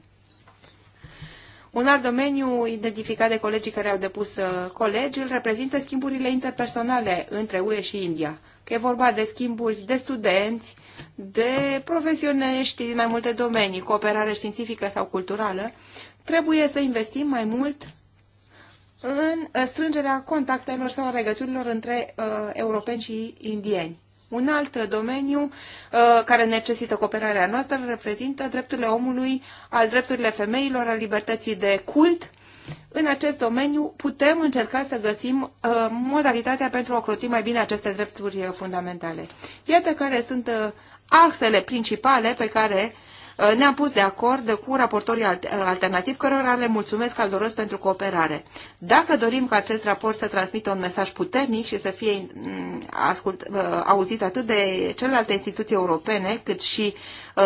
Un alt domeniu identificat de colegii care au depus uh, colegi îl reprezintă schimburile interpersonale între UE și India, că e vorba de schimburi de studenți, de profesioniști din mai multe domenii, cooperare științifică sau culturală, trebuie să investim mai mult în uh, strângerea contactelor sau legăturilor între uh, europeni și indieni. Un alt domeniu uh, care necesită cooperarea noastră reprezintă drepturile omului, al drepturile femeilor, al libertății de cult în acest domeniu putem încerca să găsim uh, modalitatea pentru a ocroti mai bine aceste drepturi uh, fundamentale. Iată care sunt uh, axele principale pe care uh, ne-am pus de acord cu raportorii uh, alternativi, cărora le mulțumesc caldoros pentru cooperare. Dacă dorim ca acest raport să transmită un mesaj puternic și să fie mm, ascult, uh, auzit atât de celelalte instituții europene, cât și Uh,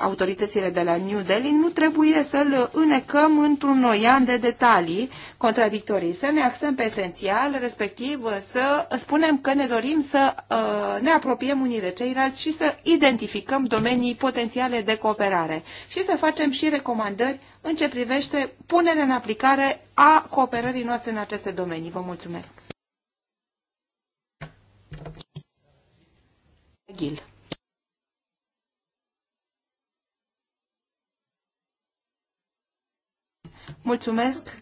autoritățile de la New Delhi, nu trebuie să-l înecăm într-un noian de detalii contradictorii. Să ne axăm pe esențial, respectiv să spunem că ne dorim să uh, ne apropiem unii de ceilalți și să identificăm domenii potențiale de cooperare și să facem și recomandări în ce privește punerea în aplicare a cooperării noastre în aceste domenii. Vă mulțumesc! Gil. Mulțumesc,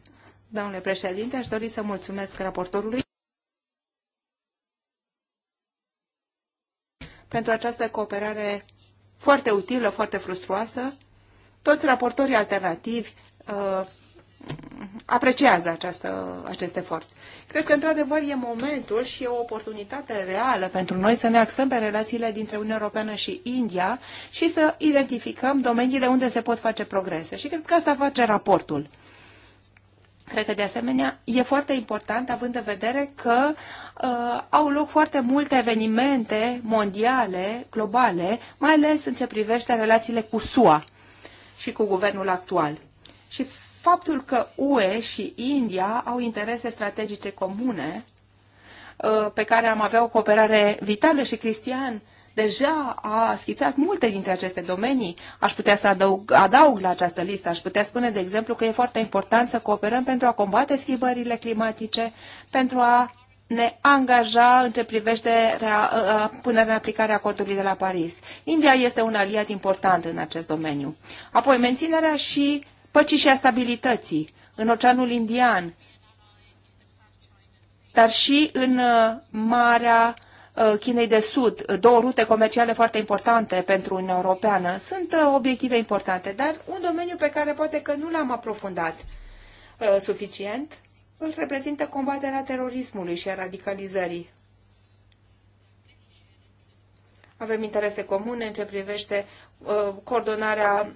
domnule președinte. Aș dori să mulțumesc raportorului pentru această cooperare foarte utilă, foarte frustruoasă. Toți raportorii alternativi uh, apreciază această, acest efort. Cred că, într-adevăr, e momentul și e o oportunitate reală pentru noi să ne axăm pe relațiile dintre Uniunea Europeană și India și să identificăm domeniile unde se pot face progrese. Și cred că asta face raportul. Cred că, de asemenea, e foarte important, având în vedere că uh, au loc foarte multe evenimente mondiale, globale, mai ales în ce privește relațiile cu SUA și cu guvernul actual. Și faptul că UE și India au interese strategice comune, uh, pe care am avea o cooperare vitală și Cristian deja a schițat multe dintre aceste domenii. Aș putea să adaug, adaug la această listă, aș putea spune, de exemplu, că e foarte important să cooperăm pentru a combate schimbările climatice, pentru a ne angaja în ce privește punerea în aplicare a codului de la Paris. India este un aliat important în acest domeniu. Apoi, menținerea și păcii și a stabilității în Oceanul Indian, dar și în uh, Marea Uh, Chinei de Sud, uh, două rute comerciale foarte importante pentru Uniunea Europeană. Sunt uh, obiective importante, dar un domeniu pe care poate că nu l-am aprofundat suficient îl reprezintă combaterea terorismului și a radicalizării. Avem interese comune în ce privește coordonarea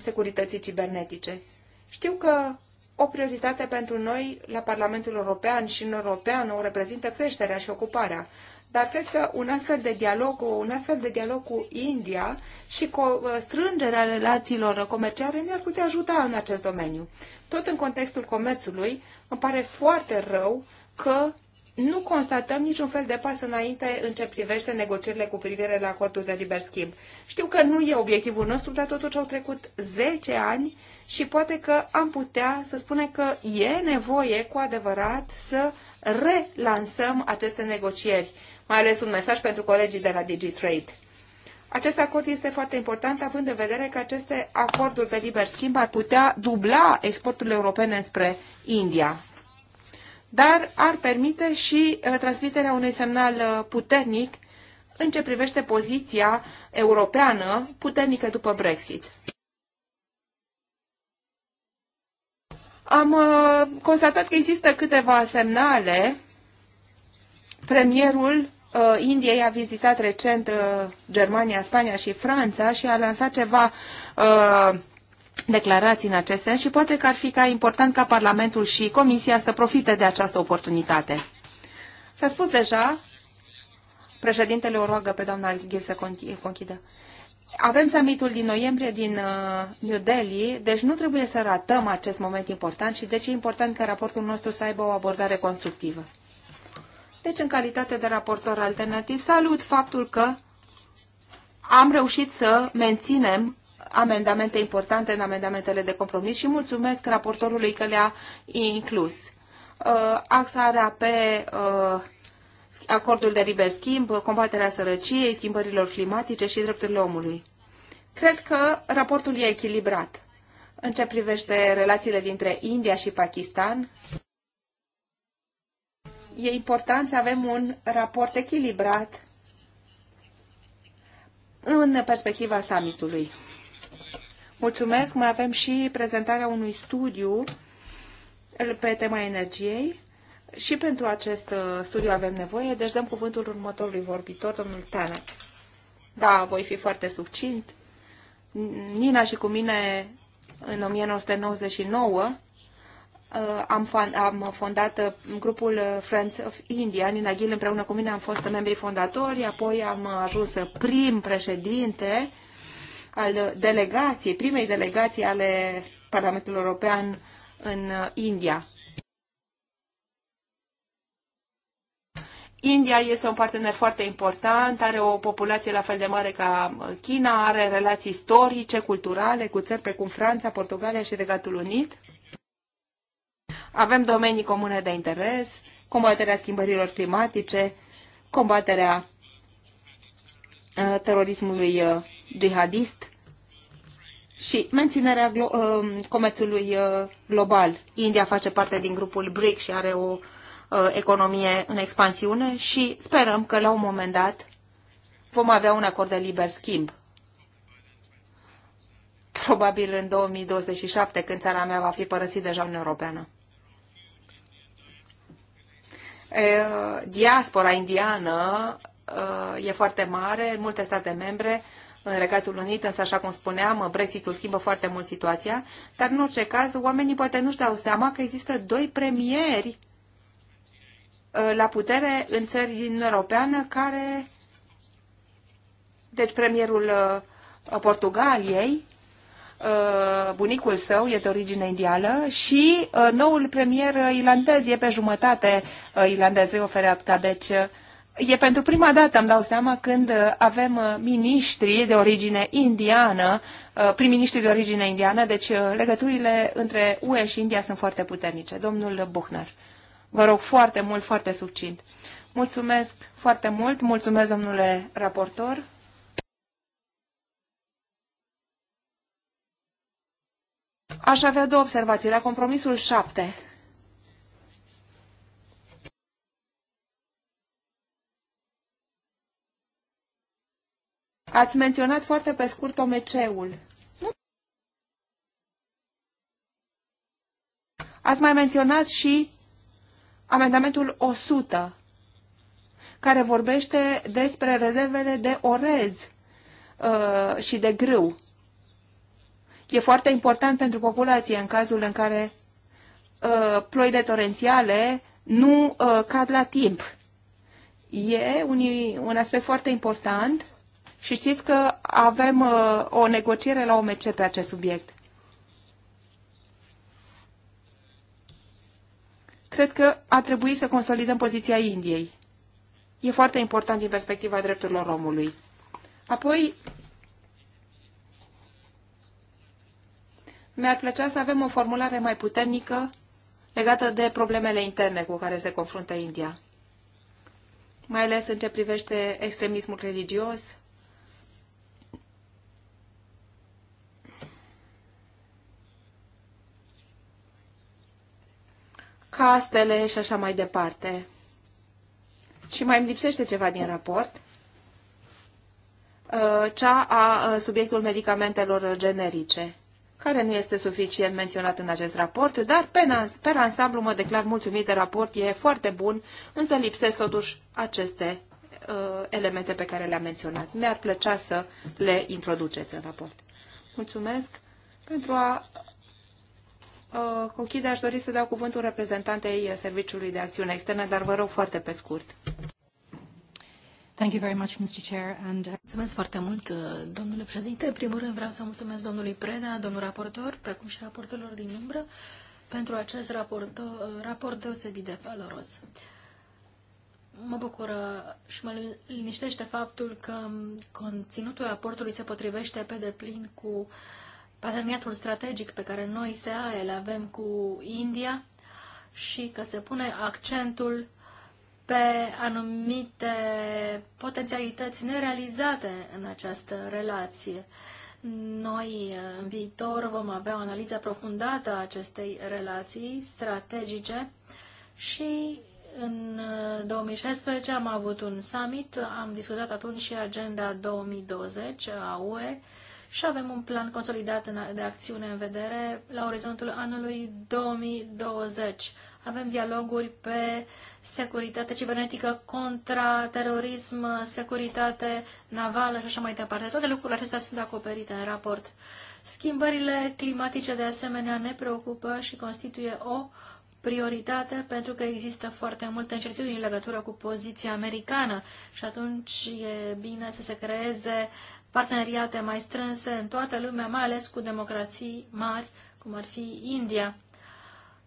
securității cibernetice. Știu că o prioritate pentru noi la Parlamentul European și în European o reprezintă creșterea și ocuparea. Dar cred că un astfel de dialog, un astfel de dialog cu India și cu uh, strângerea relațiilor comerciale ne-ar putea ajuta în acest domeniu. Tot în contextul comerțului, îmi pare foarte rău că nu constatăm niciun fel de pas înainte în ce privește negocierile cu privire la acordul de liber schimb. Știu că nu e obiectivul nostru, dar totuși au trecut 10 ani și poate că am putea să spunem că e nevoie cu adevărat să relansăm aceste negocieri, mai ales un mesaj pentru colegii de la DigiTrade. Acest acord este foarte important, având în vedere că aceste acorduri de liber schimb ar putea dubla exporturile europene spre India dar ar permite și uh, transmiterea unui semnal uh, puternic în ce privește poziția europeană puternică după Brexit. Am uh, constatat că există câteva semnale. Premierul Indiei a vizitat recent Germania, Spania și Franța și a lansat ceva uh, declarații în acest sens și poate că ar fi ca important ca Parlamentul și Comisia să profite de această oportunitate. S-a spus deja, președintele o roagă pe doamna Ghil să conchidă. Avem summitul din noiembrie din uh, New Delhi, deci nu trebuie să ratăm acest moment important și deci e important ca raportul nostru să aibă o abordare constructivă. Deci, în calitate de raportor alternativ, salut faptul că am reușit să menținem amendamente importante în amendamentele de compromis și mulțumesc raportorului că le-a inclus. Uh, Axarea pe uh, acordul de liber schimb, combaterea sărăciei, schimbărilor climatice și drepturile omului. Cred că raportul e echilibrat în ce privește relațiile dintre India și Pakistan. E important să avem un raport echilibrat în perspectiva summitului. Mulțumesc. Mai avem și prezentarea unui studiu pe tema energiei. Și pentru acest uh, studiu avem nevoie, deci dăm cuvântul următorului vorbitor, domnul Tane. Da, voi fi foarte succint. Nina și cu mine în 1999 uh, am, am fondat uh, grupul Friends of India. Nina Ghil împreună cu mine am fost membrii fondatori, apoi am ajuns prim președinte al delegației, primei delegații ale Parlamentului European în uh, India. India este un partener foarte important, are o populație la fel de mare ca uh, China, are relații istorice, culturale cu țări precum Franța, Portugalia și Regatul Unit. Avem domenii comune de interes, combaterea schimbărilor climatice, combaterea uh, terorismului jihadist și menținerea glo- uh, comerțului uh, global. India face parte din grupul BRIC și are o uh, economie în expansiune și sperăm că la un moment dat vom avea un acord de liber schimb. Probabil în 2027, când țara mea va fi părăsită deja în Europeană. Diaspora indiană e foarte mare, multe state membre în Regatul Unit, însă, așa cum spuneam, Brexitul schimbă foarte mult situația, dar în orice caz, oamenii poate nu-și dau seama că există doi premieri uh, la putere în țări din Europeană care... Deci premierul uh, Portugaliei, uh, bunicul său e de origine indială și noul premier irlandez e pe jumătate irlandez, oferat ca deci E pentru prima dată, îmi dau seama, când uh, avem uh, miniștri de origine indiană, uh, prim-miniștri de origine indiană, deci legăturile între UE și India sunt foarte puternice. Domnul Buchner, vă rog foarte mult, foarte succint. Mulțumesc foarte mult, mulțumesc domnule raportor. Aș avea două observații. La compromisul 7, Ați menționat foarte pe scurt OMC-ul. Ați mai menționat și amendamentul 100, care vorbește despre rezervele de orez uh, și de grâu. E foarte important pentru populație în cazul în care uh, ploile torențiale nu uh, cad la timp. E un, un aspect foarte important și știți că avem uh, o negociere la OMC pe acest subiect. Cred că a trebuit să consolidăm poziția Indiei. E foarte important din perspectiva drepturilor omului. Apoi, mi-ar plăcea să avem o formulare mai puternică legată de problemele interne cu care se confruntă India, mai ales în ce privește extremismul religios, castele și așa mai departe. Și mai îmi lipsește ceva din raport, uh, cea a uh, subiectul medicamentelor generice, care nu este suficient menționat în acest raport, dar pe ansamblu mă declar mulțumit de raport, e foarte bun, însă lipsesc totuși aceste uh, elemente pe care le-am menționat. Mi-ar plăcea să le introduceți în raport. Mulțumesc pentru a Uh, conchide, aș dori să dau cuvântul reprezentantei Serviciului de Acțiune Externă, dar vă rog foarte pe scurt. Thank you very much, Mr. Chair, and... Uh, mulțumesc foarte mult, uh, domnule președinte. În primul rând vreau să mulțumesc domnului Preda, domnul raportor, precum și raportorilor din umbră, pentru acest raport, raport deosebit de valoros. Mă bucură și mă liniștește faptul că conținutul raportului se potrivește pe deplin cu uh, parteneriatul strategic pe care noi, SEAE, îl avem cu India și că se pune accentul pe anumite potențialități nerealizate în această relație. Noi, în viitor, vom avea o analiză aprofundată a acestei relații strategice și în 2016 uh, am avut un summit, am discutat atunci și agenda 2020 a UE și avem un plan consolidat de acțiune în vedere la orizontul anului 2020. Avem dialoguri pe securitate cibernetică, contra terorism, securitate navală și așa mai departe. Toate lucrurile acestea sunt acoperite în raport. Schimbările climatice de asemenea ne preocupă și constituie o prioritate pentru că există foarte multe incertitudini în legătură cu poziția americană și atunci e bine să se creeze uh, parteneriate mai strânse în toată lumea, mai ales cu democrații mari, cum ar fi India.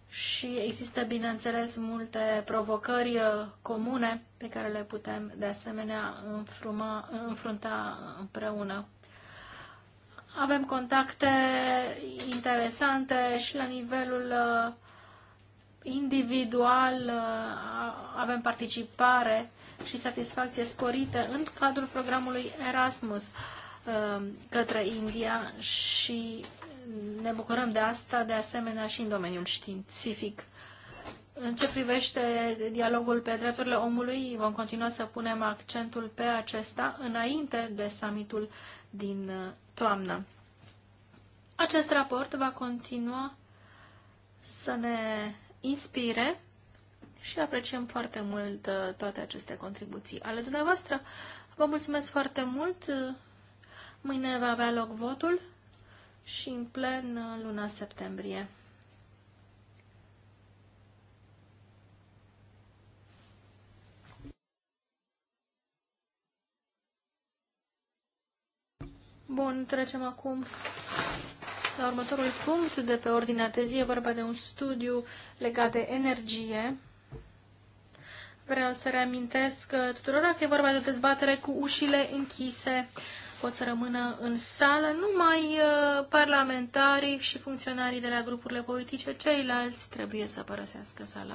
Și există, bineînțeles, multe provocări uh, comune pe care le putem, de asemenea, înfruma, înfrunta împreună. Avem contacte interesante și la nivelul uh, individual, uh, avem participare și satisfacție sporită în cadrul programului Erasmus. Um, către India și ne bucurăm de asta, de asemenea și în domeniul științific. În ce privește dialogul pe drepturile omului, vom continua să punem accentul pe acesta înainte de summitul din uh, toamnă. Acest raport va continua să ne inspire și apreciem foarte mult uh, toate aceste contribuții ale dumneavoastră. Vă mulțumesc foarte mult uh, Mâine va avea loc votul și în plen luna septembrie. Bun, trecem acum la următorul punct de pe ordinea de zi. E vorba de un studiu legat de energie. Vreau să reamintesc uh, tuturor că e vorba de o dezbatere cu ușile închise pot să rămână în sală numai uh, parlamentarii și funcționarii de la grupurile politice, ceilalți trebuie să părăsească sala.